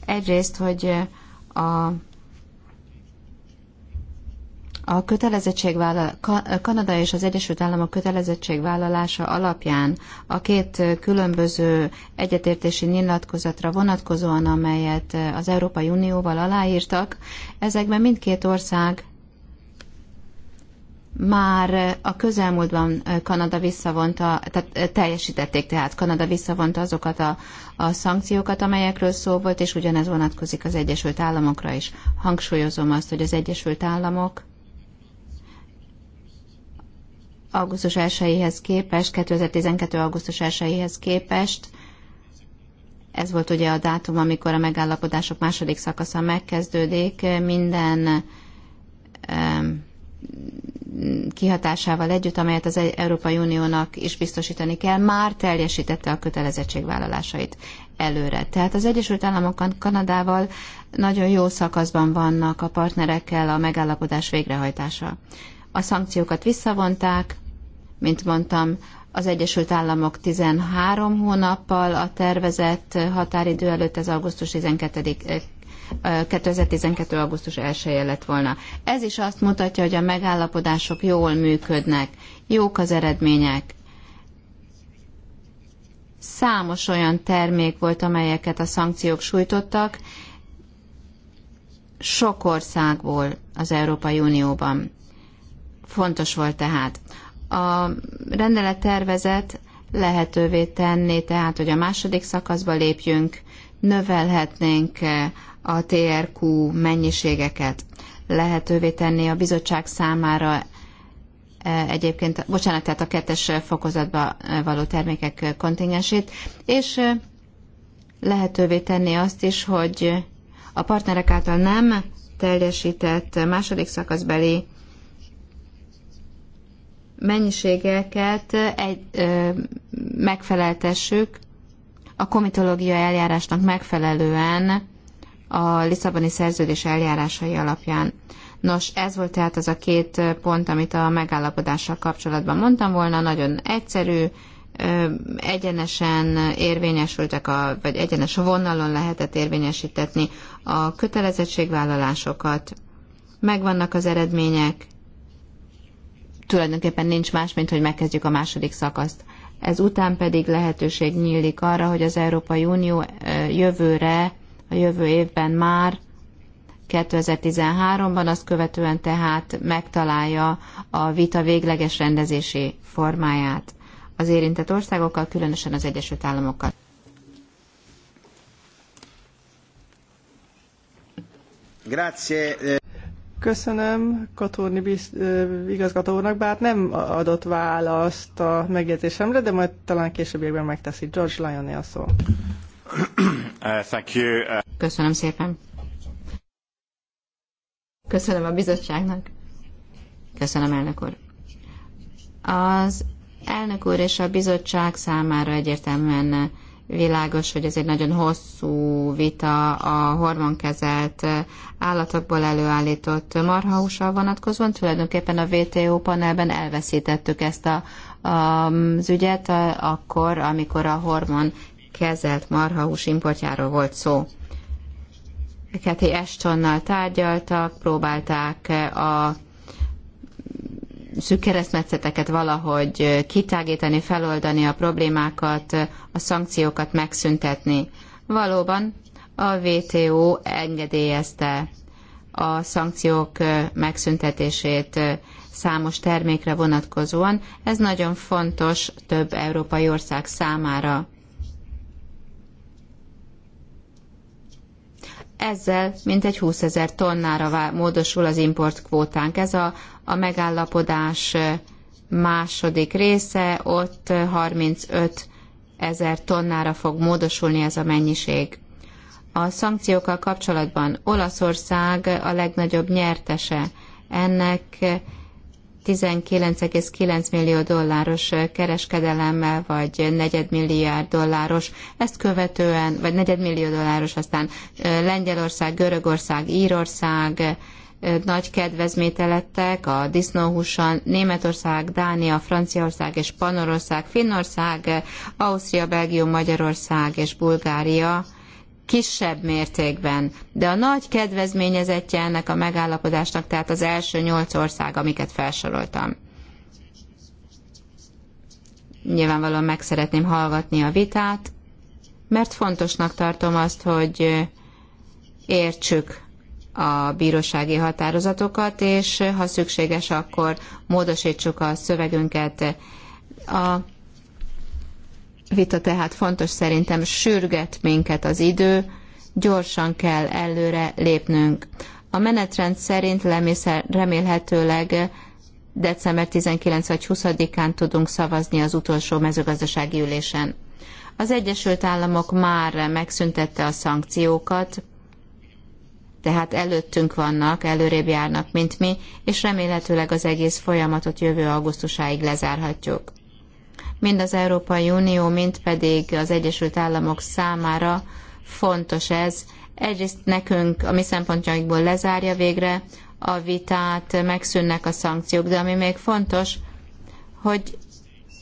Egyrészt, hogy a a kötelezettségvállal... Kanada és az Egyesült Államok kötelezettségvállalása alapján a két különböző egyetértési nyilatkozatra vonatkozóan, amelyet az Európai Unióval aláírtak, ezekben mindkét ország már a közelmúltban Kanada visszavonta, tehát teljesítették tehát Kanada visszavonta azokat a, a szankciókat, amelyekről szó volt, és ugyanez vonatkozik az Egyesült Államokra is. Hangsúlyozom azt, hogy az Egyesült Államok augusztus 1-hez képest, 2012. augusztus 1-hez képest, ez volt ugye a dátum, amikor a megállapodások második szakasza megkezdődik, minden um, kihatásával együtt, amelyet az e- Európai Uniónak is biztosítani kell, már teljesítette a kötelezettségvállalásait előre. Tehát az Egyesült Államokon Kanadával nagyon jó szakaszban vannak a partnerekkel a megállapodás végrehajtása. A szankciókat visszavonták, mint mondtam, az Egyesült Államok 13 hónappal a tervezett határidő előtt, ez augusztus 12 2012. augusztus 1 -e lett volna. Ez is azt mutatja, hogy a megállapodások jól működnek, jók az eredmények. Számos olyan termék volt, amelyeket a szankciók sújtottak, sok országból az Európai Unióban. Fontos volt tehát. A rendelet tervezet lehetővé tenni, tehát, hogy a második szakaszba lépjünk, növelhetnénk a TRQ mennyiségeket lehetővé tenni a bizottság számára e, egyébként, bocsánat, tehát a kettes fokozatba e, való termékek kontingensét, és e, lehetővé tenni azt is, hogy a partnerek által nem teljesített második szakaszbeli mennyiségeket egy, ö, megfeleltessük a komitológia eljárásnak megfelelően a Lisszaboni szerződés eljárásai alapján. Nos, ez volt tehát az a két pont, amit a megállapodással kapcsolatban mondtam volna. Nagyon egyszerű, egyenesen érvényesültek, a, vagy egyenes vonalon lehetett érvényesítetni a kötelezettségvállalásokat. Megvannak az eredmények, tulajdonképpen nincs más, mint hogy megkezdjük a második szakaszt. Ez után pedig lehetőség nyílik arra, hogy az Európai Unió jövőre a jövő évben már, 2013-ban, azt követően tehát megtalálja a vita végleges rendezési formáját az érintett országokkal, különösen az Egyesült Államokkal. Grazie. Köszönöm Katorni bizt, igazgató úrnak, bár nem adott választ a megjegyzésemre, de majd talán későbbiekben megteszi. George Lyon a szó. Köszönöm szépen. Köszönöm a bizottságnak. Köszönöm, elnök úr. Az elnök úr és a bizottság számára egyértelműen világos, hogy ez egy nagyon hosszú vita a hormonkezelt állatokból előállított marhahússal vonatkozóan. Tulajdonképpen a WTO panelben elveszítettük ezt a, az ügyet, akkor, amikor a hormon kezelt marhahús importjáról volt szó. Kathy Estonnal tárgyaltak, próbálták a szűk keresztmetszeteket valahogy kitágítani, feloldani a problémákat, a szankciókat megszüntetni. Valóban a WTO engedélyezte a szankciók megszüntetését számos termékre vonatkozóan. Ez nagyon fontos több európai ország számára. Ezzel mintegy 20 ezer tonnára módosul az importkvótánk. Ez a, a megállapodás második része, ott 35 ezer tonnára fog módosulni ez a mennyiség. A szankciókkal kapcsolatban Olaszország a legnagyobb nyertese ennek 19,9 millió dolláros kereskedelemmel, vagy negyedmilliárd dolláros, ezt követően, vagy negyedmillió dolláros, aztán Lengyelország, Görögország, Írország, nagy kedvezmételettek a disznóhússal Németország, Dánia, Franciaország és Panorország, Finnország, Ausztria, Belgium, Magyarország és Bulgária kisebb mértékben, de a nagy kedvezményezetje ennek a megállapodásnak, tehát az első nyolc ország, amiket felsoroltam. Nyilvánvalóan meg szeretném hallgatni a vitát, mert fontosnak tartom azt, hogy értsük a bírósági határozatokat, és ha szükséges, akkor módosítsuk a szövegünket. A vita tehát fontos szerintem sürget minket az idő, gyorsan kell előre lépnünk. A menetrend szerint remélhetőleg december 19 vagy 20-án tudunk szavazni az utolsó mezőgazdasági ülésen. Az Egyesült Államok már megszüntette a szankciókat, tehát előttünk vannak, előrébb járnak, mint mi, és remélhetőleg az egész folyamatot jövő augusztusáig lezárhatjuk mind az Európai Unió, mind pedig az Egyesült Államok számára fontos ez. Egyrészt nekünk a mi szempontjainkból lezárja végre a vitát, megszűnnek a szankciók, de ami még fontos, hogy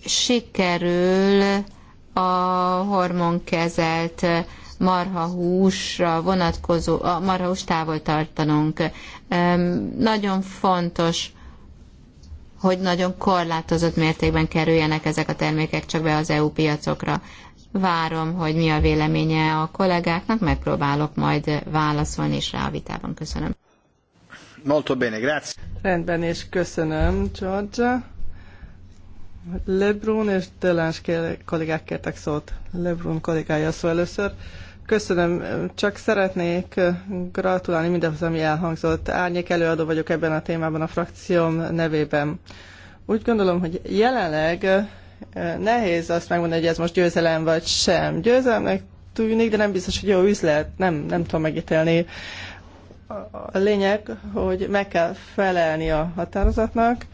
sikerül a hormonkezelt marhahúsra vonatkozó, a marhahús távol tartanunk. Nagyon fontos hogy nagyon korlátozott mértékben kerüljenek ezek a termékek csak be az EU piacokra. Várom, hogy mi a véleménye a kollégáknak, megpróbálok majd válaszolni is rá a vitában. Köszönöm. Molto bene, grazie. Rendben, és köszönöm, Georgia. Lebrun és Delans kollégák kértek szót. Lebrun kollégája szó először. Köszönöm, csak szeretnék gratulálni mindaz, ami elhangzott. Árnyék előadó vagyok ebben a témában a frakcióm nevében. Úgy gondolom, hogy jelenleg nehéz azt megmondani, hogy ez most győzelem vagy sem. Győzelemnek tűnik, de nem biztos, hogy jó üzlet. Nem, nem tudom megítélni. A lényeg, hogy meg kell felelni a határozatnak,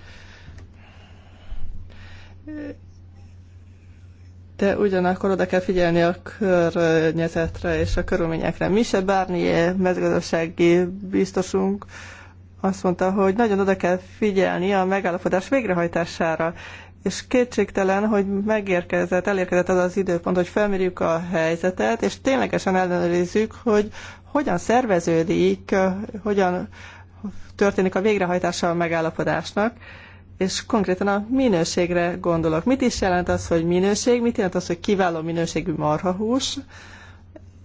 de ugyanakkor oda kell figyelni a környezetre és a körülményekre. se bármilyen mezőgazdasági biztosunk azt mondta, hogy nagyon oda kell figyelni a megállapodás végrehajtására, és kétségtelen, hogy megérkezett, elérkezett az az időpont, hogy felmérjük a helyzetet, és ténylegesen ellenőrizzük, hogy hogyan szerveződik, hogyan történik a végrehajtása a megállapodásnak, és konkrétan a minőségre gondolok. Mit is jelent az, hogy minőség? Mit jelent az, hogy kiváló minőségű marhahús?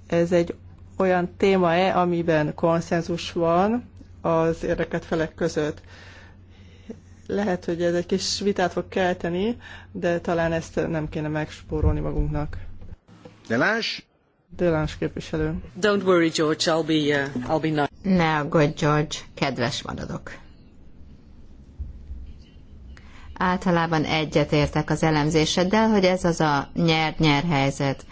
Ez egy olyan téma-e, amiben konszenzus van az érdeket felek között? Lehet, hogy ez egy kis vitát fog kelteni, de talán ezt nem kéne megspórolni magunknak. Delás? Delás képviselő. Don't worry, George, I'll be, uh, I'll be nice. Ne aggódj, George, kedves maradok általában egyetértek az elemzéseddel, hogy ez az a nyer-nyer helyzet.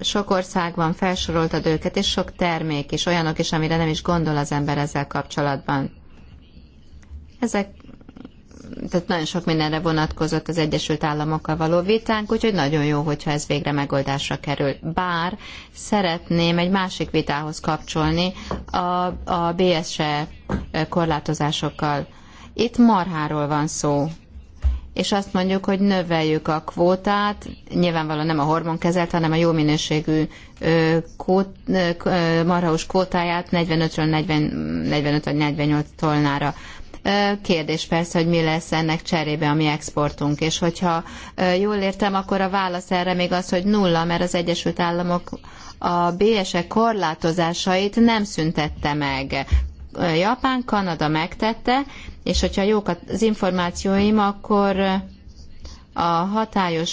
Sok országban felsoroltad őket, és sok termék is, olyanok is, amire nem is gondol az ember ezzel kapcsolatban. Ezek tehát nagyon sok mindenre vonatkozott az Egyesült Államokkal való vitánk, úgyhogy nagyon jó, hogyha ez végre megoldásra kerül. Bár szeretném egy másik vitához kapcsolni a, a BSE korlátozásokkal. Itt marháról van szó, és azt mondjuk, hogy növeljük a kvótát, nyilvánvalóan nem a hormonkezelt, hanem a jó minőségű kót, marhaus kvótáját 45-ről 45 vagy 48 tolnára. Kérdés persze, hogy mi lesz ennek cserébe a mi exportunk, és hogyha jól értem, akkor a válasz erre még az, hogy nulla, mert az Egyesült Államok a BSE korlátozásait nem szüntette meg. Japán, Kanada megtette, és hogyha jók az információim, akkor a hatályos,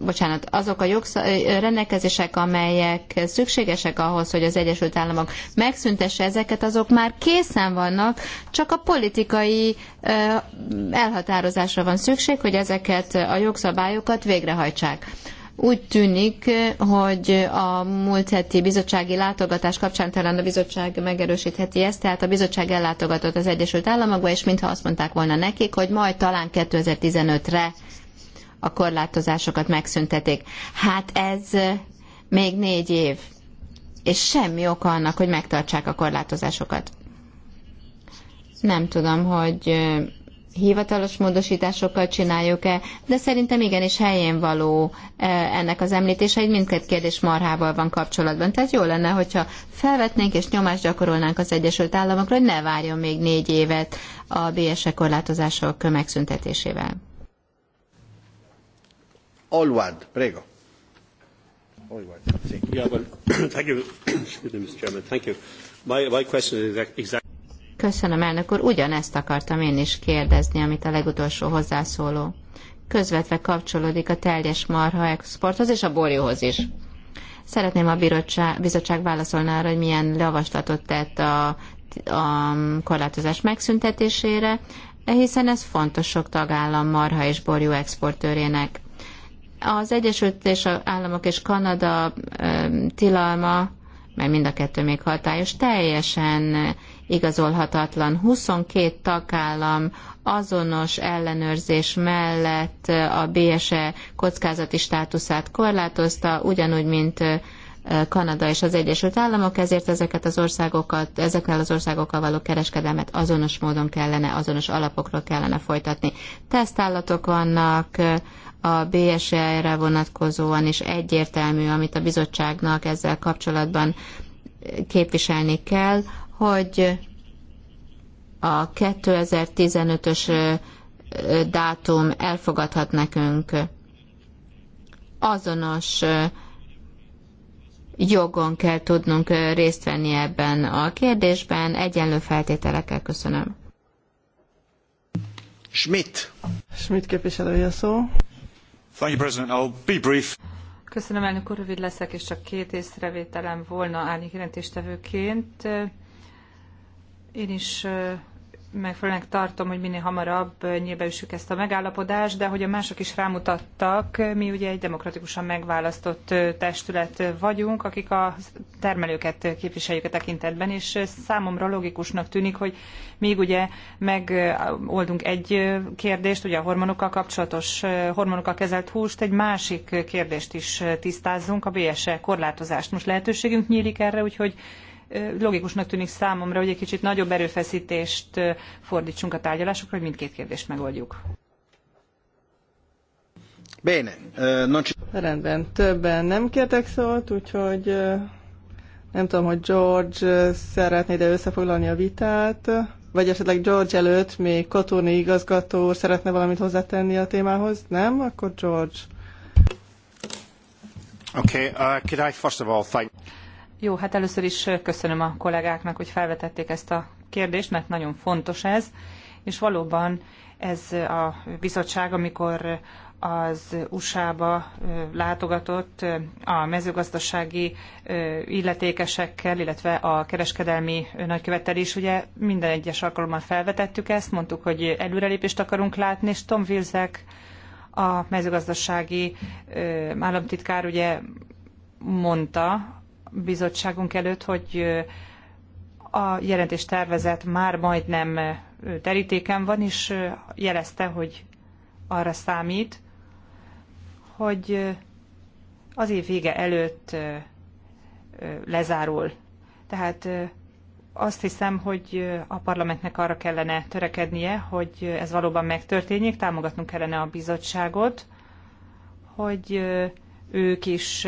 bocsánat, azok a jogsz- rendelkezések, amelyek szükségesek ahhoz, hogy az Egyesült Államok megszüntesse ezeket, azok már készen vannak, csak a politikai elhatározásra van szükség, hogy ezeket a jogszabályokat végrehajtsák. Úgy tűnik, hogy a múlt heti bizottsági látogatás kapcsán talán a bizottság megerősítheti ezt, tehát a bizottság ellátogatott az Egyesült Államokba, és mintha azt mondták volna nekik, hogy majd talán 2015-re a korlátozásokat megszüntetik. Hát ez még négy év, és semmi oka annak, hogy megtartsák a korlátozásokat. Nem tudom, hogy hivatalos módosításokkal csináljuk-e, de szerintem igenis helyén való e, ennek az említése, egy mindkét kérdés marhával van kapcsolatban. Tehát jó lenne, hogyha felvetnénk és nyomást gyakorolnánk az Egyesült Államokra, hogy ne várjon még négy évet a BSE korlátozások megszüntetésével. Alwad, prego. Alwad, sí. yeah, well, thank you. Mr. Chairman. Thank you. My, my question is exactly Köszönöm, elnök úr. Ugyanezt akartam én is kérdezni, amit a legutolsó hozzászóló. Közvetve kapcsolódik a teljes marha exporthoz és a borjóhoz is. Szeretném a bizottság, válaszolni arra, hogy milyen javaslatot tett a, a korlátozás megszüntetésére, hiszen ez fontos sok tagállam marha és borjú exportőrének. Az Egyesült és a Államok és Kanada tilalma, mert mind a kettő még hatályos, teljesen igazolhatatlan. 22 tagállam azonos ellenőrzés mellett a BSE kockázati státuszát korlátozta, ugyanúgy, mint Kanada és az Egyesült Államok, ezért ezeket az országokat, ezekkel az országokkal való kereskedelmet azonos módon kellene, azonos alapokról kellene folytatni. Tesztállatok vannak, a BSE-re vonatkozóan is egyértelmű, amit a bizottságnak ezzel kapcsolatban képviselni kell hogy a 2015-ös dátum elfogadhat nekünk azonos jogon kell tudnunk részt venni ebben a kérdésben. Egyenlő feltételekkel köszönöm. Schmidt. Schmidt képviselője szó. Thank you, President. I'll be brief. Köszönöm, elnök úr, rövid leszek, és csak két észrevételem volna állni jelentéstevőként. Én is megfelelőnek tartom, hogy minél hamarabb nyilvánosítsuk ezt a megállapodást, de hogy a mások is rámutattak, mi ugye egy demokratikusan megválasztott testület vagyunk, akik a termelőket képviseljük a tekintetben, és számomra logikusnak tűnik, hogy még ugye megoldunk egy kérdést, ugye a hormonokkal kapcsolatos hormonokkal kezelt húst, egy másik kérdést is tisztázzunk, a BSE korlátozást. Most lehetőségünk nyílik erre, úgyhogy logikusnak tűnik számomra, hogy egy kicsit nagyobb erőfeszítést fordítsunk a tárgyalásokra, hogy mindkét kérdést megoldjuk. Bene, non Rendben, többen nem kértek szót, úgyhogy nem tudom, hogy George szeretné ide összefoglalni a vitát, vagy esetleg George előtt még Kotorni igazgató úr szeretne valamit hozzátenni a témához, nem? Akkor George. Okay, uh, could I first of all thank... Jó, hát először is köszönöm a kollégáknak, hogy felvetették ezt a kérdést, mert nagyon fontos ez, és valóban ez a bizottság, amikor az USA-ba látogatott a mezőgazdasági illetékesekkel, illetve a kereskedelmi nagykövettel is. Ugye minden egyes alkalommal felvetettük ezt, mondtuk, hogy előrelépést akarunk látni, és Tom Vilzek, a mezőgazdasági államtitkár ugye mondta, bizottságunk előtt, hogy a jelentés tervezet már majdnem terítéken van, és jelezte, hogy arra számít, hogy az év vége előtt lezárul. Tehát azt hiszem, hogy a parlamentnek arra kellene törekednie, hogy ez valóban megtörténjék, támogatnunk kellene a bizottságot, hogy ők is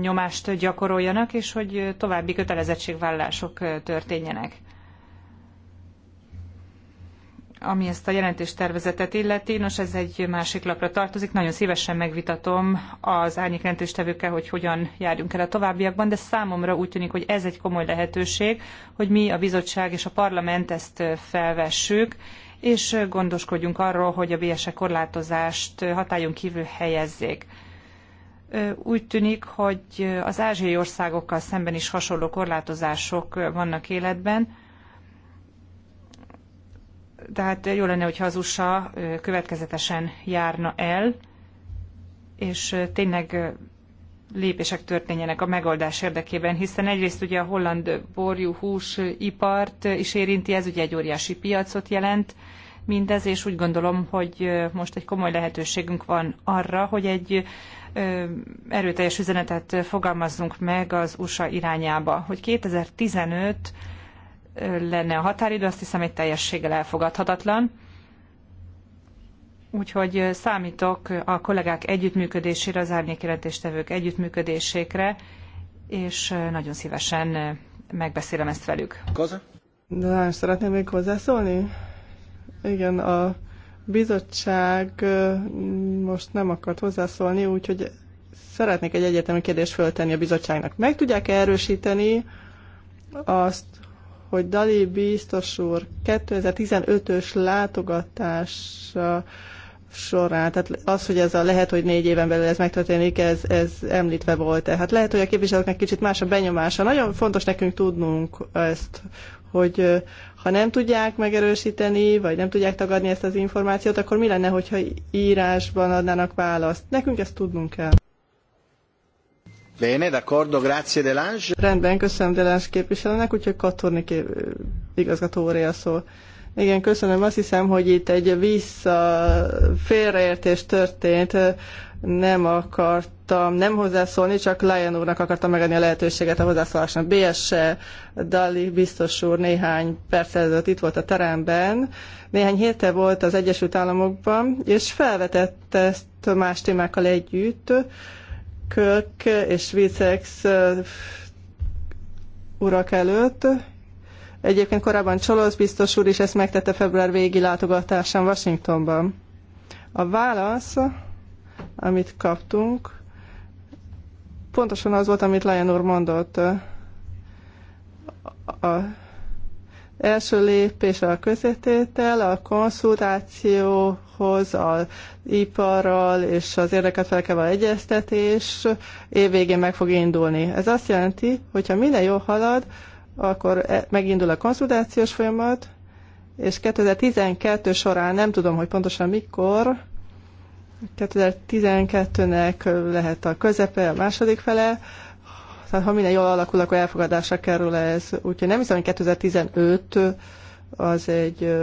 nyomást gyakoroljanak, és hogy további kötelezettségvállások történjenek. Ami ezt a jelentéstervezetet illeti, nos ez egy másik lapra tartozik, nagyon szívesen megvitatom az árnyék jelentéstevőkkel, hogy hogyan járjunk el a továbbiakban, de számomra úgy tűnik, hogy ez egy komoly lehetőség, hogy mi a bizottság és a parlament ezt felvessük, és gondoskodjunk arról, hogy a BSE korlátozást hatályon kívül helyezzék úgy tűnik, hogy az ázsiai országokkal szemben is hasonló korlátozások vannak életben. Tehát jó lenne, hogyha az USA következetesen járna el, és tényleg lépések történjenek a megoldás érdekében, hiszen egyrészt ugye a holland borjú hús ipart is érinti, ez ugye egy óriási piacot jelent, mindez, és úgy gondolom, hogy most egy komoly lehetőségünk van arra, hogy egy erőteljes üzenetet fogalmazzunk meg az USA irányába, hogy 2015 lenne a határidő, azt hiszem egy teljességgel elfogadhatatlan. Úgyhogy számítok a kollégák együttműködésére, az árnyékjelentéstevők együttműködésére, és nagyon szívesen megbeszélem ezt velük. Kaza? De szeretném még hozzászólni? Igen, a bizottság most nem akart hozzászólni, úgyhogy szeretnék egy egyetemi kérdést föltenni a bizottságnak. Meg tudják -e erősíteni azt, hogy Dali biztos úr 2015-ös látogatása során, tehát az, hogy ez a lehet, hogy négy éven belül ez megtörténik, ez, ez említve volt. Tehát lehet, hogy a képviselőknek kicsit más a benyomása. Nagyon fontos nekünk tudnunk ezt, hogy ha nem tudják megerősíteni, vagy nem tudják tagadni ezt az információt, akkor mi lenne, hogyha írásban adnának választ? Nekünk ezt tudnunk kell. Bene, d'accordo, grazie Delange. Rendben, köszönöm Delange képviselőnek, úgyhogy Katorni kép... igazgató a szól. Igen, köszönöm. Azt hiszem, hogy itt egy vissza félreértés történt nem akartam nem hozzászólni, csak Lion úrnak akartam megadni a lehetőséget a hozzászólásnak. bs e, Dali biztos úr néhány perc ezelőtt itt volt a teremben, néhány héte volt az Egyesült Államokban, és felvetette ezt más témákkal együtt, Kölk és Vicex eh, urak előtt. Egyébként korábban Csolosz biztos úr is ezt megtette február végi látogatásán Washingtonban. A válasz amit kaptunk, pontosan az volt, amit Lion úr mondott. A első lépés a közététel, a konszultációhoz, az iparral és az érdeket felkevel egyeztetés évvégén meg fog indulni. Ez azt jelenti, hogy ha minden jól halad, akkor e, megindul a konszultációs folyamat, és 2012 során, nem tudom, hogy pontosan mikor, 2012-nek lehet a közepe, a második fele, tehát ha minden jól alakul, akkor elfogadásra kerül ez. Úgyhogy nem hiszem, hogy 2015 az egy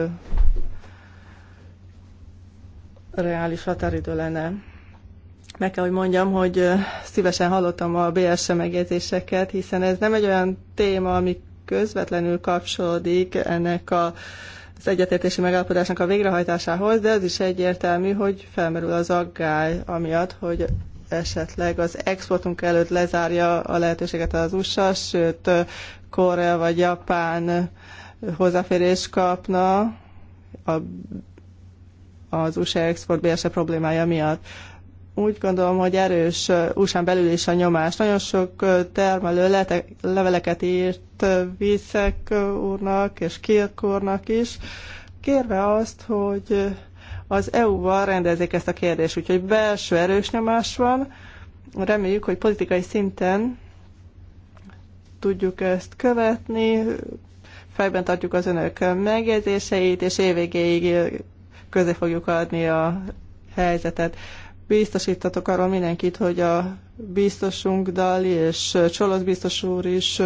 reális határidő lenne. Meg kell, hogy mondjam, hogy szívesen hallottam a BSS megjegyzéseket, hiszen ez nem egy olyan téma, ami közvetlenül kapcsolódik ennek a az egyetértési megállapodásnak a végrehajtásához, de az is egyértelmű, hogy felmerül az aggály amiatt, hogy esetleg az exportunk előtt lezárja a lehetőséget az USA, sőt Korea vagy Japán hozzáférés kapna a, az USA export BSE problémája miatt. Úgy gondolom, hogy erős usa belül is a nyomás. Nagyon sok termelő leveleket írt Viszek úrnak és Kirk úrnak is, kérve azt, hogy az EU-val rendezzék ezt a kérdést. Úgyhogy belső erős nyomás van. Reméljük, hogy politikai szinten tudjuk ezt követni, fejben tartjuk az önök megjegyzéseit, és évvégéig közé fogjuk adni a helyzetet. Biztosítatok arról mindenkit, hogy a biztosunk Dali és Csolosz biztos úr is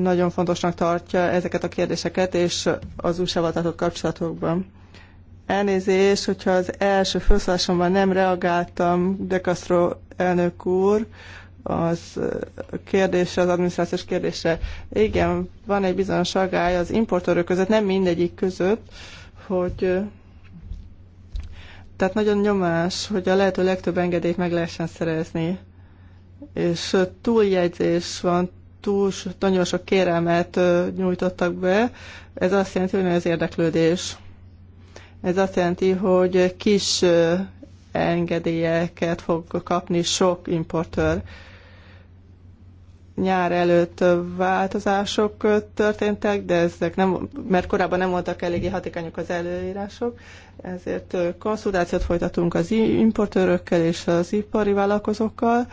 nagyon fontosnak tartja ezeket a kérdéseket, és az USA-val tartott kapcsolatokban. Elnézés, hogyha az első felszólásomban nem reagáltam, De Castro elnök úr, az kérdése az adminisztrációs kérdése. Igen, van egy bizonyos agály az importőrök között, nem mindegyik között, hogy tehát nagyon nyomás, hogy a lehető legtöbb engedélyt meg lehessen szerezni. És túljegyzés van, túl nagyon sok kérelmet nyújtottak be. Ez azt jelenti, hogy az érdeklődés. Ez azt jelenti, hogy kis engedélyeket fog kapni sok importőr nyár előtt változások történtek, de ezek nem, mert korábban nem voltak eléggé hatékonyak az előírások, ezért konszultációt folytatunk az importőrökkel és az ipari vállalkozókkal,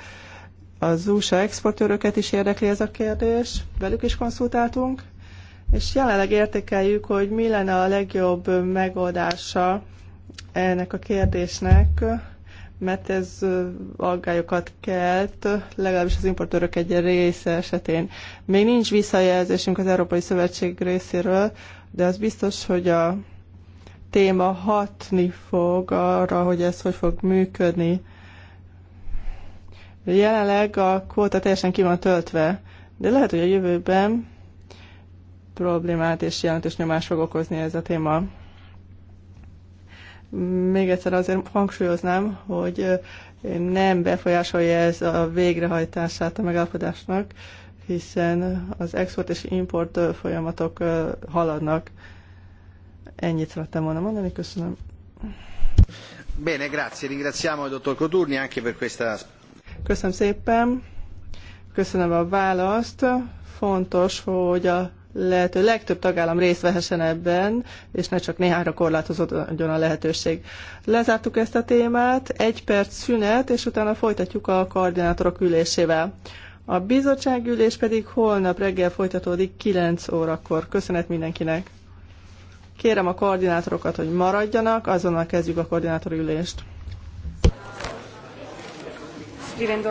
az USA exportőröket is érdekli ez a kérdés, velük is konszultáltunk, és jelenleg értékeljük, hogy mi lenne a legjobb megoldása ennek a kérdésnek, mert ez aggályokat kelt, legalábbis az importőrök egy része esetén. Még nincs visszajelzésünk az Európai Szövetség részéről, de az biztos, hogy a téma hatni fog arra, hogy ez hogy fog működni. Jelenleg a kvóta teljesen ki van töltve, de lehet, hogy a jövőben problémát és jelentős nyomást fog okozni ez a téma. Még egyszer azért hangsúlyoznám, hogy nem befolyásolja ez a végrehajtását a megállapodásnak, hiszen az export és import folyamatok haladnak. Ennyit szerettem volna mondani, köszönöm. Bene, grazie. Ringraziamo il dottor Coturni anche per questa... Köszönöm szépen. Köszönöm a választ. Fontos, hogy a lehető legtöbb tagállam részt vehessen ebben, és ne csak néhányra korlátozódjon a lehetőség. Lezártuk ezt a témát, egy perc szünet, és utána folytatjuk a koordinátorok ülésével. A bizottság ülés pedig holnap reggel folytatódik 9 órakor. Köszönet mindenkinek! Kérem a koordinátorokat, hogy maradjanak, azonnal kezdjük a koordinátori ülést. Scrivendo